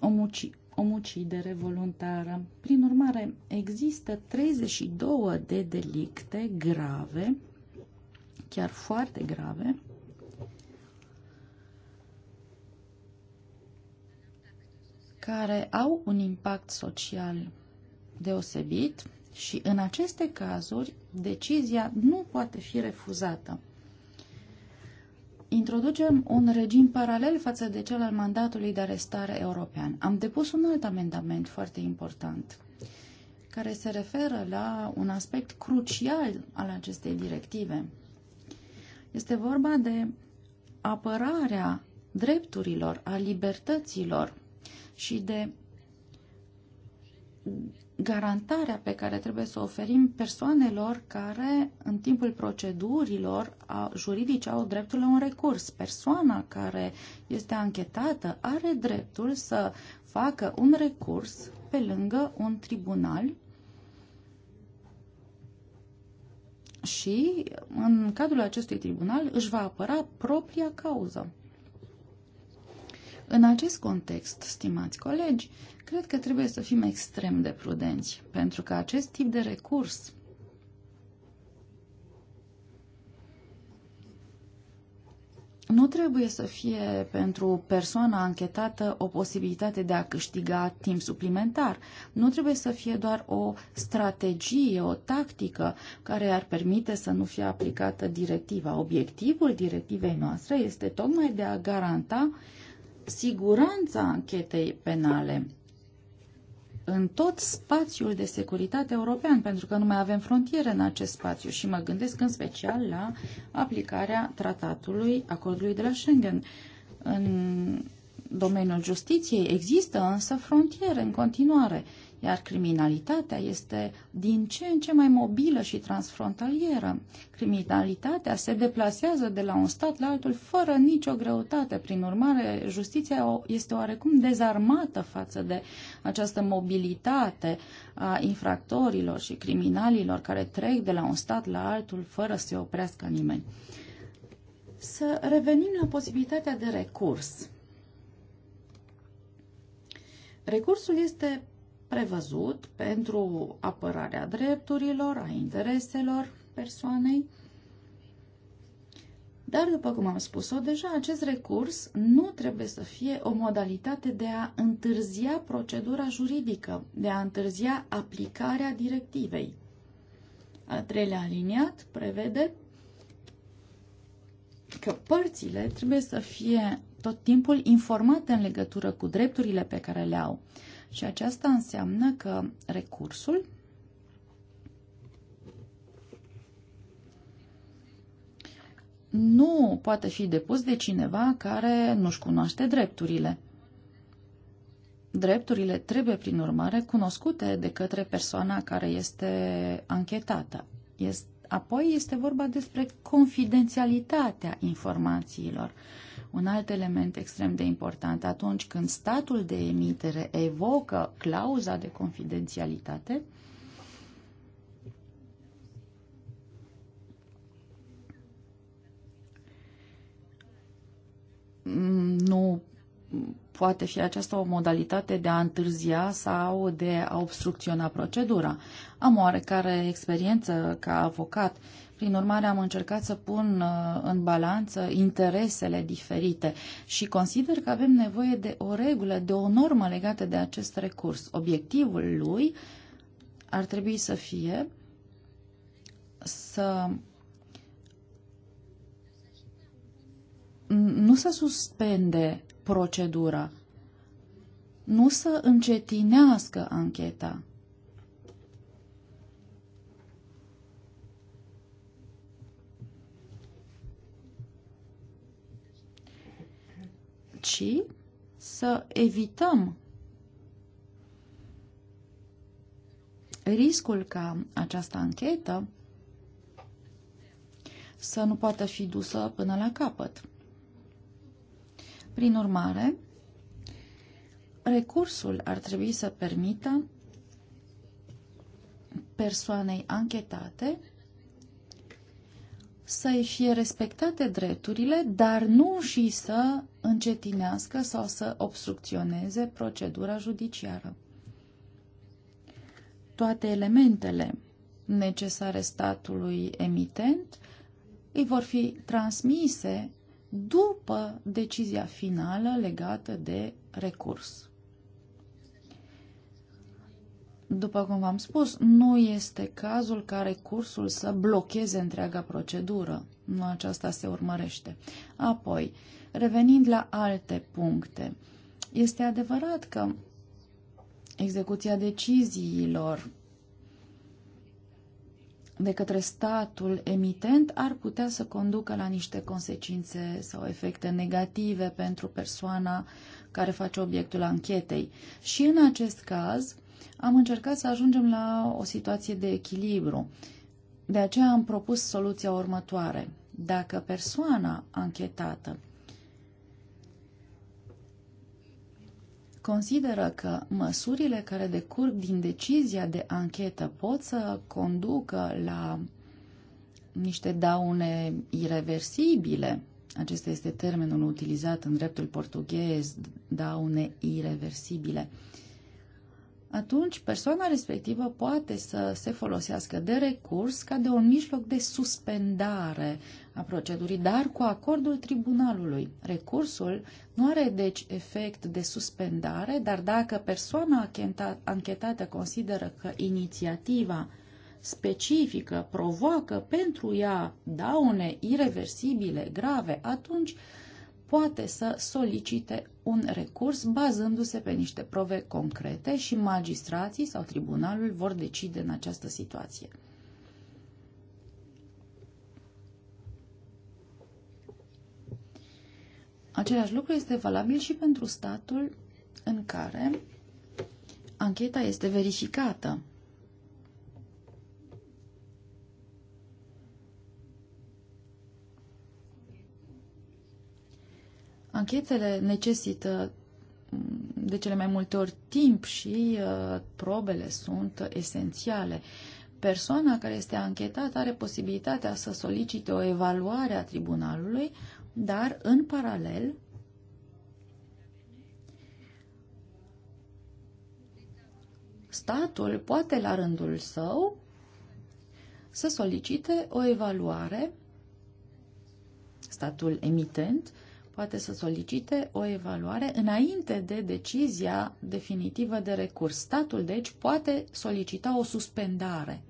omuci, omucidere voluntară. Prin urmare, există 32 de delicte grave, chiar foarte grave, care au un impact social deosebit și în aceste cazuri decizia nu poate fi refuzată. Introducem un regim paralel față de cel al mandatului de arestare european. Am depus un alt amendament foarte important care se referă la un aspect crucial al acestei directive. Este vorba de apărarea drepturilor, a libertăților și de garantarea pe care trebuie să o oferim persoanelor care, în timpul procedurilor juridice, au dreptul la un recurs. Persoana care este anchetată are dreptul să facă un recurs pe lângă un tribunal și, în cadrul acestui tribunal, își va apăra propria cauză. În acest context, stimați colegi, cred că trebuie să fim extrem de prudenți, pentru că acest tip de recurs nu trebuie să fie pentru persoana anchetată o posibilitate de a câștiga timp suplimentar. Nu trebuie să fie doar o strategie, o tactică care ar permite să nu fie aplicată directiva. Obiectivul directivei noastre este tocmai de a garanta uh, siguranța anchetei penale în tot spațiul de securitate european, pentru că nu mai avem frontiere în acest spațiu și mă gândesc în special la aplicarea tratatului, acordului de la Schengen. În domeniul justiției există însă frontiere în continuare iar criminalitatea este din ce în ce mai mobilă și transfrontalieră. Criminalitatea se deplasează de la un stat la altul fără nicio greutate. Prin urmare, justiția este oarecum dezarmată față de această mobilitate a infractorilor și criminalilor care trec de la un stat la altul fără să se oprească nimeni. Să revenim la posibilitatea de recurs. Recursul este prevăzut pentru apărarea drepturilor, a intereselor persoanei. Dar, după cum am spus-o deja, acest recurs nu trebuie să fie o modalitate de a întârzia procedura juridică, de a întârzia aplicarea directivei. A treilea aliniat prevede că părțile trebuie să fie tot timpul informate în legătură cu drepturile pe care le au. Și aceasta înseamnă că recursul nu poate fi depus de cineva care nu-și cunoaște drepturile. Drepturile trebuie, prin urmare, cunoscute de către persoana care este anchetată. Este, apoi este vorba despre confidențialitatea informațiilor. Uh, un alt element extrem de important, atunci când statul de emitere evocă clauza de confidențialitate, nu poate fi aceasta o modalitate de a întârzia sau de a obstrucționa procedura. Am oarecare experiență ca avocat prin urmare, am încercat să pun uh, în balanță interesele diferite și consider că avem nevoie de o regulă, de o normă legată de acest recurs. Obiectivul lui ar trebui să fie să nu să suspende procedura, nu să încetinească ancheta. ci să evităm riscul ca această anchetă să nu poată fi dusă până la capăt. Prin urmare, recursul ar trebui să permită persoanei anchetate să-i fie respectate drepturile, dar nu și să încetinească sau să obstrucționeze procedura judiciară. Toate elementele necesare statului emitent îi vor fi transmise după decizia finală legată de recurs. După cum v-am spus, nu este cazul ca recursul să blocheze întreaga procedură. Nu aceasta se urmărește. Apoi, revenind la alte puncte, este adevărat că execuția deciziilor de către statul emitent ar putea să conducă la niște consecințe sau efecte negative pentru persoana care face obiectul anchetei. Și în acest caz, am încercat să ajungem la o situație de echilibru. De aceea am propus soluția următoare. Dacă persoana anchetată consideră că măsurile care decurg din decizia de anchetă pot să conducă la niște daune irreversibile, acesta este termenul utilizat în dreptul portughez, daune irreversibile, uh, atunci persoana respectivă poate să se folosească de recurs ca de un mijloc de suspendare a procedurii, dar cu acordul tribunalului. Recursul nu are deci efect de suspendare, dar dacă persoana anchetată consideră că inițiativa specifică provoacă pentru ea daune irreversibile grave, atunci poate să solicite un recurs bazându-se pe niște prove concrete și magistrații sau tribunalul vor decide în această situație. Același lucru este valabil și pentru statul în care ancheta este verificată Anchetele necesită mm, de cele mai multe ori timp și uh, probele sunt esențiale. Persoana care este anchetată are posibilitatea să solicite o evaluare a tribunalului, dar în paralel statul poate la rândul său să solicite o evaluare statul emitent poate să solicite o evaluare înainte de decizia definitivă de recurs. Statul, deci, poate solicita o suspendare.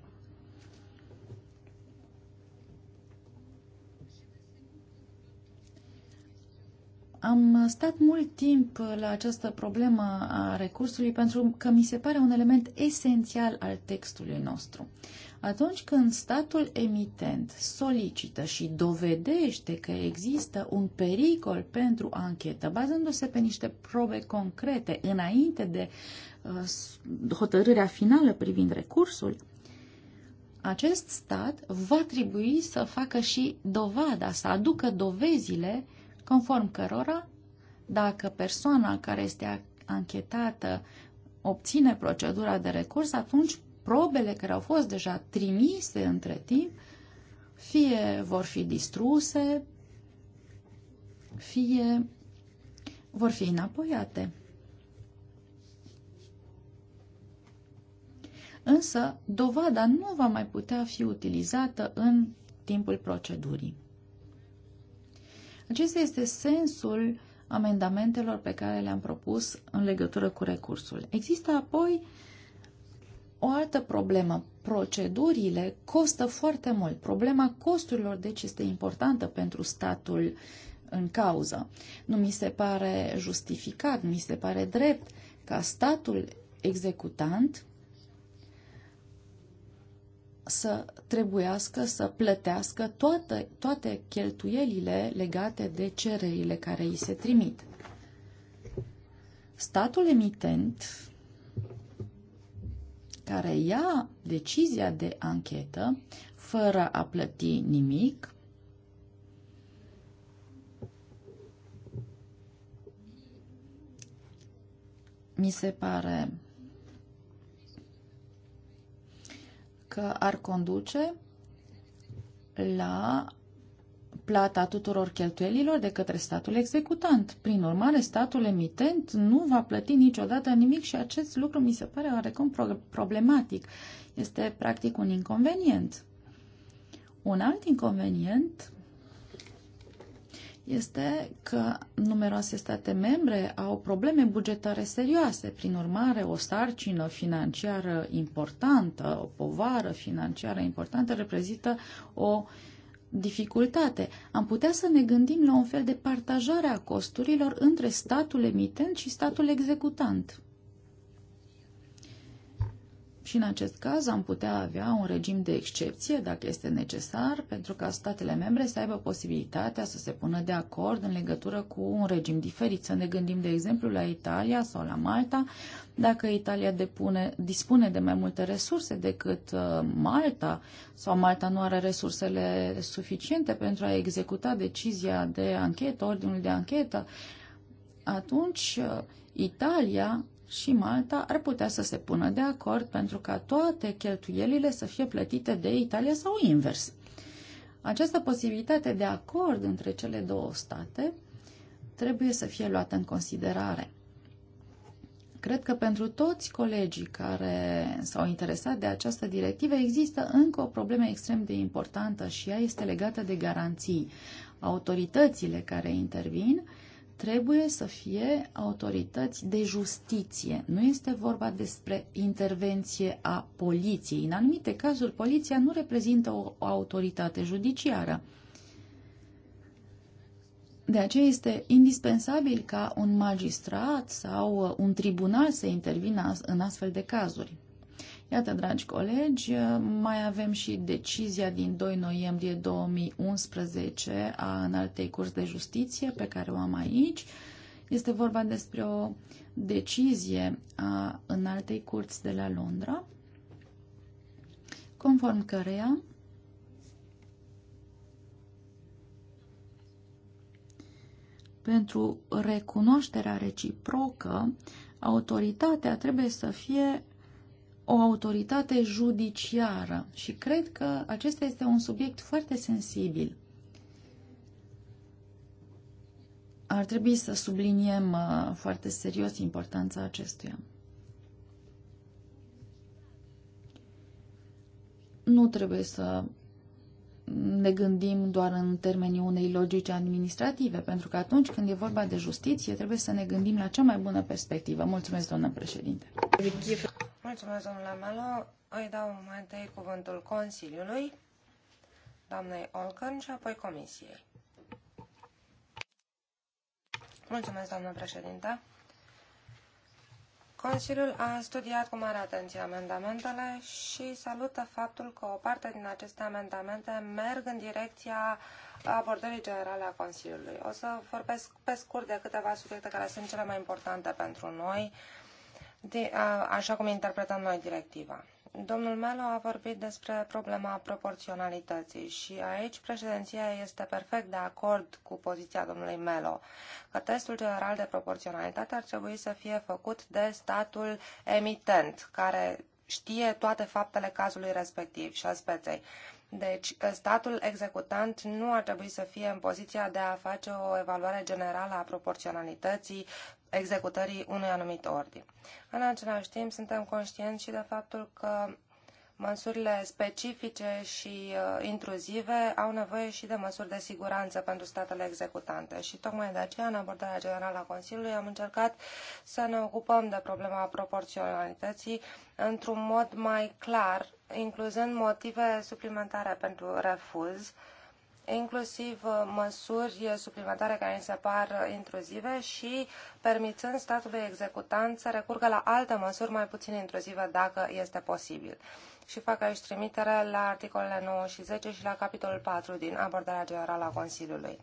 Am stat mult timp la această problemă a recursului pentru că mi se pare un element esențial al textului nostru. Uh, atunci când statul emitent solicită și dovedește că există un pericol pentru anchetă, bazându-se pe niște probe concrete înainte de uh, hotărârea finală privind recursul, acest stat va trebui să facă și dovada, să aducă dovezile conform cărora dacă persoana care este anchetată obține procedura de recurs, atunci probele care au fost deja trimise între timp, fie vor fi distruse, fie vor fi înapoiate. Însă, dovada nu va mai putea fi utilizată în timpul procedurii. Acesta este sensul amendamentelor pe care le-am propus în legătură cu recursul. Există apoi uh, o altă problemă, procedurile costă foarte mult. Problema costurilor, deci, este importantă pentru statul în cauză. Nu mi se pare justificat, nu mi se pare drept ca statul executant să trebuiască să plătească toate, toate cheltuielile legate de cererile care îi se trimit. Statul emitent care ia decizia de anchetă fără a plăti nimic mi se pare că ar conduce la plata tuturor cheltuielilor de către statul executant. Prin urmare, statul emitent nu va plăti niciodată nimic și acest lucru mi se pare oarecum problematic. Este practic un inconvenient. Un alt inconvenient este că numeroase state membre au probleme bugetare serioase. Prin urmare, o sarcină financiară importantă, o povară financiară importantă reprezintă o uh, dificultate. Am putea să ne gândim la un fel de partajare a costurilor între statul emitent și statul executant. Și în acest caz am putea avea un regim de excepție, dacă este necesar, pentru ca statele membre să aibă posibilitatea să se pună de acord în legătură cu un regim diferit. Să ne gândim, de exemplu, la Italia sau la Malta. Dacă Italia depune, dispune de mai multe resurse decât uh, Malta sau Malta nu are resursele suficiente pentru a executa decizia de anchetă, ordinul de anchetă, atunci uh, Italia și Malta ar putea să se pună de acord pentru ca toate cheltuielile să fie plătite de Italia sau invers. Această posibilitate de acord între cele două state trebuie să fie luată în considerare. Cred că pentru toți colegii care s-au interesat de această directivă există încă o problemă extrem de importantă și ea este legată de garanții. Autoritățile care intervin uh, trebuie să fie autorități de justiție. Nu este vorba despre intervenție a poliției. În anumite cazuri, poliția nu reprezintă o autoritate judiciară. De aceea este indispensabil ca un magistrat sau un tribunal să intervină în astfel de cazuri. Iată, dragi colegi, mai avem și decizia din 2 noiembrie 2011 a înaltei curs de justiție pe care o am aici. Este vorba despre o decizie a înaltei curți de la Londra, conform căreia pentru recunoașterea reciprocă, autoritatea trebuie să fie o autoritate judiciară și cred că acesta este un subiect foarte sensibil. Ar trebui să subliniem uh, foarte serios importanța acestuia. Nu trebuie să ne gândim doar în termenii unei logici administrative, pentru că atunci când e vorba de justiție, trebuie să ne gândim la cea mai bună perspectivă. Mulțumesc, doamnă președinte! Mulțumesc, domnule Melo. Îi dau mai întâi cuvântul Consiliului, doamnei Olcan și apoi Comisiei. Mulțumesc, doamnă președinte. Consiliul a studiat cu mare atenție amendamentele și salută faptul că o parte din aceste amendamente merg în direcția abordării generale a Consiliului. O să vorbesc pe scurt de câteva subiecte care sunt cele mai importante pentru noi de, a, așa cum interpretăm noi directiva. Domnul Melo a vorbit despre problema proporționalității și aici președinția este perfect de acord cu poziția domnului Melo că testul general de proporționalitate ar trebui să fie făcut de statul emitent, care știe toate faptele cazului respectiv și a speței. Deci, statul executant nu ar trebui să fie în poziția de a face o evaluare generală a proporționalității executării unui anumit ordin. În același timp, suntem conștienți și de faptul că măsurile specifice și uh, intruzive au nevoie și de măsuri de siguranță pentru statele executante. Și tocmai de aceea, în abordarea generală a Consiliului, am încercat să ne ocupăm de problema proporționalității într-un mod mai clar, incluzând motive suplimentare pentru refuz uh, inclusiv uh, măsuri uh, suplimentare care îmi se par uh, intruzive și permițând statului executant să recurgă la alte măsuri mai puțin intruzive dacă este posibil. Și fac aici trimitere la articolele 9 și 10 și la capitolul 4 din abordarea generală a Consiliului.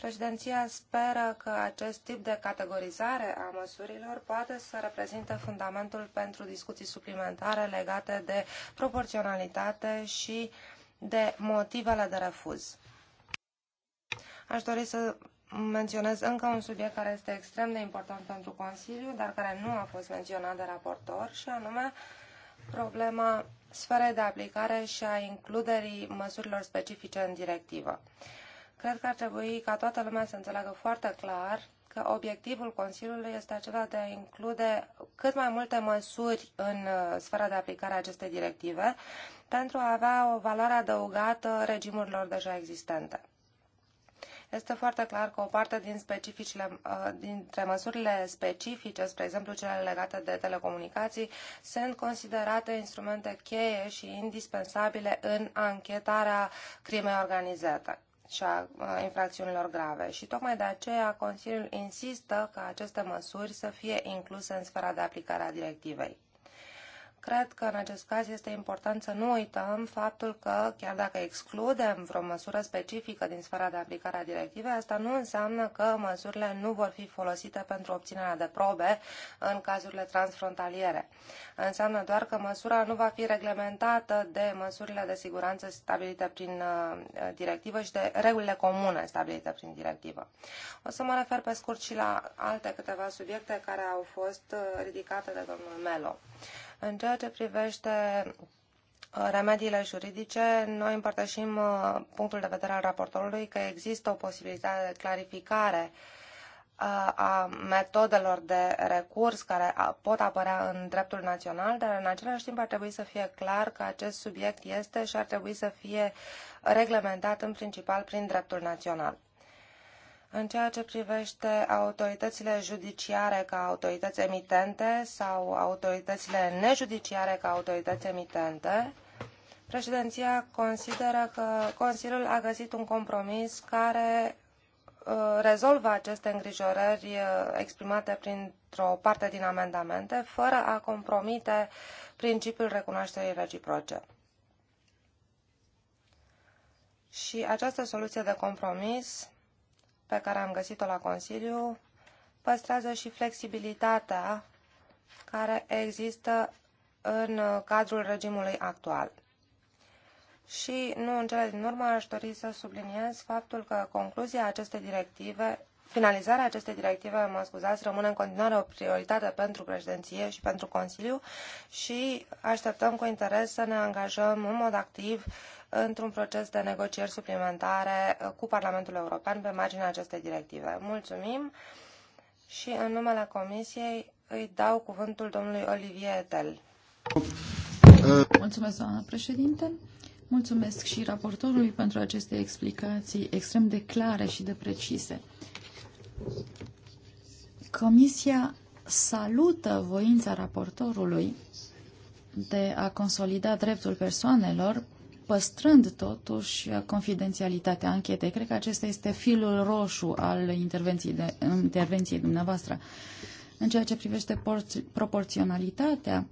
Președinția speră că acest tip de categorizare a măsurilor poate să reprezinte fundamentul pentru discuții suplimentare legate de proporționalitate și de motivele de refuz. Aș dori să menționez încă un subiect care este extrem de important pentru Consiliu, dar care nu a fost menționat de raportor, și anume problema sferei de aplicare și a includerii măsurilor specifice în directivă. Cred că ar trebui ca toată lumea să înțeleagă foarte clar că obiectivul Consiliului este acela de a include cât mai multe măsuri în uh, sfera de aplicare a acestei directive pentru a avea o valoare adăugată regimurilor deja existente este foarte clar că o parte din specificile, uh, dintre măsurile specifice, spre exemplu cele legate de telecomunicații, sunt considerate instrumente cheie și indispensabile în anchetarea crimei organizate și a uh, infracțiunilor grave. Și tocmai de aceea Consiliul insistă ca aceste măsuri să fie incluse în sfera de aplicare a directivei. Cred că în acest caz este important să nu uităm faptul că, chiar dacă excludem vreo măsură specifică din sfera de aplicare a directivei, asta nu înseamnă că măsurile nu vor fi folosite pentru obținerea de probe în cazurile transfrontaliere. Înseamnă doar că măsura nu va fi reglementată de măsurile de siguranță stabilite prin uh, directivă și de regulile comune stabilite prin directivă. O să mă refer pe scurt și la alte câteva subiecte care au fost uh, ridicate de domnul Melo. În ceea ce privește uh, remediile juridice, noi împărtășim uh, punctul de vedere al raportorului că există o posibilitate de clarificare uh, a metodelor de recurs care pot apărea în dreptul național, dar în același timp ar trebui să fie clar că acest subiect este și ar trebui să fie reglementat în principal prin dreptul național. În ceea ce privește autoritățile judiciare ca autorități emitente sau autoritățile nejudiciare ca autorități emitente, președinția consideră că Consiliul a găsit un compromis care uh, rezolvă aceste îngrijorări uh, exprimate printr-o parte din amendamente, fără a compromite principiul recunoașterii reciproce. Și această soluție de compromis pe care am găsit-o la Consiliu păstrează și flexibilitatea care există în cadrul regimului actual. Și nu în cele din urmă aș dori să subliniez faptul că concluzia acestei directive, finalizarea acestei directive, mă scuzați, rămâne în continuare o prioritate pentru președinție și pentru Consiliu și așteptăm cu interes să ne angajăm în mod activ într-un proces de negocieri suplimentare uh, cu Parlamentul European pe marginea acestei directive. Mulțumim și în numele Comisiei îi dau cuvântul domnului Olivier Etel. Uh. Mulțumesc, doamna președinte. Mulțumesc și raportorului pentru aceste explicații extrem de clare și de precise. Comisia salută voința raportorului de a consolida dreptul persoanelor păstrând totuși confidențialitatea anchetei. Cred că acesta este filul roșu al intervenției, de, intervenției dumneavoastră. În ceea ce privește proporționalitatea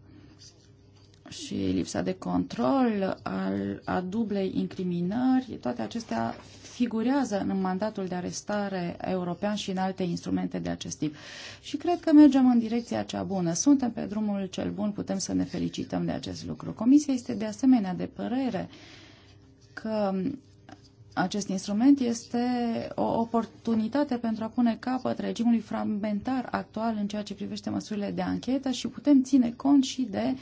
și lipsa de control al, a dublei incriminări, toate acestea figurează în mandatul de arestare european și în alte instrumente de acest tip. Și cred că mergem în direcția cea bună. Suntem pe drumul cel bun, putem să ne felicităm de acest lucru. Comisia este de asemenea de părere că acest instrument este o oportunitate pentru a pune capăt regimului fragmentar actual în ceea ce privește măsurile de anchetă și putem ține cont și de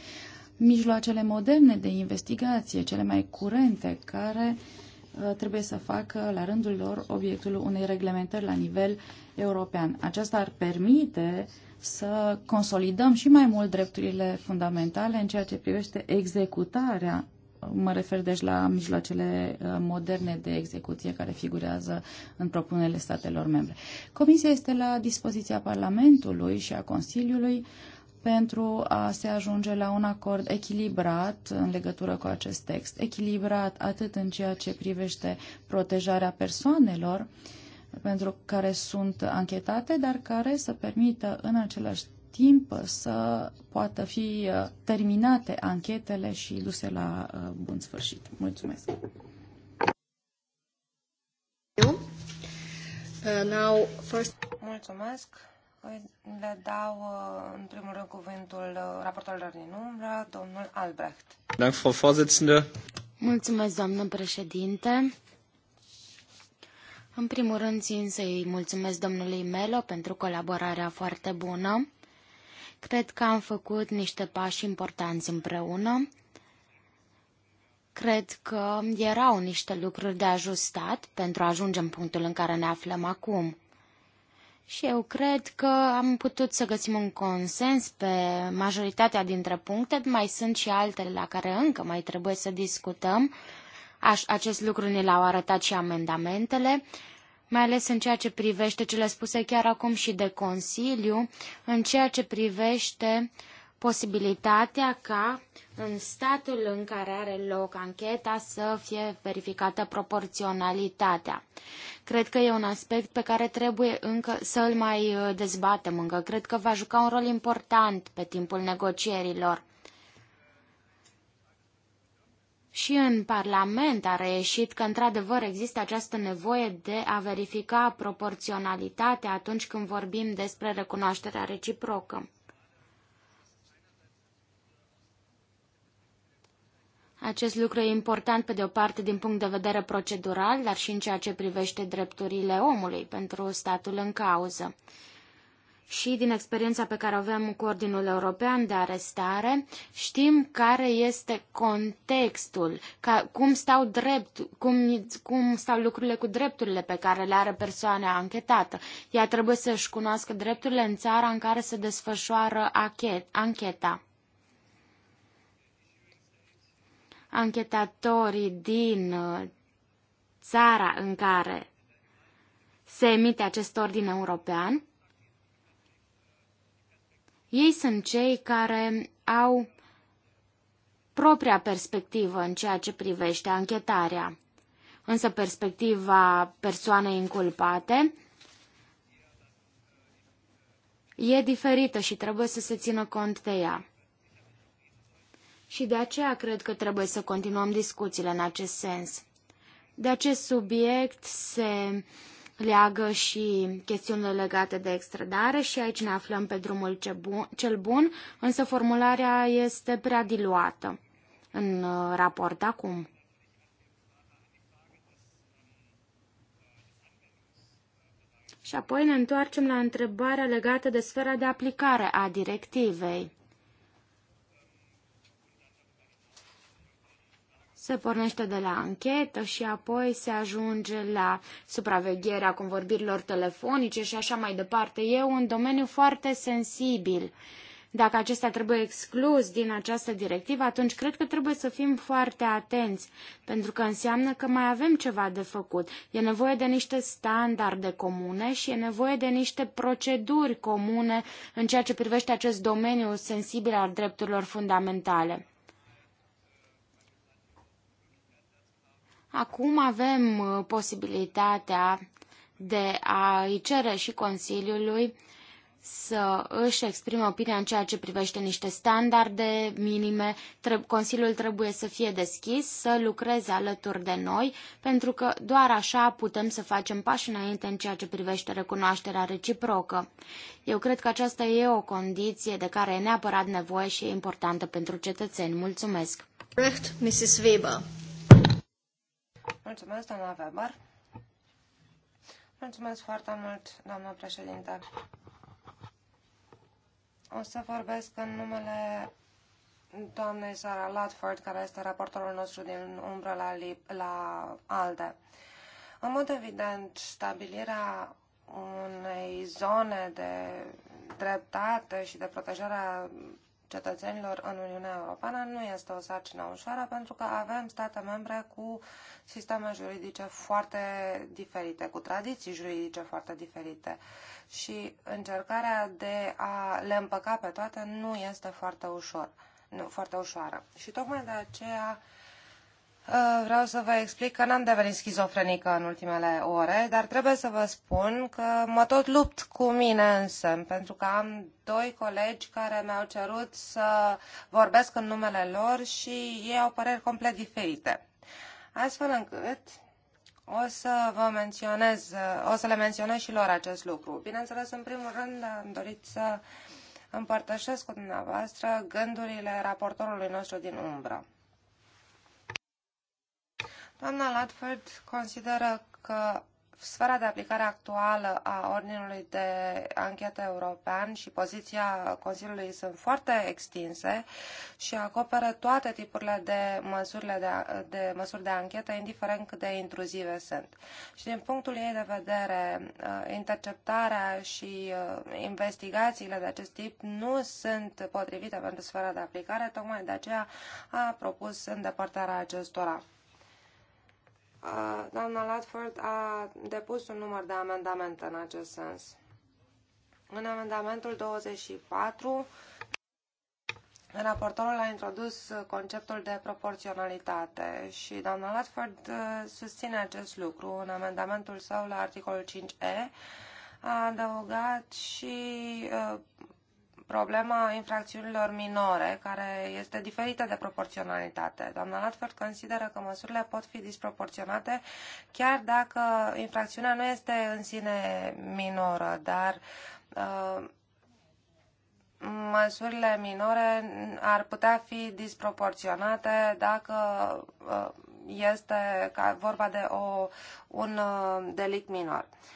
mijloacele moderne de investigație, cele mai curente, care uh, Uh, trebuie să facă la rândul lor obiectul unei reglementări la nivel european. Aceasta ar permite să consolidăm și mai mult drepturile fundamentale în ceea ce privește executarea mă refer deci la mijloacele uh, moderne de execuție care figurează în propunerile statelor membre. Comisia este la dispoziția Parlamentului și a Consiliului pentru a se ajunge la un acord echilibrat în legătură cu acest text, echilibrat atât în ceea ce privește protejarea persoanelor pentru care sunt anchetate, dar care să permită în același timp să poată fi uh, terminate anchetele și duse la uh, bun sfârșit. Mulțumesc! Uh, Mulțumesc! le dau uh, în primul rând cuvântul uh, raportorilor din umbră, domnul Albrecht. Mulțumesc, doamnă președinte. În primul rând, țin să-i mulțumesc domnului Melo pentru colaborarea foarte bună. Cred că am făcut niște pași importanți împreună. Cred că erau niște lucruri de ajustat pentru a ajunge în punctul în care ne aflăm acum și eu cred că am putut să găsim un consens pe majoritatea dintre puncte, mai sunt și altele la care încă mai trebuie să discutăm. Aș, acest lucru ne l-au arătat și amendamentele, mai ales în ceea ce privește cele spuse chiar acum și de Consiliu, în ceea ce privește uh, posibilitatea ca în statul în care are loc ancheta să fie verificată proporționalitatea. Cred că e un aspect pe care trebuie încă să îl mai uh, dezbatem încă. Cred că va juca un rol important pe timpul negocierilor. Și în Parlament a reieșit că într-adevăr există această nevoie de a verifica proporționalitatea atunci când vorbim despre recunoașterea reciprocă. Acest lucru e important, pe de o parte, din punct de vedere procedural, dar și în ceea ce privește drepturile omului pentru statul în cauză. Și din experiența pe care o avem cu Ordinul European de Arestare, știm care este contextul, ca, cum, stau drept, cum, cum stau lucrurile cu drepturile pe care le are persoana anchetată. Ea trebuie să-și cunoască drepturile în țara în care se desfășoară ancheta. Anchetatorii din uh, țara în care se emite acest ordin european, ei sunt cei care au propria perspectivă în ceea ce privește anchetarea. Însă perspectiva persoanei inculpate e diferită și trebuie să se țină cont de ea și de aceea cred că trebuie să continuăm discuțiile în acest sens. De acest subiect se leagă și chestiunile legate de extradare și aici ne aflăm pe drumul ce bun, cel bun, însă formularea este prea diluată în uh, raport acum. Și apoi ne întoarcem la întrebarea legată de sfera de aplicare a directivei. se pornește de la anchetă și apoi se ajunge la supravegherea convorbirilor telefonice și așa mai departe. E un domeniu foarte sensibil. Dacă acesta trebuie exclus din această directivă, atunci cred că trebuie să fim foarte atenți, pentru că înseamnă că mai avem ceva de făcut. E nevoie de niște standarde comune și e nevoie de niște proceduri comune în ceea ce privește acest domeniu sensibil al drepturilor fundamentale. Acum avem uh, posibilitatea de a-i cere și Consiliului să își exprime opinia în ceea ce privește niște standarde minime. Consiliul trebuie să fie deschis, să lucreze alături de noi, pentru că doar așa putem să facem pași înainte în ceea ce privește recunoașterea reciprocă. Eu cred că aceasta e o condiție de care e neapărat nevoie și e importantă pentru cetățeni. Mulțumesc! Mrs. Weber. Mulțumesc, doamna Weber. Mulțumesc foarte mult, doamna președinte. O să vorbesc în numele doamnei Sara Latford, care este raportorul nostru din umbră la, la ALDE. În mod evident, stabilirea unei zone de dreptate și de protejarea cetățenilor în Uniunea Europeană nu este o sarcină ușoară pentru că avem state membre cu sisteme juridice foarte diferite, cu tradiții juridice foarte diferite și încercarea de a le împăca pe toate nu este foarte ușor, nu, foarte ușoară. Și tocmai de aceea Eh, vreau să vă explic că n-am devenit schizofrenică în ultimele ore, dar trebuie să vă spun că mă tot lupt cu mine însă, pentru că am doi colegi care mi-au cerut să vorbesc în numele lor și ei au păreri complet diferite. Astfel încât o să vă menționez, o să le menționez și lor acest lucru. Bineînțeles, în primul rând am dorit să împărtășesc cu dumneavoastră gândurile raportorului nostru din umbră. Doamna Latford consideră că sfera de aplicare actuală a Ordinului de Anchetă European și poziția Consiliului sunt foarte extinse și acoperă toate tipurile de, măsurile de, de măsuri de anchetă, indiferent cât de intruzive sunt. Și din punctul ei de vedere, uh, interceptarea și uh, investigațiile de acest tip nu sunt potrivite pentru sfera de aplicare, tocmai de aceea a propus îndepărtarea acestora doamna Latford a depus un număr de amendamente în acest sens. În amendamentul 24, raportorul a introdus conceptul de proporționalitate și doamna Latford uh, susține acest lucru în amendamentul său la articolul 5e, a adăugat și uh, problema infracțiunilor minore, care este diferită de proporționalitate. Doamna Latford consideră că măsurile pot fi disproporționate chiar dacă infracțiunea nu este în sine minoră, dar uh, măsurile minore ar putea fi disproporționate dacă uh, este vorba de o, un uh, delict minor. Uh,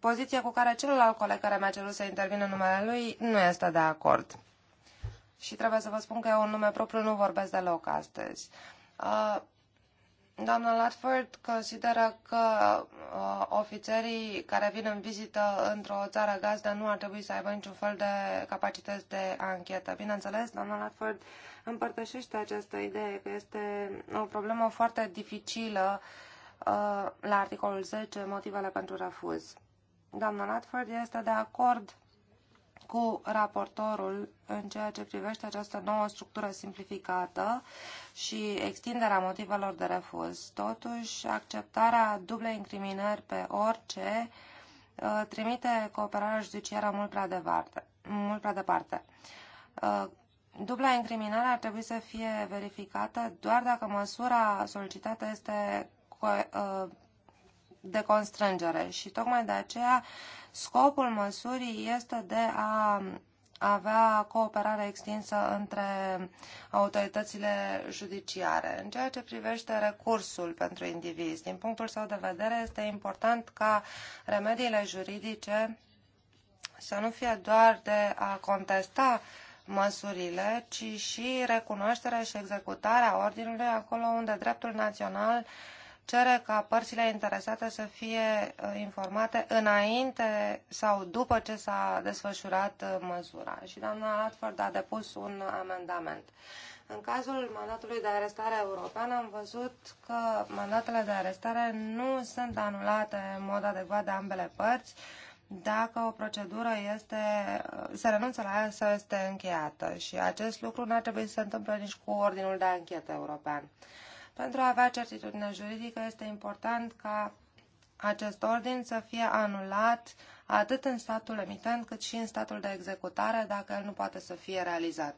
poziție cu care celălalt coleg care mi-a cerut să intervin în numele lui nu este de acord. Și trebuie să vă spun că eu în nume propriu nu vorbesc deloc astăzi. Uh, doamna Latford consideră că uh, ofițerii care vin în vizită într-o țară gazdă nu ar trebui să aibă niciun fel de capacități de anchetă. Bineînțeles, doamna Latford împărtășește această idee că este o problemă foarte dificilă uh, la articolul 10, motivele pentru refuz doamna Latford este de acord cu raportorul în ceea ce privește această nouă structură simplificată și extinderea motivelor de refuz. Totuși, acceptarea dublei incriminări pe orice uh, trimite cooperarea judiciară mult prea departe. Mult prea departe. Uh, dubla incriminare ar trebui să fie verificată doar dacă măsura solicitată este uh, de constrângere și tocmai de aceea scopul măsurii este de a avea cooperare extinsă între autoritățile judiciare. În ceea ce privește recursul pentru indivizi, din punctul său de vedere, este important ca remediile juridice să nu fie doar de a contesta măsurile, ci și recunoașterea și executarea ordinului acolo unde dreptul național uh, cere ca părțile interesate să fie uh, informate înainte sau după ce s-a desfășurat uh, măsura. Și doamna Radford a depus un amendament. În cazul mandatului de arestare european am văzut că mandatele de arestare nu sunt anulate în mod adecvat de ambele părți dacă o procedură este, uh, se renunță la ea să este încheiată și acest lucru nu ar trebui să se întâmple nici cu Ordinul de Anchetă European. Pentru a avea certitudine juridică este important ca acest ordin să fie anulat atât în statul emitent cât și în statul de executare dacă el nu poate să fie realizat.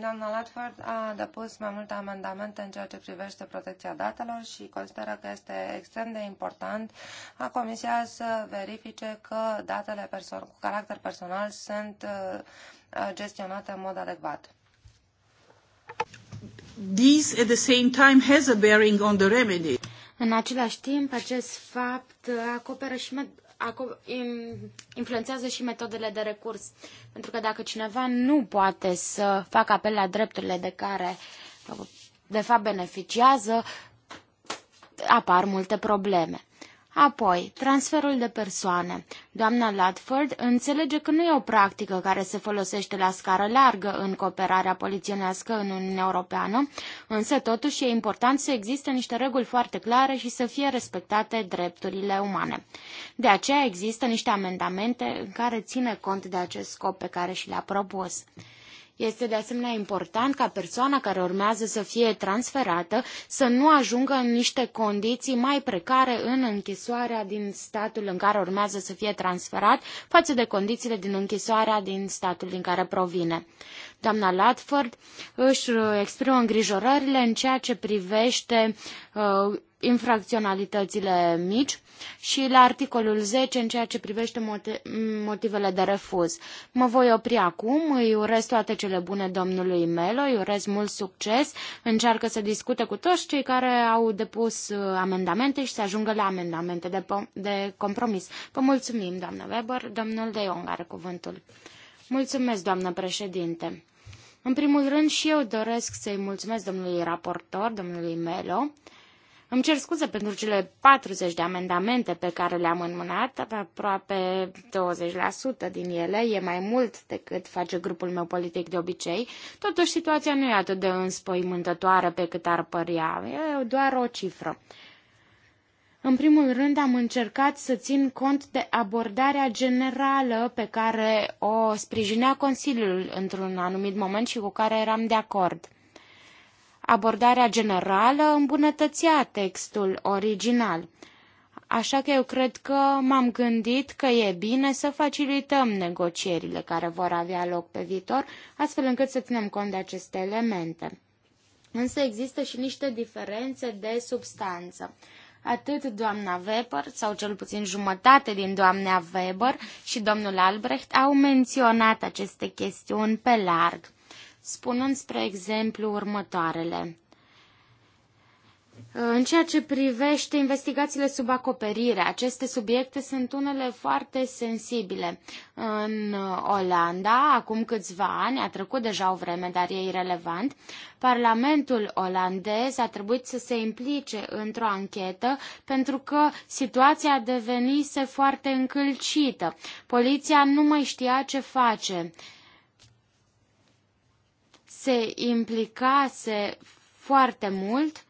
Doamna Latford a depus mai multe amendamente în ceea ce privește protecția datelor și consideră că este extrem de important a Comisia să verifice că datele cu caracter personal sunt uh, gestionate în mod adecvat this at the same time has a bearing on the remedy. În același timp, acest fapt acoperă și influențează și metodele de recurs. Pentru că dacă cineva nu poate să facă apel la drepturile de care de fapt beneficiază, apar multe probleme. Apoi, transferul de persoane. Doamna Ludford înțelege că nu e o practică care se folosește la scară largă în cooperarea poliționească în Uniunea Europeană, însă totuși e important să existe niște reguli foarte clare și să fie respectate drepturile umane. De aceea există niște amendamente în care ține cont de acest scop pe care și l-a propus. Este de asemenea important ca persoana care urmează să fie transferată să nu ajungă în niște condiții mai precare în închisoarea din statul în care urmează să fie transferat față de condițiile din închisoarea din statul din care provine. Doamna Latford își exprimă îngrijorările în ceea ce privește uh, infracționalitățile mici și la articolul 10 în ceea ce privește motivele de refuz. Mă voi opri acum, îi urez toate cele bune domnului Melo, îi urez mult succes, încearcă să discute cu toți cei care au depus uh, amendamente și să ajungă la amendamente de, de compromis. Vă mulțumim, doamnă Weber, domnul De Jong are cuvântul. Mulțumesc, doamnă președinte. În primul rând și eu doresc să-i mulțumesc domnului raportor, domnului Melo, îmi cer scuze pentru cele 40 de amendamente pe care le-am înmânat, aproape 20% din ele, e mai mult decât face grupul meu politic de obicei. Totuși, situația nu e atât de înspăimântătoare pe cât ar părea, e doar o cifră. În primul rând, am încercat să țin cont de abordarea generală pe care o sprijinea Consiliul într-un anumit moment și cu care eram de acord. Abordarea generală îmbunătățea textul original. Așa că eu cred că m-am gândit că e bine să facilităm negocierile care vor avea loc pe viitor, astfel încât să ținem cont de aceste elemente. Însă există și niște diferențe de substanță. Atât doamna Weber, sau cel puțin jumătate din doamna Weber și domnul Albrecht au menționat aceste chestiuni pe larg spunând, spre exemplu, următoarele. În ceea ce privește investigațiile sub acoperire, aceste subiecte sunt unele foarte sensibile. În Olanda, acum câțiva ani, a trecut deja o vreme, dar e irrelevant, Parlamentul olandez a trebuit să se implice într-o anchetă pentru că situația devenise foarte încălcită. Poliția nu mai știa ce face se implicase foarte mult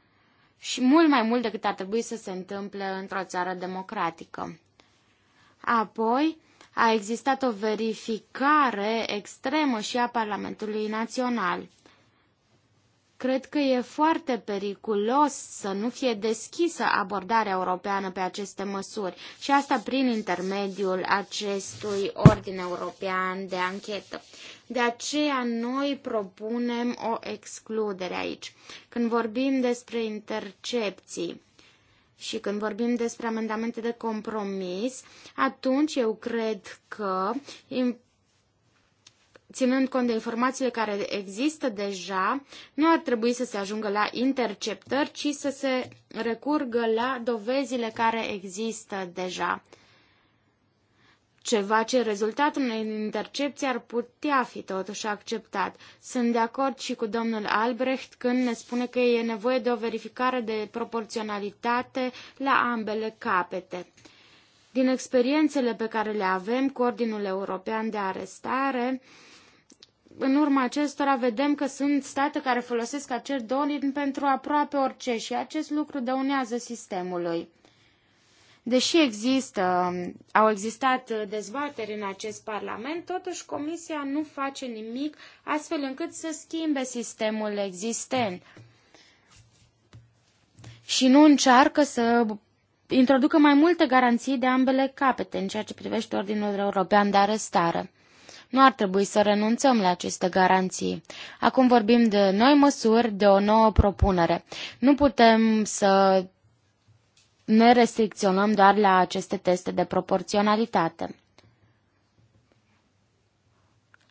și mult mai mult decât ar trebui să se întâmple într-o țară democratică. Apoi, a existat o verificare extremă și a Parlamentului Național. Cred că e foarte periculos să nu fie deschisă abordarea europeană pe aceste măsuri și asta prin intermediul acestui ordin european de anchetă. De aceea noi propunem o excludere aici. Când vorbim despre intercepții, și când vorbim despre amendamente de compromis, atunci eu cred că ținând cont de informațiile care există deja, nu ar trebui să se ajungă la interceptări, ci să se recurgă la dovezile care există deja. Ceva ce rezultatul unei intercepții ar putea fi totuși acceptat. Sunt de acord și cu domnul Albrecht când ne spune că e nevoie de o verificare de proporționalitate la ambele capete. Din experiențele pe care le avem cu Ordinul European de Arestare, uh, în urma acestora vedem că sunt state care folosesc acel donin pentru aproape orice și acest lucru dăunează sistemului. Deși există, au existat dezbateri în acest Parlament, totuși Comisia nu face nimic astfel încât să schimbe sistemul existent și nu încearcă să introducă mai multe garanții de ambele capete în ceea ce privește Ordinul European de Arestare. Nu ar trebui să renunțăm la aceste garanții. Acum vorbim de noi măsuri, de o nouă propunere. Nu putem să ne restricționăm doar la aceste teste de proporționalitate.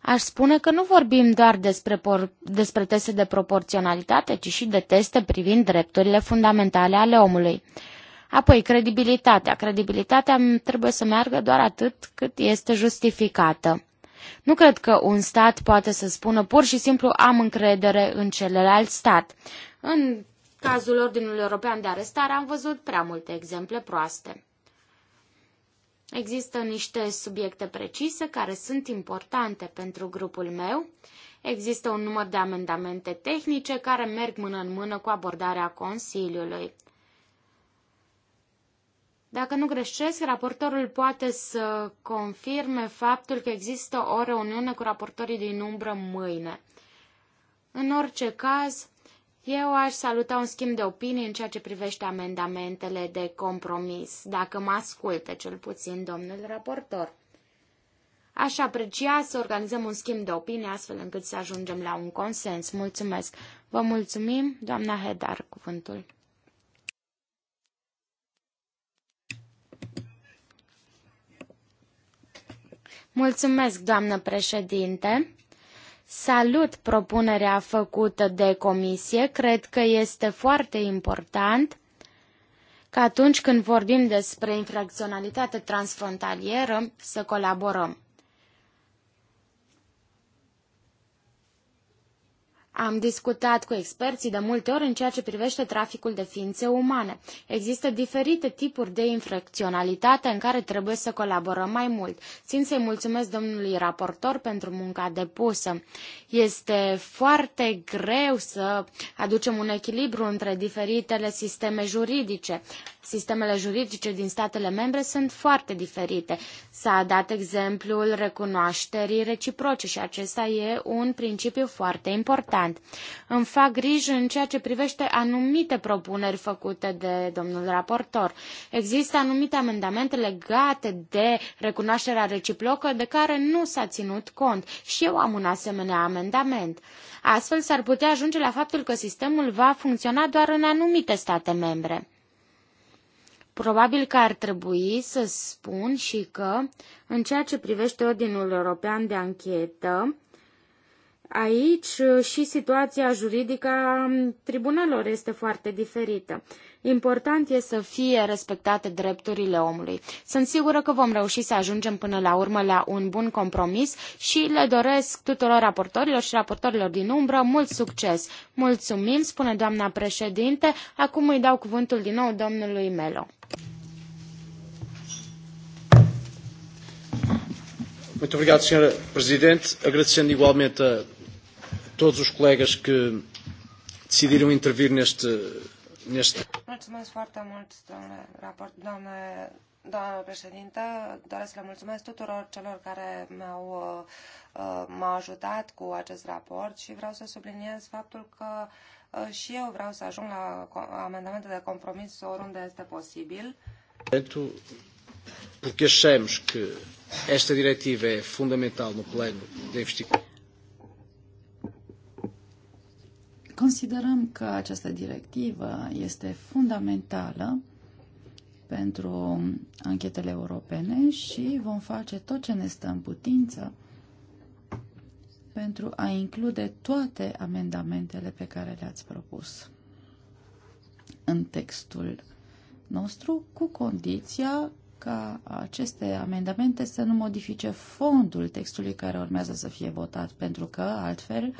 Aș spune că nu vorbim doar despre, por- despre teste de proporționalitate, ci și de teste privind drepturile fundamentale ale omului. Apoi, credibilitatea. Credibilitatea trebuie să meargă doar atât cât este justificată. Nu cred că un stat poate să spună pur și simplu am încredere în celălalt stat. În cazul Ordinului European de Arestare am văzut prea multe exemple proaste. Există niște subiecte precise care sunt importante pentru grupul meu. Există un număr de amendamente tehnice care merg mână în mână cu abordarea Consiliului. Dacă nu greșesc, raportorul poate să confirme faptul că există o reuniune cu raportorii din umbră mâine. În orice caz, eu aș saluta un schimb de opinii în ceea ce privește amendamentele de compromis, dacă mă ascultă cel puțin domnul raportor. Aș aprecia să organizăm un schimb de opinie astfel încât să ajungem la un consens. Mulțumesc! Vă mulțumim, doamna Hedar, cuvântul. Mulțumesc, doamnă președinte. Salut propunerea făcută de comisie. Cred că este foarte important că atunci când vorbim despre infracționalitate transfrontalieră să colaborăm. Am discutat cu experții de multe ori în ceea ce privește traficul de ființe umane. Există diferite tipuri de infracționalitate în care trebuie să colaborăm mai mult. Țin să-i mulțumesc domnului raportor pentru munca depusă. Este foarte greu să aducem un echilibru între diferitele sisteme juridice sistemele juridice din statele membre sunt foarte diferite. S-a dat exemplul recunoașterii reciproce și acesta e un principiu foarte important. Îmi fac grijă în ceea ce privește anumite propuneri făcute de domnul raportor. Există anumite amendamente legate de recunoașterea reciprocă de care nu s-a ținut cont și eu am un asemenea amendament. Astfel s-ar putea ajunge la faptul că sistemul va funcționa doar în anumite state membre. Probabil că ar trebui să spun și că, în ceea ce privește Ordinul European de Anchetă, aici și situația juridică a tribunalelor este foarte diferită. Important e să fie respectate drepturile omului. Sunt sigură că vom reuși să ajungem până la urmă la un bun compromis și le doresc tuturor raportorilor și raportorilor din umbră mult succes. Mulțumim, spune doamna președinte. Acum îi dau cuvântul din nou domnului Melo. Muito obrigado, Sra. Presidente. Agradecendo igualmente a todos os colegas que decidiram intervir neste, Mulțumesc foarte mult, domnule, raport, domnule, doamnă președinte. Doresc să le mulțumesc tuturor celor care uh, m-au m ajutat cu acest raport și vreau să subliniez faptul că uh, și eu vreau să ajung la amendamente de compromis oriunde este posibil. Pentru porque achamos que esta diretiva é fundamental no plano de investigação. Considerăm că această directivă este fundamentală pentru anchetele europene și vom face tot ce ne stă în putință pentru a include toate amendamentele pe care le-ați propus în textul nostru, cu condiția ca aceste amendamente să nu modifice fondul textului care urmează să fie votat, pentru că altfel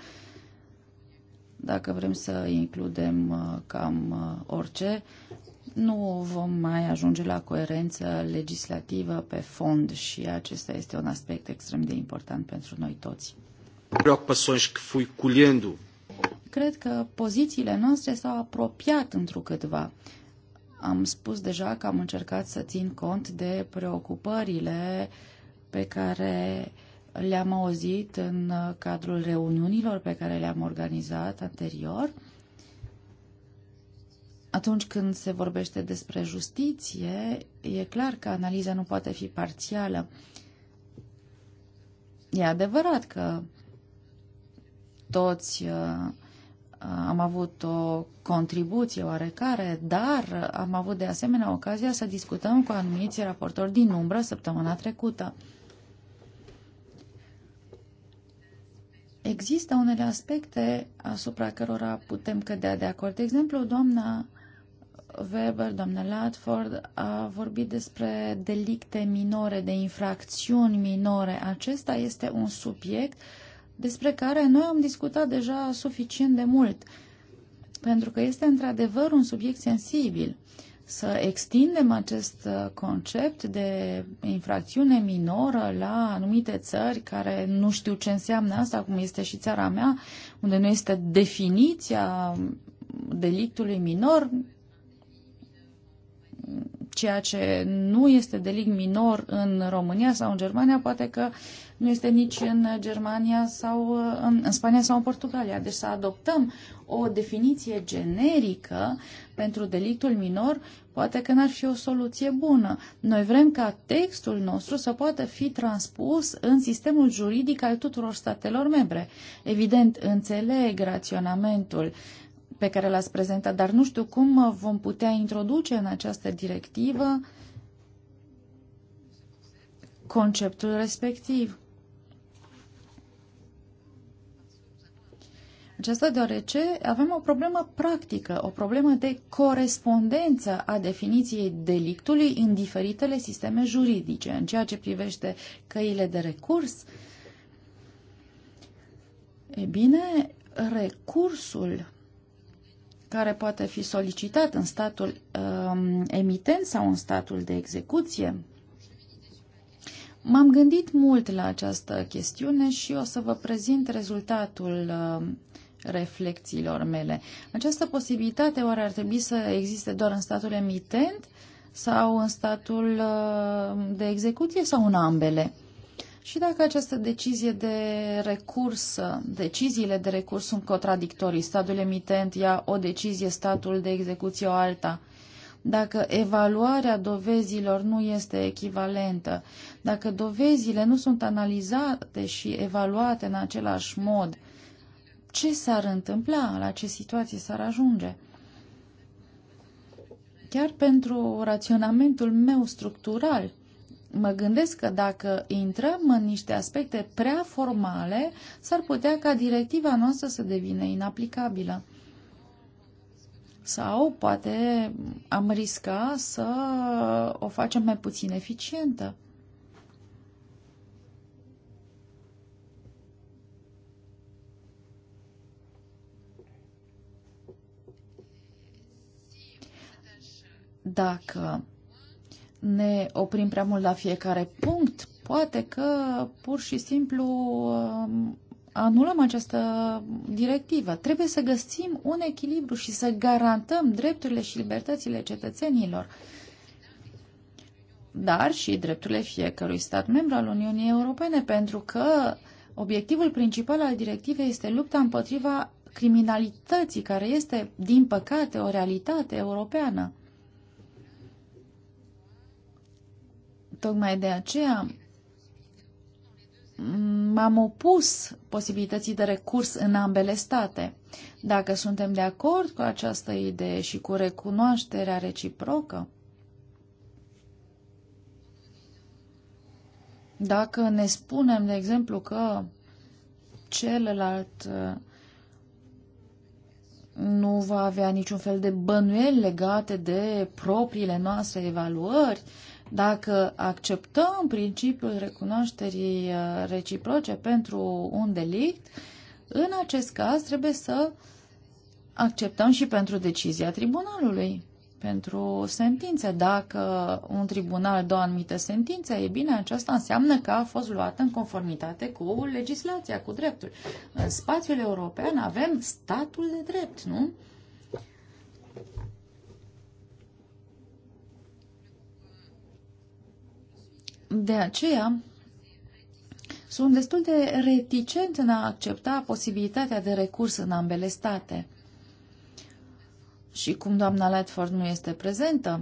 dacă vrem să includem uh, cam uh, orice, nu vom mai ajunge la coerență legislativă pe fond și acesta este un aspect extrem de important pentru noi toți. Cred că pozițiile noastre s-au apropiat într câtva. Am spus deja că am încercat să țin cont de preocupările pe care uh, le-am auzit în uh, cadrul reuniunilor pe care le-am organizat anterior. Atunci când se vorbește despre justiție, e clar că analiza nu poate fi parțială. E adevărat că toți uh, uh, am avut o contribuție oarecare, dar am avut de asemenea ocazia să discutăm cu anumiți raportori din umbră săptămâna trecută. Există unele aspecte asupra cărora putem cădea de acord. De exemplu, doamna Weber, doamna Latford a vorbit despre delicte minore, de infracțiuni minore. Acesta este un subiect despre care noi am discutat deja suficient de mult, pentru că este într-adevăr un subiect sensibil. Uh, să extindem acest uh, concept de infracțiune minoră la anumite țări care nu știu ce înseamnă asta, cum este și țara mea, unde nu este definiția um, delictului minor, ceea ce nu este delic minor în România sau în Germania, poate că nu este nici în Germania sau uh, în, în Spania sau în Portugalia. Deci să adoptăm o definiție generică pentru delictul minor, poate că n-ar fi o soluție bună. Noi vrem ca textul nostru să poată fi transpus în sistemul juridic al tuturor statelor membre. Evident, înțeleg raționamentul uh, pe care l-ați prezentat, dar nu știu cum vom putea introduce în această directivă conceptul respectiv. Aceasta deoarece avem o problemă practică, o problemă de corespondență a definiției delictului în diferitele sisteme juridice, în ceea ce privește căile de recurs. E bine, recursul care poate fi solicitat în statul um, emitent sau în statul de execuție. M-am gândit mult la această chestiune și o să vă prezint rezultatul uh, reflexiilor mele. Această posibilitate oare ar trebui să existe doar în statul emitent sau în statul uh, de execuție sau în ambele? și dacă această decizie de recurs, deciziile de recurs sunt contradictorii, statul emitent ia o decizie, statul de execuție o alta, dacă evaluarea dovezilor nu este echivalentă, dacă dovezile nu sunt analizate și evaluate în același mod, ce s-ar întâmpla, la ce situație s-ar ajunge? Chiar pentru raționamentul meu structural, mă gândesc că dacă intrăm în niște aspecte prea formale, s-ar putea ca directiva noastră să devină inaplicabilă. Sau poate am risca să o facem mai puțin eficientă. Dacă ne oprim prea mult la fiecare punct. Poate că pur și simplu um, anulăm această directivă. Trebuie să găsim un echilibru și să garantăm drepturile și libertățile cetățenilor, dar și drepturile fiecărui stat membru al Uniunii Europene, pentru că obiectivul principal al directivei este lupta împotriva criminalității, care este, din păcate, o realitate europeană. Tocmai de aceea m-am opus posibilității de recurs în ambele state. Dacă suntem de acord cu această idee și cu recunoașterea reciprocă, dacă ne spunem, de exemplu, că celălalt uh, nu va avea niciun fel de bănuieli legate de propriile noastre evaluări, uh, dacă acceptăm principiul recunoașterii uh, reciproce pentru un delict, în acest caz trebuie să acceptăm și pentru decizia tribunalului, pentru sentințe. Dacă un tribunal dă anumite sentințe, e bine, aceasta înseamnă că a fost luată în conformitate cu legislația, cu dreptul. În spațiul european avem statul de drept, nu? De aceea, sunt destul de reticent în a accepta posibilitatea de recurs în ambele state. Și cum doamna Ledford nu este prezentă,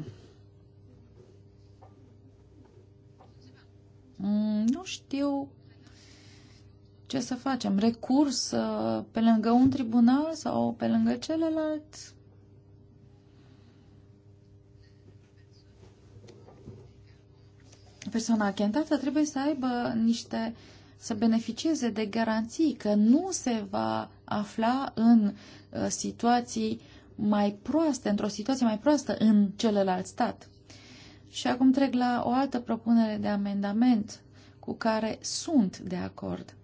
mm, nu știu ce să facem. Recurs uh, pe lângă un tribunal sau pe lângă celălalt? persoana agentată trebuie să aibă niște să beneficieze de garanții că nu se va afla în uh, situații mai proaste, într-o situație mai proastă în celălalt stat. Și acum trec la o altă propunere de amendament cu care sunt de acord.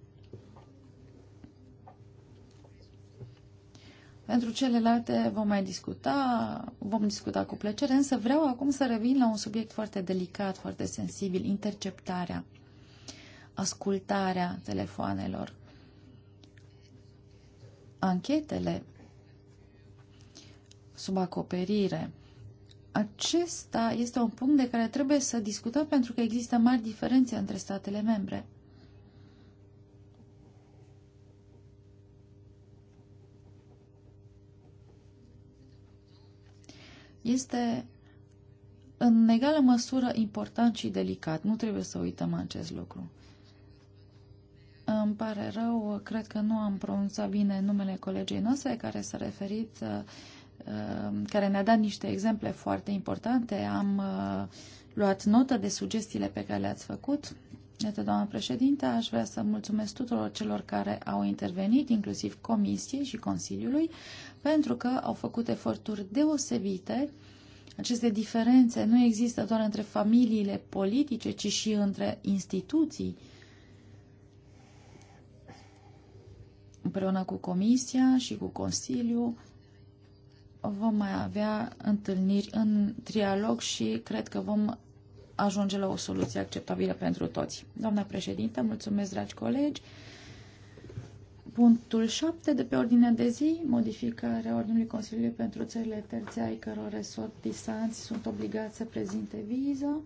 Pentru celelalte vom mai discuta, vom discuta cu plăcere, însă vreau acum să revin la un subiect foarte delicat, foarte sensibil, interceptarea, ascultarea telefoanelor. Anchetele sub acoperire. Acesta este un punct de care trebuie să discutăm pentru că există mari diferențe între statele membre. este în egală măsură important și delicat. Nu trebuie să uităm acest lucru. Îmi pare rău, cred că nu am pronunțat bine numele colegei noastre care s-a referit, uh, uh, care ne-a dat niște exemple foarte importante. Am uh, luat notă de sugestiile pe care le-ați făcut. Iată, doamna președinte, aș vrea să mulțumesc tuturor celor care au intervenit, inclusiv Comisiei și Consiliului pentru că au făcut eforturi deosebite. Aceste diferențe nu există doar între familiile politice, ci și între instituții. Împreună cu Comisia și cu Consiliu vom mai avea întâlniri în trialog și cred că vom ajunge la o soluție acceptabilă pentru toți. Doamna președintă, mulțumesc, dragi colegi! Punctul 7 de pe ordinea de zi, modificarea Ordinului Consiliului pentru țările terțe ai căror resortisanți sunt obligați să prezinte viză.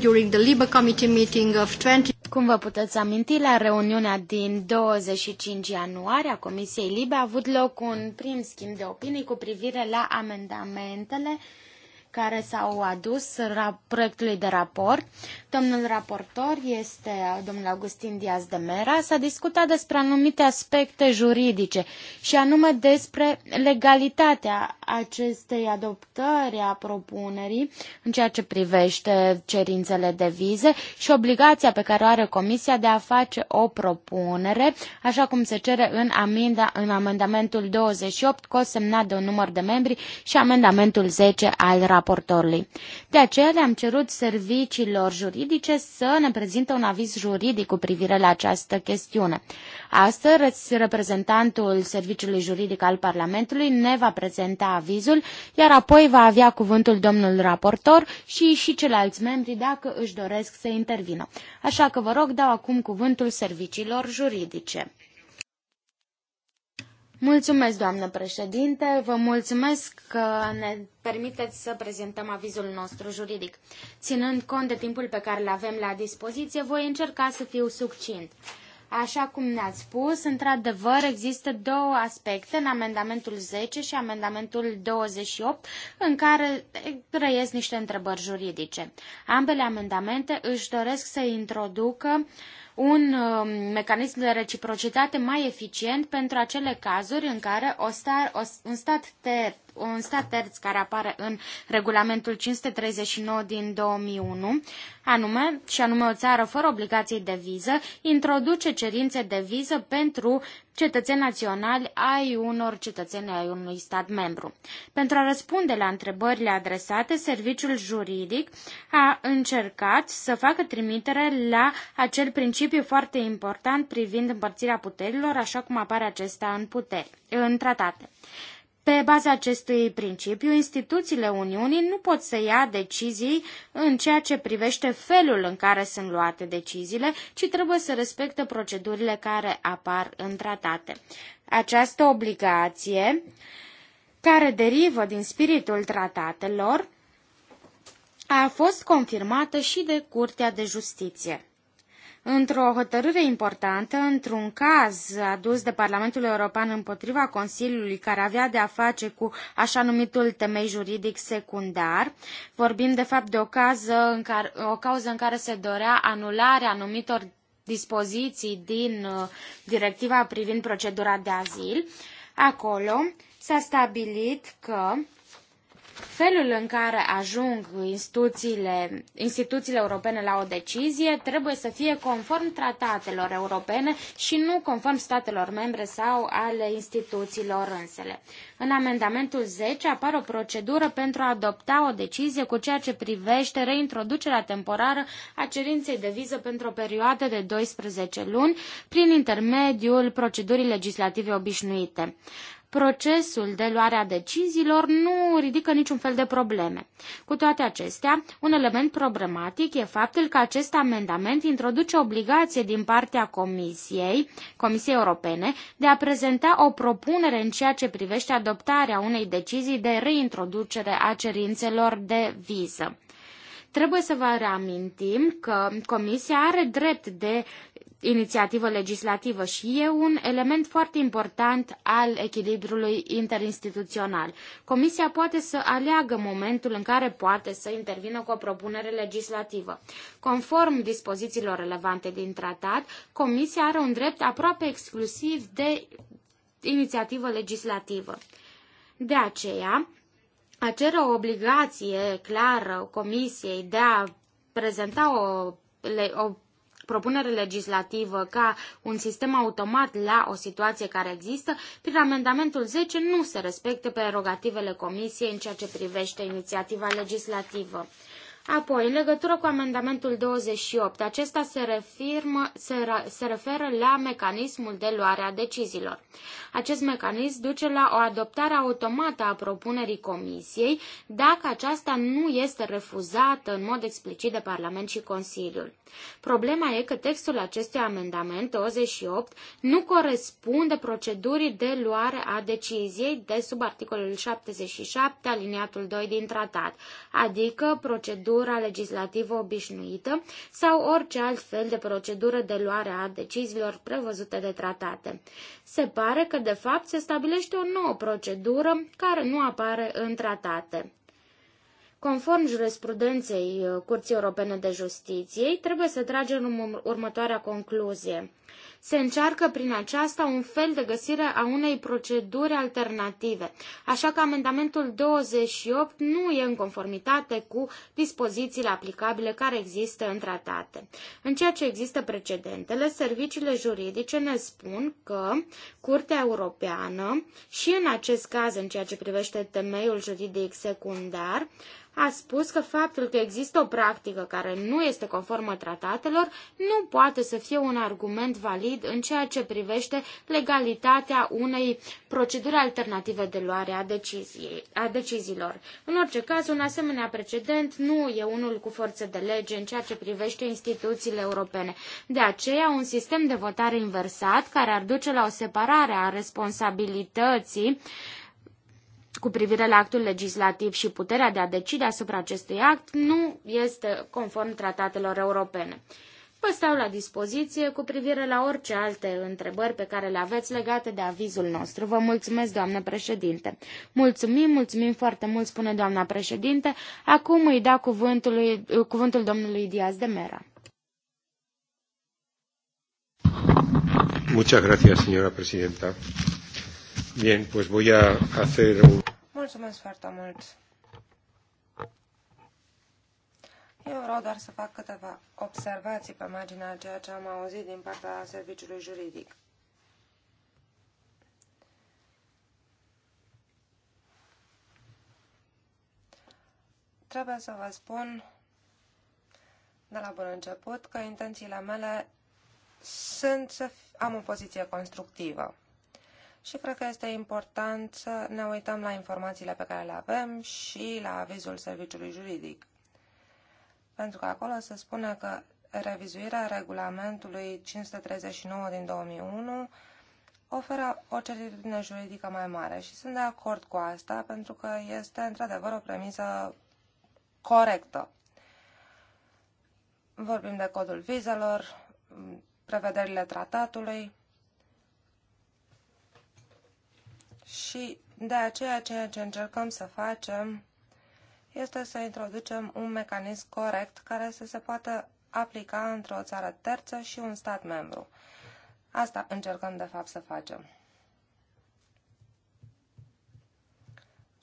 During the Libe Committee meeting of 20... Cum vă puteți aminti, la reuniunea din 25 ianuarie a Comisiei Libe a avut loc un prim schimb de opinii cu privire la amendamentele care s-au adus proiectului de raport. Domnul raportor este domnul Augustin Diaz de Mera. S-a discutat despre anumite aspecte juridice și anume despre legalitatea acestei adoptări a propunerii în ceea ce privește cerințele de vize și obligația pe care o are Comisia de a face o propunere, așa cum se cere în, amenda, în amendamentul 28, cosemnat de un număr de membri și amendamentul 10 al raportului raportorului. De aceea le-am cerut serviciilor juridice să ne prezinte un aviz juridic cu privire la această chestiune. Astăzi, reprezentantul Serviciului Juridic al Parlamentului ne va prezenta avizul, iar apoi va avea cuvântul domnul raportor și și ceilalți membri dacă își doresc să intervină. Așa că vă rog, dau acum cuvântul serviciilor juridice. Mulțumesc, doamnă președinte, vă mulțumesc că ne permiteți să prezentăm avizul nostru juridic. Ținând cont de timpul pe care îl avem la dispoziție, voi încerca să fiu succint. Așa cum ne-ați spus, într-adevăr există două aspecte în amendamentul 10 și amendamentul 28 în care trăiesc niște întrebări juridice. Ambele amendamente își doresc să introducă uh, un um, mecanism de reciprocitate mai eficient pentru acele cazuri în care o un stat ter, un stat terț care apare în regulamentul 539 din 2001, anume, și anume o țară fără obligații de viză, introduce cerințe de viză pentru cetățeni naționali ai unor cetățeni ai unui stat membru. Pentru a răspunde la întrebările adresate, serviciul juridic a încercat să facă trimitere la acel principiu foarte important privind împărțirea puterilor, așa cum apare acesta în, puteri, în tratate. Pe baza acestui principiu, instituțiile Uniunii nu pot să ia decizii în ceea ce privește felul în care sunt luate deciziile, ci trebuie să respecte procedurile care apar în tratate. Această obligație, care derivă din spiritul tratatelor, a fost confirmată și de Curtea de Justiție. Într-o hotărâre importantă, într-un caz adus de Parlamentul European împotriva Consiliului care avea de a face cu așa numitul temei juridic secundar, vorbim de fapt de o, în care, o cauză în care se dorea anularea anumitor dispoziții din uh, directiva privind procedura de azil, acolo s-a stabilit că Felul în care ajung instituțiile, instituțiile europene la o decizie trebuie să fie conform tratatelor europene și nu conform statelor membre sau ale instituțiilor însele. În amendamentul 10 apare o procedură pentru a adopta o decizie cu ceea ce privește reintroducerea temporară a cerinței de viză pentru o perioadă de 12 luni prin intermediul procedurii legislative obișnuite procesul de luare a deciziilor nu ridică niciun fel de probleme. Cu toate acestea, un element problematic e faptul că acest amendament introduce obligație din partea Comisiei, Comisiei Europene, de a prezenta o propunere în ceea ce privește adoptarea unei decizii de reintroducere a cerințelor de viză. Trebuie să vă reamintim că Comisia are drept de inițiativă legislativă și e un element foarte important al echilibrului interinstituțional. Comisia poate să aleagă momentul în care poate să intervină cu o propunere legislativă. Conform dispozițiilor relevante din tratat, Comisia are un drept aproape exclusiv de inițiativă legislativă. De aceea, a cere o obligație clară Comisiei de a prezenta o, o propunere legislativă ca un sistem automat la o situație care există, prin amendamentul 10 nu se respectă prerogativele Comisiei în ceea ce privește inițiativa legislativă. Apoi, în legătură cu amendamentul 28, acesta se, refirmă, se, se referă la mecanismul de luare a deciziilor. Acest mecanism duce la o adoptare automată a propunerii Comisiei dacă aceasta nu este refuzată în mod explicit de Parlament și Consiliul. Problema e că textul acestui amendament 28 nu corespunde procedurii de luare a deciziei de sub articolul 77 aliniatul 2 din tratat, adică procedurii procedura legislativă obișnuită sau orice alt fel de procedură de luare a deciziilor prevăzute de tratate. Se pare că, de fapt, se stabilește o nouă procedură care nu apare în tratate. Conform jurisprudenței uh, Curții Europene de Justiție, trebuie să tragem următoarea concluzie se încearcă prin aceasta un fel de găsire a unei proceduri alternative. Așa că amendamentul 28 nu e în conformitate cu dispozițiile aplicabile care există în tratate. În ceea ce există precedentele, serviciile juridice ne spun că Curtea Europeană și în acest caz, în ceea ce privește temeiul juridic secundar, a spus că faptul că există o practică care nu este conformă tratatelor nu poate să fie un argument valid în ceea ce privește legalitatea unei proceduri alternative de luare a, decizii, a deciziilor. În orice caz, un asemenea precedent nu e unul cu forță de lege în ceea ce privește instituțiile europene. De aceea, un sistem de votare inversat, care ar duce la o separare a responsabilității, cu privire la actul legislativ și puterea de a decide asupra acestui act nu este conform tratatelor europene. Vă stau la dispoziție cu privire la orice alte întrebări pe care le aveți legate de avizul nostru. Vă mulțumesc, doamnă președinte. Mulțumim, mulțumim foarte mult, spune doamna președinte. Acum îi da cuvântul, cuvântul domnului Diaz de Mera. Muchas gracias, señora presidenta. Bien, pues voy a hacer un... Mulțumesc foarte mult! Eu vreau doar să fac câteva observații pe marginea ceea ce am auzit din partea serviciului juridic. Trebuie să vă spun de la bun început că intențiile mele sunt să am o poziție constructivă și cred că este important să ne uităm la informațiile pe care le avem și la avizul serviciului juridic. Pentru că acolo se spune că revizuirea regulamentului 539 din 2001 oferă o certitudine juridică mai mare și sunt de acord cu asta pentru că este într-adevăr o premisă corectă. Vorbim de codul vizelor, prevederile tratatului, Și de aceea ceea ce încercăm să facem este să introducem un mecanism corect care să se poată aplica într-o țară terță și un stat membru. Asta încercăm de fapt să facem.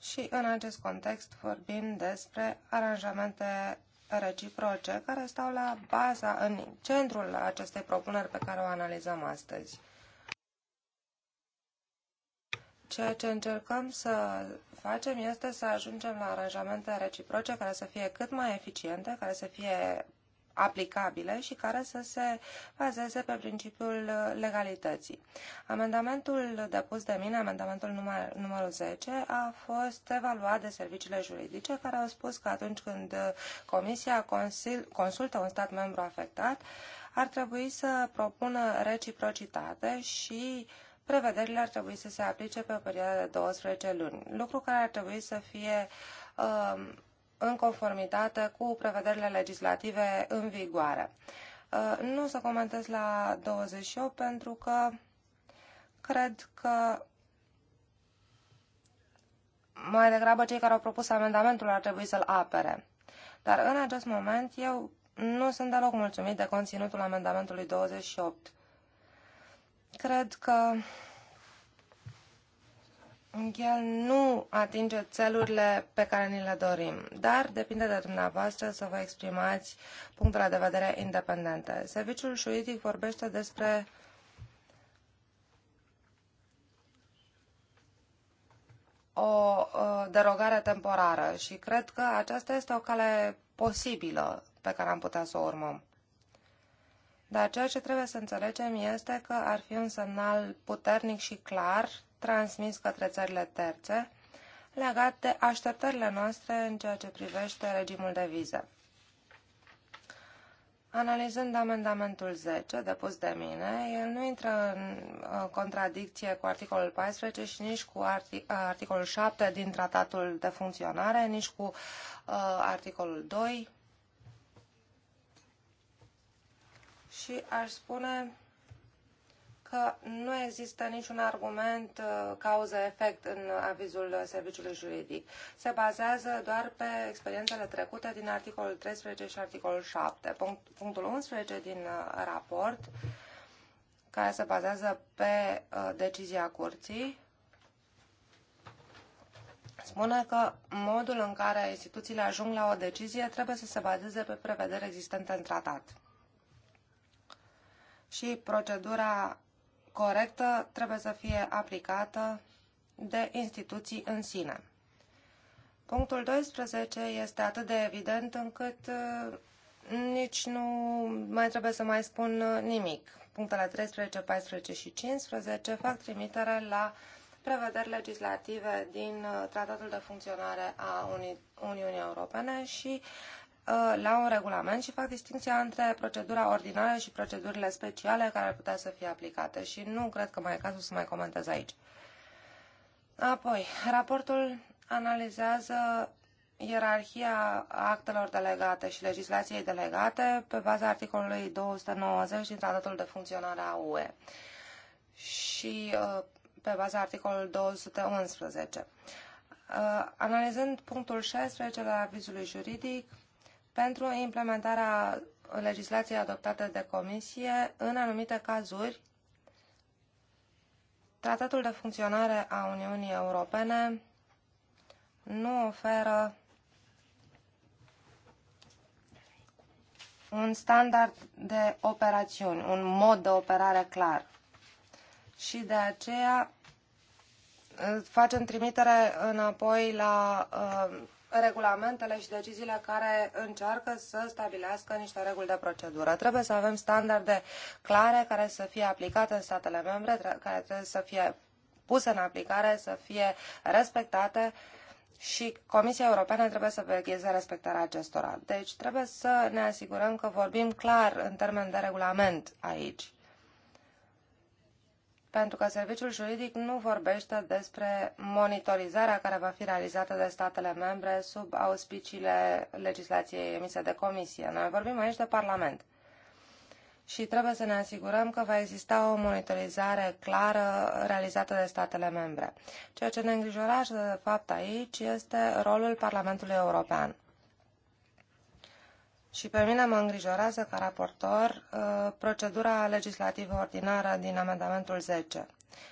Și în acest context vorbim despre aranjamente reciproce care stau la baza, în centrul acestei propuneri pe care o analizăm astăzi. Ceea ce încercăm să facem este să ajungem la aranjamente reciproce care să fie cât mai eficiente, care să fie aplicabile și care să se bazeze pe principiul legalității. Amendamentul depus de mine, amendamentul număr, numărul 10, a fost evaluat de serviciile juridice care au spus că atunci când Comisia consil, consultă un stat membru afectat, ar trebui să propună reciprocitate și uh, prevederile ar trebui să se aplice pe o perioadă de 12 luni, lucru care ar trebui să fie um, în conformitate cu prevederile legislative în vigoare. Uh, nu o să comentez la 28 pentru că cred că mai degrabă cei care au propus amendamentul ar trebui să-l apere. Dar în acest moment eu nu sunt deloc mulțumit de conținutul amendamentului 28 cred că el nu atinge țelurile pe care ni le dorim, dar depinde de dumneavoastră să vă exprimați punctele de vedere independente. Serviciul juridic vorbește despre o derogare temporară și cred că aceasta este o cale posibilă pe care am putea să o urmăm. Dar ceea ce trebuie să înțelegem este că ar fi un semnal puternic și clar transmis către țările terțe legat de așteptările noastre în ceea ce privește regimul de vize. Analizând amendamentul 10 depus de mine, el nu intră în uh, contradicție cu articolul 14 și nici cu uh, articolul 7 din Tratatul de Funcționare, nici cu uh, articolul 2 și aș spune că nu există niciun argument uh, cauză-efect în avizul serviciului juridic. Se bazează doar pe experiențele trecute din articolul 13 și articolul 7. Punctul 11 din uh, raport, care se bazează pe uh, decizia curții, spune că modul în care instituțiile ajung la o decizie trebuie să se bazeze pe prevederi existente în tratat și procedura corectă trebuie să fie aplicată de instituții în sine. Punctul 12 este atât de evident încât uh, nici nu mai trebuie să mai spun uh, nimic. Punctele 13, 14 și 15 fac trimitere la prevederi legislative din uh, Tratatul de Funcționare a Uni Uniunii Europene și Uh, la un regulament și fac distinția între procedura ordinară și procedurile speciale care ar putea să fie aplicate și nu cred că mai e cazul să mai comentez aici. Apoi, raportul analizează ierarhia actelor delegate și legislației delegate pe baza articolului 290 din Tratatul de Funcționare a UE și uh, pe baza articolului 211. Uh, analizând punctul 16 al avizului juridic, pentru implementarea legislației adoptate de Comisie în anumite cazuri Tratatul de funcționare a Uniunii Europene nu oferă un standard de operațiuni, un mod de operare clar. Și de aceea facem trimitere înapoi la uh, regulamentele și deciziile care încearcă să stabilească niște reguli de procedură. Trebuie să avem standarde clare care să fie aplicate în statele membre, care trebuie să fie puse în aplicare, să fie respectate și Comisia Europeană trebuie să vegheze respectarea acestora. Deci trebuie să ne asigurăm că vorbim clar în termen de regulament aici pentru că serviciul juridic nu vorbește despre monitorizarea care va fi realizată de statele membre sub auspiciile legislației emise de comisie. Noi vorbim aici de Parlament. Și trebuie să ne asigurăm că va exista o monitorizare clară realizată de statele membre. Ceea ce ne îngrijorează de fapt aici este rolul Parlamentului European. Și pe mine mă îngrijorează ca raportor uh, procedura legislativă ordinară din amendamentul 10.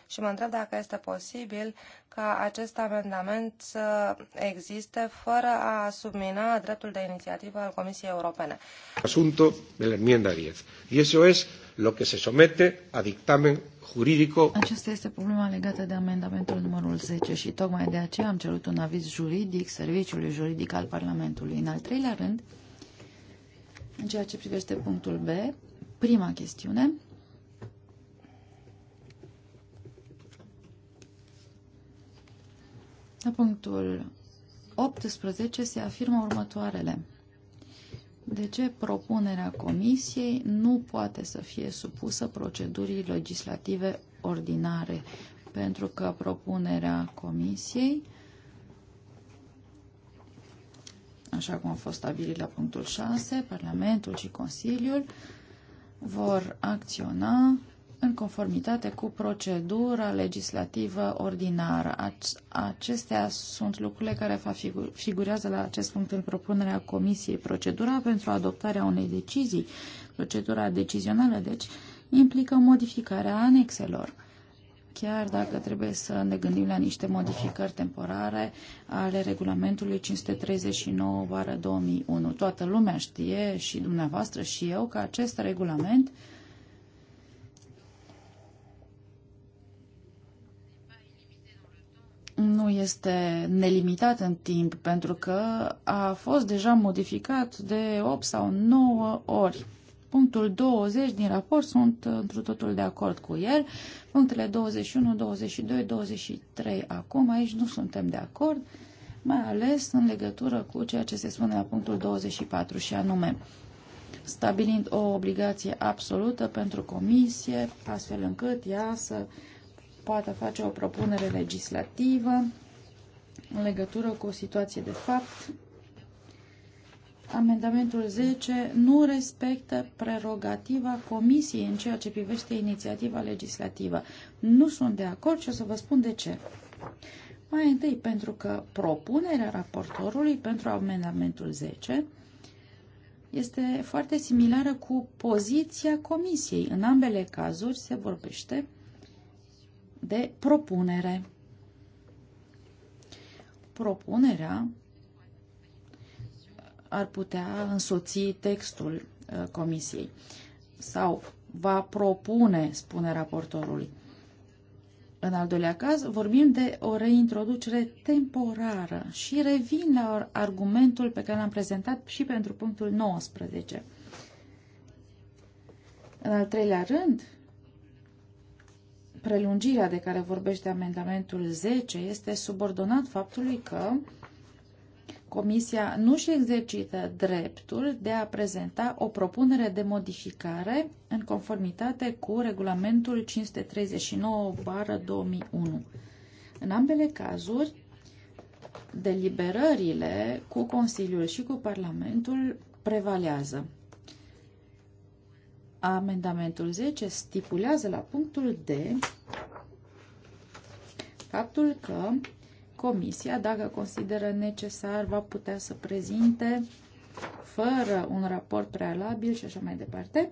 Și mă întreb dacă este posibil ca acest amendament să existe fără a submina dreptul de inițiativă al Comisiei Europene. Asunto de la enmienda 10. Y eso es lo que se somete a dictamen juridico. Aceasta este problema legată de amendamentul numărul 10 și tocmai de aceea am cerut un aviz juridic serviciului juridic al Parlamentului. În al treilea rând, în ceea ce privește punctul B, prima chestiune, la punctul 18 se afirmă următoarele. De ce propunerea Comisiei nu poate să fie supusă procedurii legislative ordinare? Pentru că propunerea Comisiei uh, așa cum a fost stabilit la punctul 6, Parlamentul și Consiliul vor acționa în conformitate cu procedura legislativă ordinară. Acestea sunt lucrurile care figurează la acest punct în propunerea Comisiei. Procedura pentru adoptarea unei decizii, procedura decizională, deci, implică modificarea anexelor chiar dacă trebuie să ne gândim la niște modificări temporare ale regulamentului 539-2001. Toată lumea știe, și dumneavoastră și eu, că acest regulament nu este nelimitat în timp, pentru că a fost deja modificat de 8 sau 9 ori punctul 20 din raport sunt într-o totul de acord cu el. Punctele 21, 22, 23 acum, aici nu suntem de acord, mai ales în legătură cu ceea ce se spune la punctul 24 și anume stabilind o obligație absolută pentru comisie, astfel încât ea să poată face o propunere legislativă în legătură cu o situație de fapt amendamentul 10 nu respectă prerogativa Comisiei în ceea ce privește inițiativa legislativă. Nu sunt de acord și o să vă spun de ce. Mai întâi, pentru că propunerea raportorului pentru amendamentul 10 este foarte similară cu poziția Comisiei. În ambele cazuri se vorbește de propunere. Propunerea ar putea însoți textul uh, comisiei sau va propune, spune raportorul. În al doilea caz, vorbim de o reintroducere temporară și revin la argumentul pe care l-am prezentat și pentru punctul 19. În al treilea rând, prelungirea de care vorbește amendamentul 10 este subordonat faptului că Comisia nu și exercită dreptul de a prezenta o propunere de modificare în conformitate cu regulamentul 539-2001. În ambele cazuri, deliberările cu Consiliul și cu Parlamentul prevalează. Amendamentul 10 stipulează la punctul D faptul că Comisia, dacă consideră necesar, va putea să prezinte fără un raport prealabil și așa mai departe.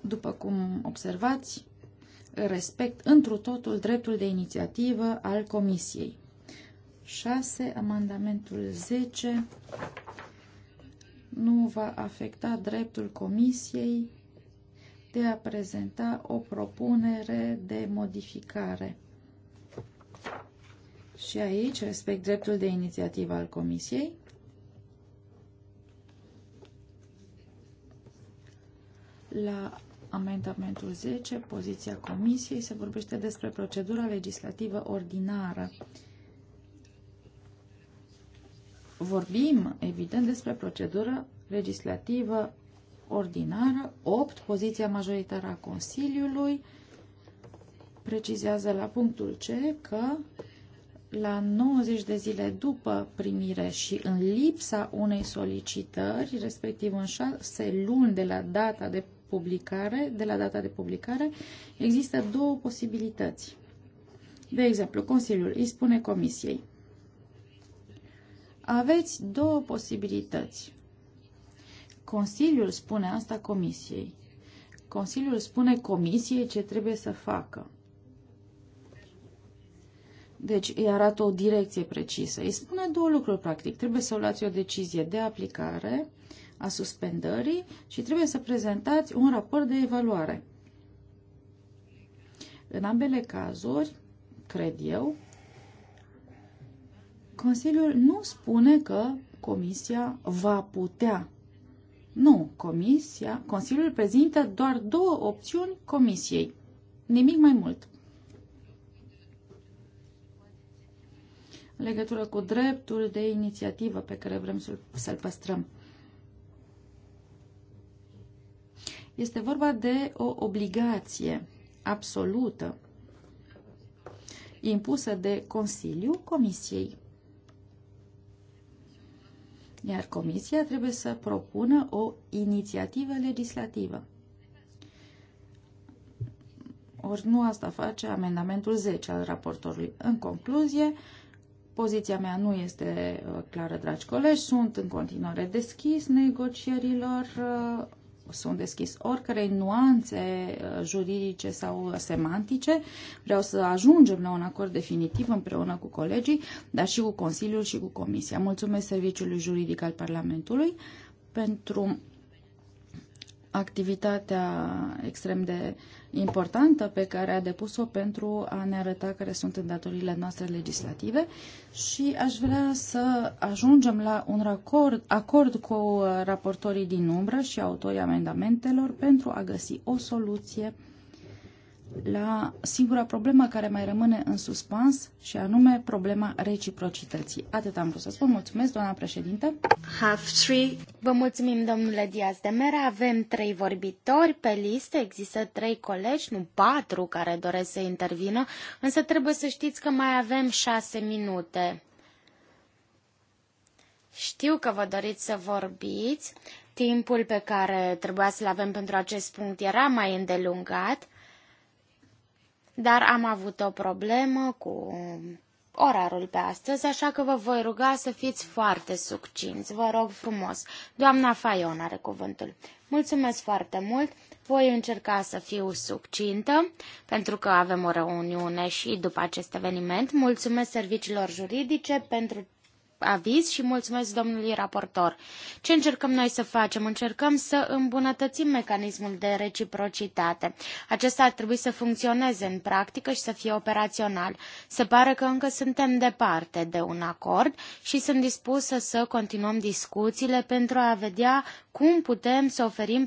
După cum observați, respect întru totul dreptul de inițiativă al Comisiei. 6. Amendamentul 10 nu va afecta dreptul Comisiei de a prezenta o propunere de modificare. Și aici respect dreptul de inițiativă al Comisiei. La amendamentul 10, poziția Comisiei, se vorbește despre procedura legislativă ordinară. Vorbim, evident, despre procedura legislativă ordinară. 8. Poziția majoritară a Consiliului precizează la punctul C că la 90 de zile după primire și în lipsa unei solicitări, respectiv în 6 luni de la data de publicare, de la data de publicare, există două posibilități. De exemplu, Consiliul îi spune Comisiei, aveți două posibilități. Consiliul spune asta Comisiei. Consiliul spune Comisiei ce trebuie să facă. Deci îi arată o direcție precisă. Îi spune două lucruri, practic. Trebuie să luați o decizie de aplicare a suspendării și trebuie să prezentați un raport de evaluare. În ambele cazuri, cred eu, Consiliul nu spune că Comisia va putea nu, Comisia, Consiliul prezintă doar două opțiuni Comisiei, nimic mai mult. În legătură cu dreptul de inițiativă pe care vrem să-l păstrăm. Este vorba de o obligație absolută impusă de Consiliu Comisiei iar Comisia trebuie să propună o inițiativă legislativă. Ori nu asta face amendamentul 10 al raportorului. În concluzie, poziția mea nu este uh, clară, dragi colegi, sunt în continuare deschis negocierilor uh, sunt deschis oricărei nuanțe uh, juridice sau uh, semantice. Vreau să ajungem la un acord definitiv împreună cu colegii, dar și cu Consiliul și cu Comisia. Mulțumesc Serviciului Juridic al Parlamentului pentru activitatea extrem de importantă pe care a depus-o pentru a ne arăta care sunt îndatoririle noastre legislative și aș vrea să ajungem la un acord, acord cu uh, raportorii din umbră și autorii amendamentelor pentru a găsi o soluție uh, la singura problemă care mai rămâne în suspans și anume problema reciprocității. Atât am vrut să spun. Mulțumesc, doamna președinte. Have three. Vă mulțumim, domnule Diaz de Mera. Avem trei vorbitori pe listă. Există trei colegi, nu patru, care doresc să intervină, însă trebuie să știți că mai avem șase minute. Știu că vă doriți să vorbiți. Timpul pe care trebuia să-l avem pentru acest punct era mai îndelungat, dar am avut o problemă cu orarul pe astăzi, așa că vă voi ruga să fiți foarte succinți. Vă rog frumos. Doamna Faion are cuvântul. Mulțumesc foarte mult. Voi încerca să fiu succintă, pentru că avem o reuniune și după acest eveniment. Mulțumesc serviciilor juridice pentru aviz și mulțumesc domnului raportor. Ce încercăm noi să facem? Încercăm să îmbunătățim mecanismul de reciprocitate. Acesta ar trebui să funcționeze în practică și să fie operațional. Se pare că încă suntem departe de un acord și sunt dispusă să continuăm discuțiile pentru a vedea cum putem să oferim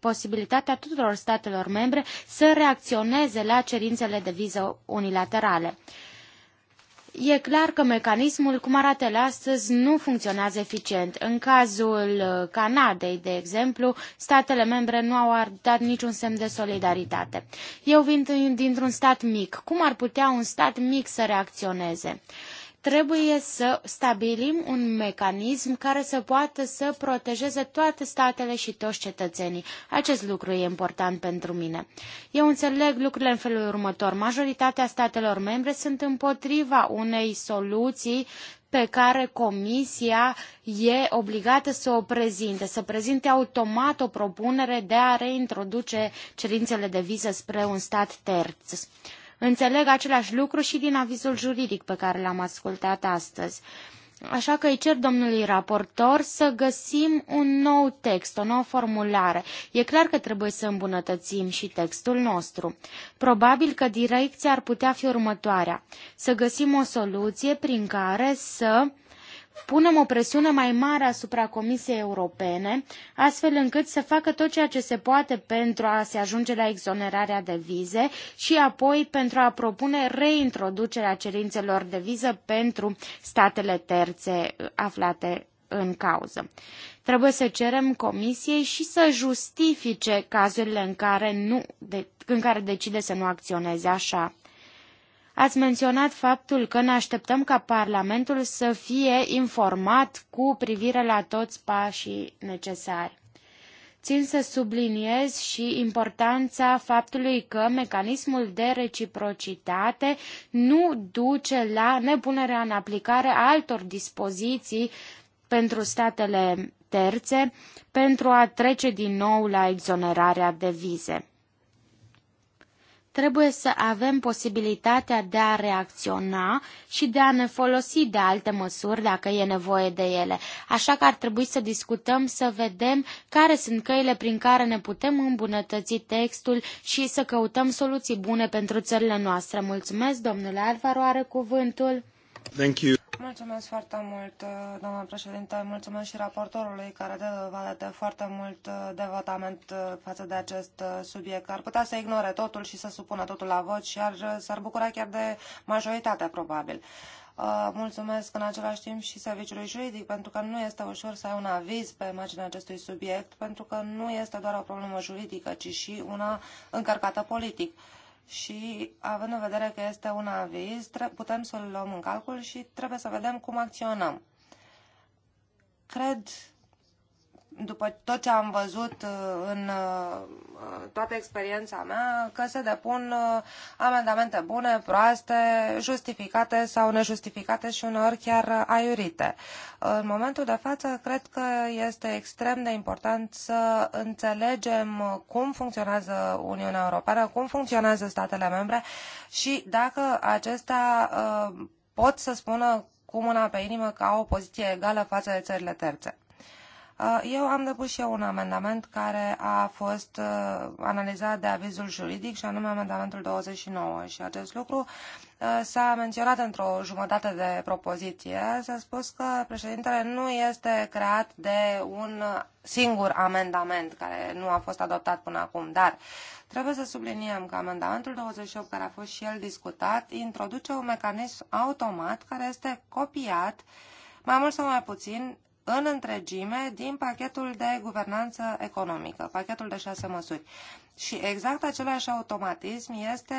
posibilitatea tuturor statelor membre să reacționeze la cerințele de viză unilaterale. E clar că mecanismul, cum arată el astăzi, nu funcționează eficient. În cazul uh, Canadei, de exemplu, statele membre nu au dat niciun semn de solidaritate. Eu vin dintr-un stat mic. Cum ar putea un stat mic să reacționeze? Trebuie să stabilim un mecanism care să poată să protejeze toate statele și toți cetățenii. Acest lucru e important pentru mine. Eu înțeleg lucrurile în felul următor. Majoritatea statelor membre sunt împotriva unei soluții pe care Comisia e obligată să o prezinte, să prezinte automat o propunere de a reintroduce cerințele de viză spre un stat terț. Înțeleg același lucru și din avizul juridic pe care l-am ascultat astăzi. Așa că îi cer domnului raportor să găsim un nou text, o nouă formulare. E clar că trebuie să îmbunătățim și textul nostru. Probabil că direcția ar putea fi următoarea. Să găsim o soluție prin care să punem o presiune mai mare asupra Comisiei Europene, astfel încât să facă tot ceea ce se poate pentru a se ajunge la exonerarea de vize și apoi pentru a propune reintroducerea cerințelor de viză pentru statele terțe uh, aflate în cauză. Trebuie să cerem comisiei și să justifice cazurile în care, nu, de, în care decide să nu acționeze așa. Ați menționat faptul că ne așteptăm ca Parlamentul să fie informat cu privire la toți pașii necesari. Țin să subliniez și importanța faptului că mecanismul de reciprocitate nu duce la nepunerea în aplicare a altor dispoziții pentru statele terțe pentru a trece din nou la exonerarea de vize. Trebuie să avem posibilitatea de a reacționa și de a ne folosi de alte măsuri dacă e nevoie de ele. Așa că ar trebui să discutăm, să vedem care sunt căile prin care ne putem îmbunătăți textul și să căutăm soluții bune pentru țările noastre. Mulțumesc, domnule Alvaro, are cuvântul. Mulțumesc foarte mult, uh, doamna președinte. Mulțumesc și raportorului care dă dovadă de foarte mult uh, devotament uh, față de acest subiect. Ar putea să ignore totul și să supună totul la vot și ar, s-ar bucura chiar de majoritatea, probabil. Mulțumesc în același timp și serviciului juridic, pentru că nu este ușor să ai un aviz pe marginea acestui subiect, pentru că nu este doar o problemă juridică, ci și una încărcată politic și având în vedere că este un aviz, putem să-l luăm în calcul și trebuie să vedem cum acționăm. Cred după tot ce am văzut uh, în uh, uh, toată experiența mea, că se depun amendamente bune, proaste, justificate sau nejustificate și uneori chiar aiurite. În momentul de față, cred că este extrem de important să înțelegem cum funcționează Uniunea Europeană, cum funcționează statele membre și dacă acestea pot să spună cu mâna pe inimă că au o poziție egală față de țările terțe. Uh, eu am depus și eu un amendament care a fost uh, analizat de avizul juridic și anume amendamentul 29 și acest lucru uh, s-a menționat într-o jumătate de propoziție. S-a spus că președintele nu este creat de un singur amendament care nu a fost adoptat până acum, dar trebuie să subliniem că amendamentul 28 care a fost și el discutat introduce un mecanism automat care este copiat mai mult sau mai puțin în întregime din pachetul de guvernanță economică, pachetul de șase măsuri. Și exact același automatism este,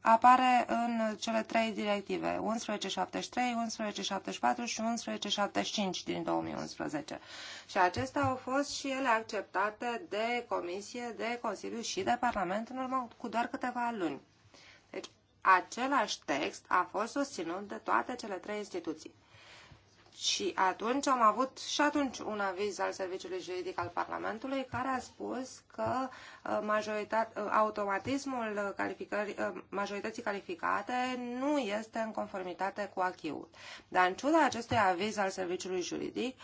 apare în cele trei directive, 1173, 1174 și 1175 din 2011. Și acestea au fost și ele acceptate de Comisie, de Consiliu și de Parlament în urmă cu doar câteva luni. Deci, același text a fost susținut de toate cele trei instituții. Și atunci am avut și atunci un aviz al Serviciului Juridic al Parlamentului care a spus că uh, uh, automatismul calificări, uh, majorității calificate nu este în conformitate cu achiul. Dar în ciuda acestui aviz al Serviciului Juridic,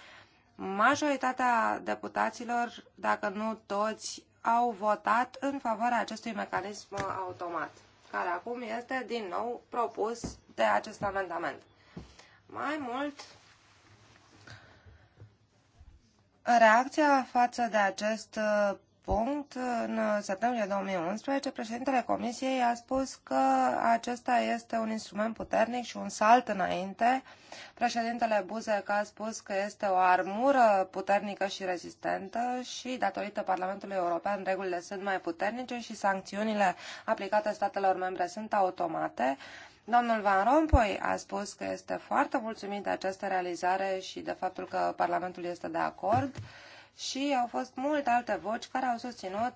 majoritatea deputaților, dacă nu toți, au votat în favoarea acestui mecanism automat, care acum este din nou propus de acest amendament. Mai mult, reacția față de acest uh, punct, în septembrie 2011, președintele Comisiei a spus că acesta este un instrument puternic și un salt înainte. Președintele Buzek a spus că este o armură puternică și rezistentă și, datorită Parlamentului European, regulile sunt mai puternice și sancțiunile aplicate statelor membre sunt automate. Domnul Van Rompuy a spus că este foarte mulțumit de această realizare și de faptul că Parlamentul este de acord și au fost multe alte voci care au susținut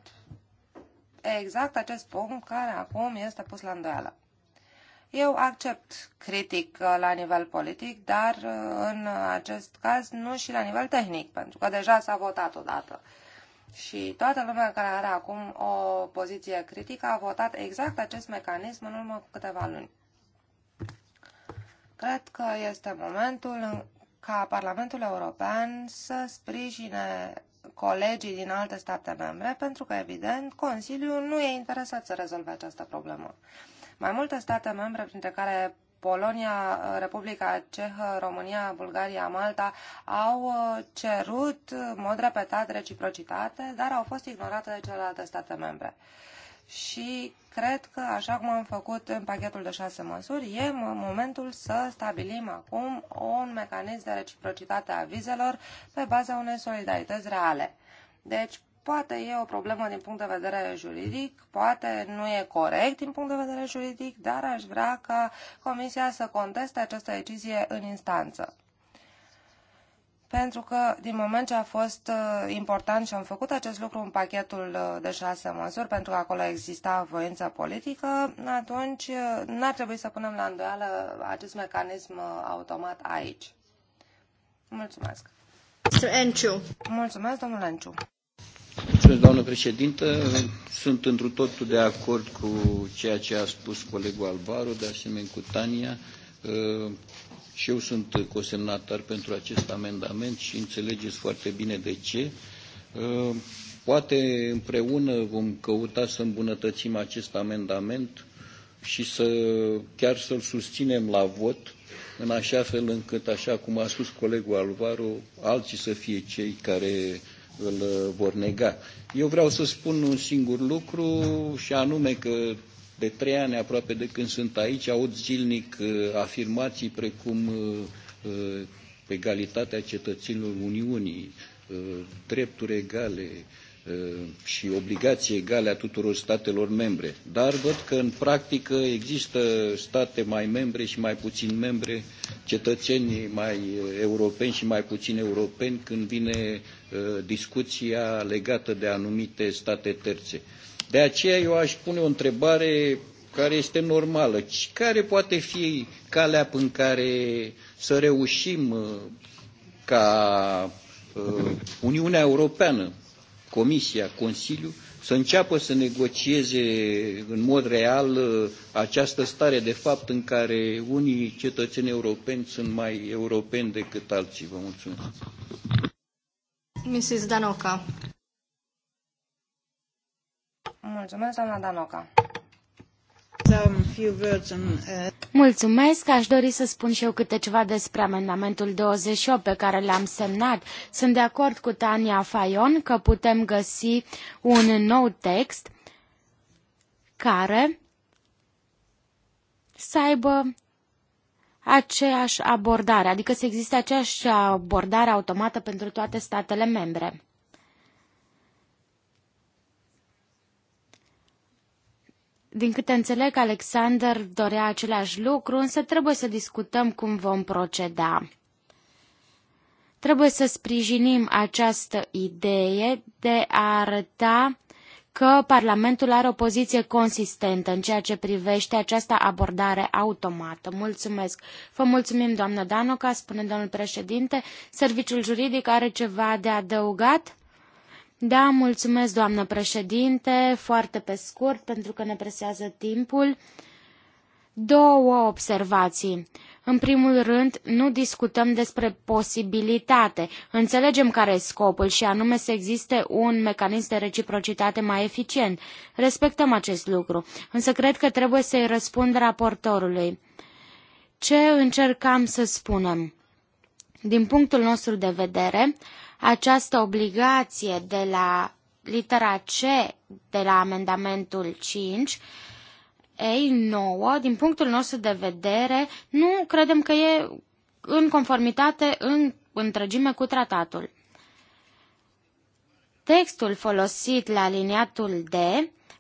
exact acest punct care acum este pus la îndoială. Eu accept critic uh, la nivel politic, dar uh, în acest caz nu și la nivel tehnic, pentru că deja s-a votat odată. Și toată lumea care are acum o poziție critică a votat exact acest mecanism în urmă cu câteva luni. Cred că este momentul ca Parlamentul European să sprijine colegii din alte state membre, pentru că, evident, Consiliul nu e interesat să rezolve această problemă. Mai multe state membre, printre care Polonia, Republica Cehă, România, Bulgaria, Malta au uh, cerut în mod repetat reciprocitate, dar au fost ignorate de celelalte state membre și cred că, așa cum am făcut în pachetul de șase măsuri, e momentul să stabilim acum un mecanism de reciprocitate a vizelor pe baza unei solidarități reale. Deci, poate e o problemă din punct de vedere juridic, poate nu e corect din punct de vedere juridic, dar aș vrea ca Comisia să conteste această decizie în instanță pentru că din moment ce a fost uh, important și am făcut acest lucru în pachetul uh, de șase măsuri, pentru că acolo exista voință politică, atunci uh, n-ar trebui să punem la îndoială acest mecanism automat aici. Mulțumesc. Enciu. Mulțumesc, domnul Enciu. Mulțumesc, doamnă președintă. Sunt întru totul de acord cu ceea ce a spus colegul Alvaro, de asemenea cu Tania și eu sunt cosemnatar pentru acest amendament și înțelegeți foarte bine de ce. Uh, poate împreună vom căuta să îmbunătățim acest amendament și să chiar să-l susținem la vot, în așa fel încât, așa cum a spus colegul Alvaro, alții să fie cei care îl vor nega. Eu vreau să spun un singur lucru și anume că de trei ani aproape de când sunt aici, aud zilnic uh, afirmații precum uh, uh, egalitatea cetățenilor Uniunii, drepturi egale și obligații egale a tuturor statelor membre. Dar văd că în practică există state mai membre și mai puțin membre, cetățeni mai europeni și mai puțin europeni când vine discuția legată de anumite state terțe. De aceea eu aș pune o întrebare care este normală. Care poate fi calea în care să reușim uh, ca uh, Uniunea Europeană, Comisia, Consiliu, să înceapă să negocieze în mod real uh, această stare de fapt în care unii cetățeni europeni sunt mai europeni decât alții. Vă mulțumesc. Mrs. Danoca. Mulțumesc, doamna Danoca. Uh, Mulțumesc, aș dori să spun și eu câte ceva despre amendamentul 28 pe care l-am semnat. Sunt de acord cu Tania Fayon că putem găsi un nou text care să aibă aceeași abordare, adică să existe aceeași abordare automată pentru toate statele membre. Din câte înțeleg, Alexander dorea același lucru, însă trebuie să discutăm cum vom proceda. Trebuie să sprijinim această idee de a arăta că Parlamentul are o poziție consistentă în ceea ce privește această abordare automată. Mulțumesc. Vă mulțumim, doamnă Danoca, spune domnul președinte. Serviciul juridic are ceva de adăugat? Da, mulțumesc, doamnă președinte, foarte pe scurt, pentru că ne presează timpul. Două observații. În primul rând, nu discutăm despre posibilitate. Înțelegem care e scopul și anume să existe un mecanism de reciprocitate mai eficient. Respectăm acest lucru, însă cred că trebuie să-i răspund raportorului. Ce încercam să spunem? Din punctul nostru de vedere, această obligație de la litera C de la amendamentul 5, ei, nouă, din punctul nostru de vedere, nu credem că e în conformitate în întregime cu tratatul. Textul folosit la aliniatul D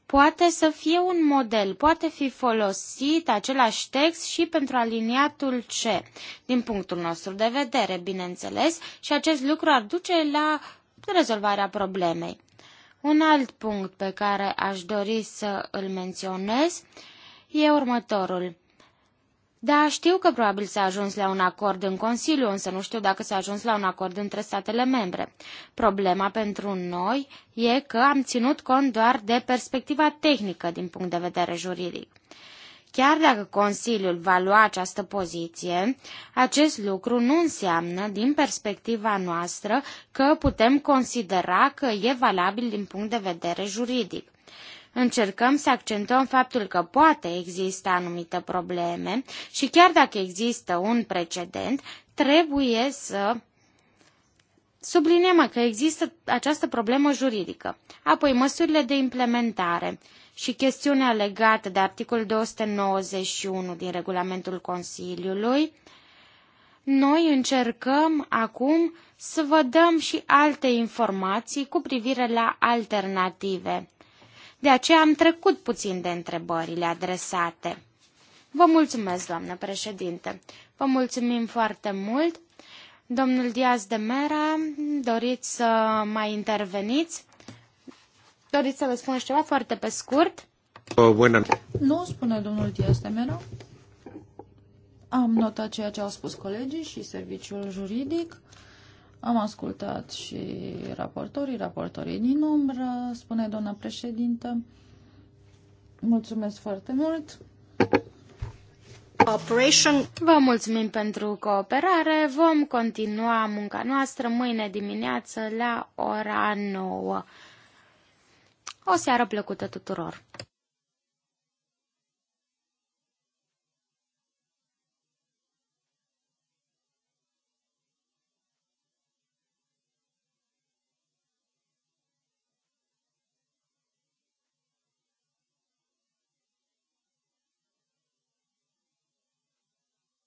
poate să fie un model, poate fi folosit același text și pentru aliniatul C, din punctul nostru de vedere, bineînțeles, și acest lucru ar duce la rezolvarea problemei. Un alt punct pe care aș dori să îl menționez e următorul. Da, știu că probabil s-a ajuns la un acord în Consiliu, însă nu știu dacă s-a ajuns la un acord între statele membre. Problema pentru noi e că am ținut cont doar de perspectiva tehnică din punct de vedere juridic. Chiar dacă Consiliul va lua această poziție, acest lucru nu înseamnă, din perspectiva noastră, că putem considera că e valabil din punct de vedere juridic. Încercăm să accentuăm faptul că poate exista anumite probleme și chiar dacă există un precedent, trebuie să subliniem că există această problemă juridică. Apoi, măsurile de implementare și chestiunea legată de articolul 291 din regulamentul Consiliului, noi încercăm acum să vă dăm și alte informații cu privire la alternative. De aceea am trecut puțin de întrebările adresate. Vă mulțumesc, doamnă președinte. Vă mulțumim foarte mult. Domnul Diaz de Mera, doriți să mai interveniți? Doriți să vă spuneți ceva foarte pe scurt? O, bună. Nu, spune domnul Diaz de Mera. Am notat ceea ce au spus colegii și serviciul juridic. Am ascultat și raportorii, raportorii din umbră, spune doamna președintă. Mulțumesc foarte mult! Operation. Vă mulțumim pentru cooperare. Vom continua munca noastră mâine dimineață la ora 9. O seară plăcută tuturor!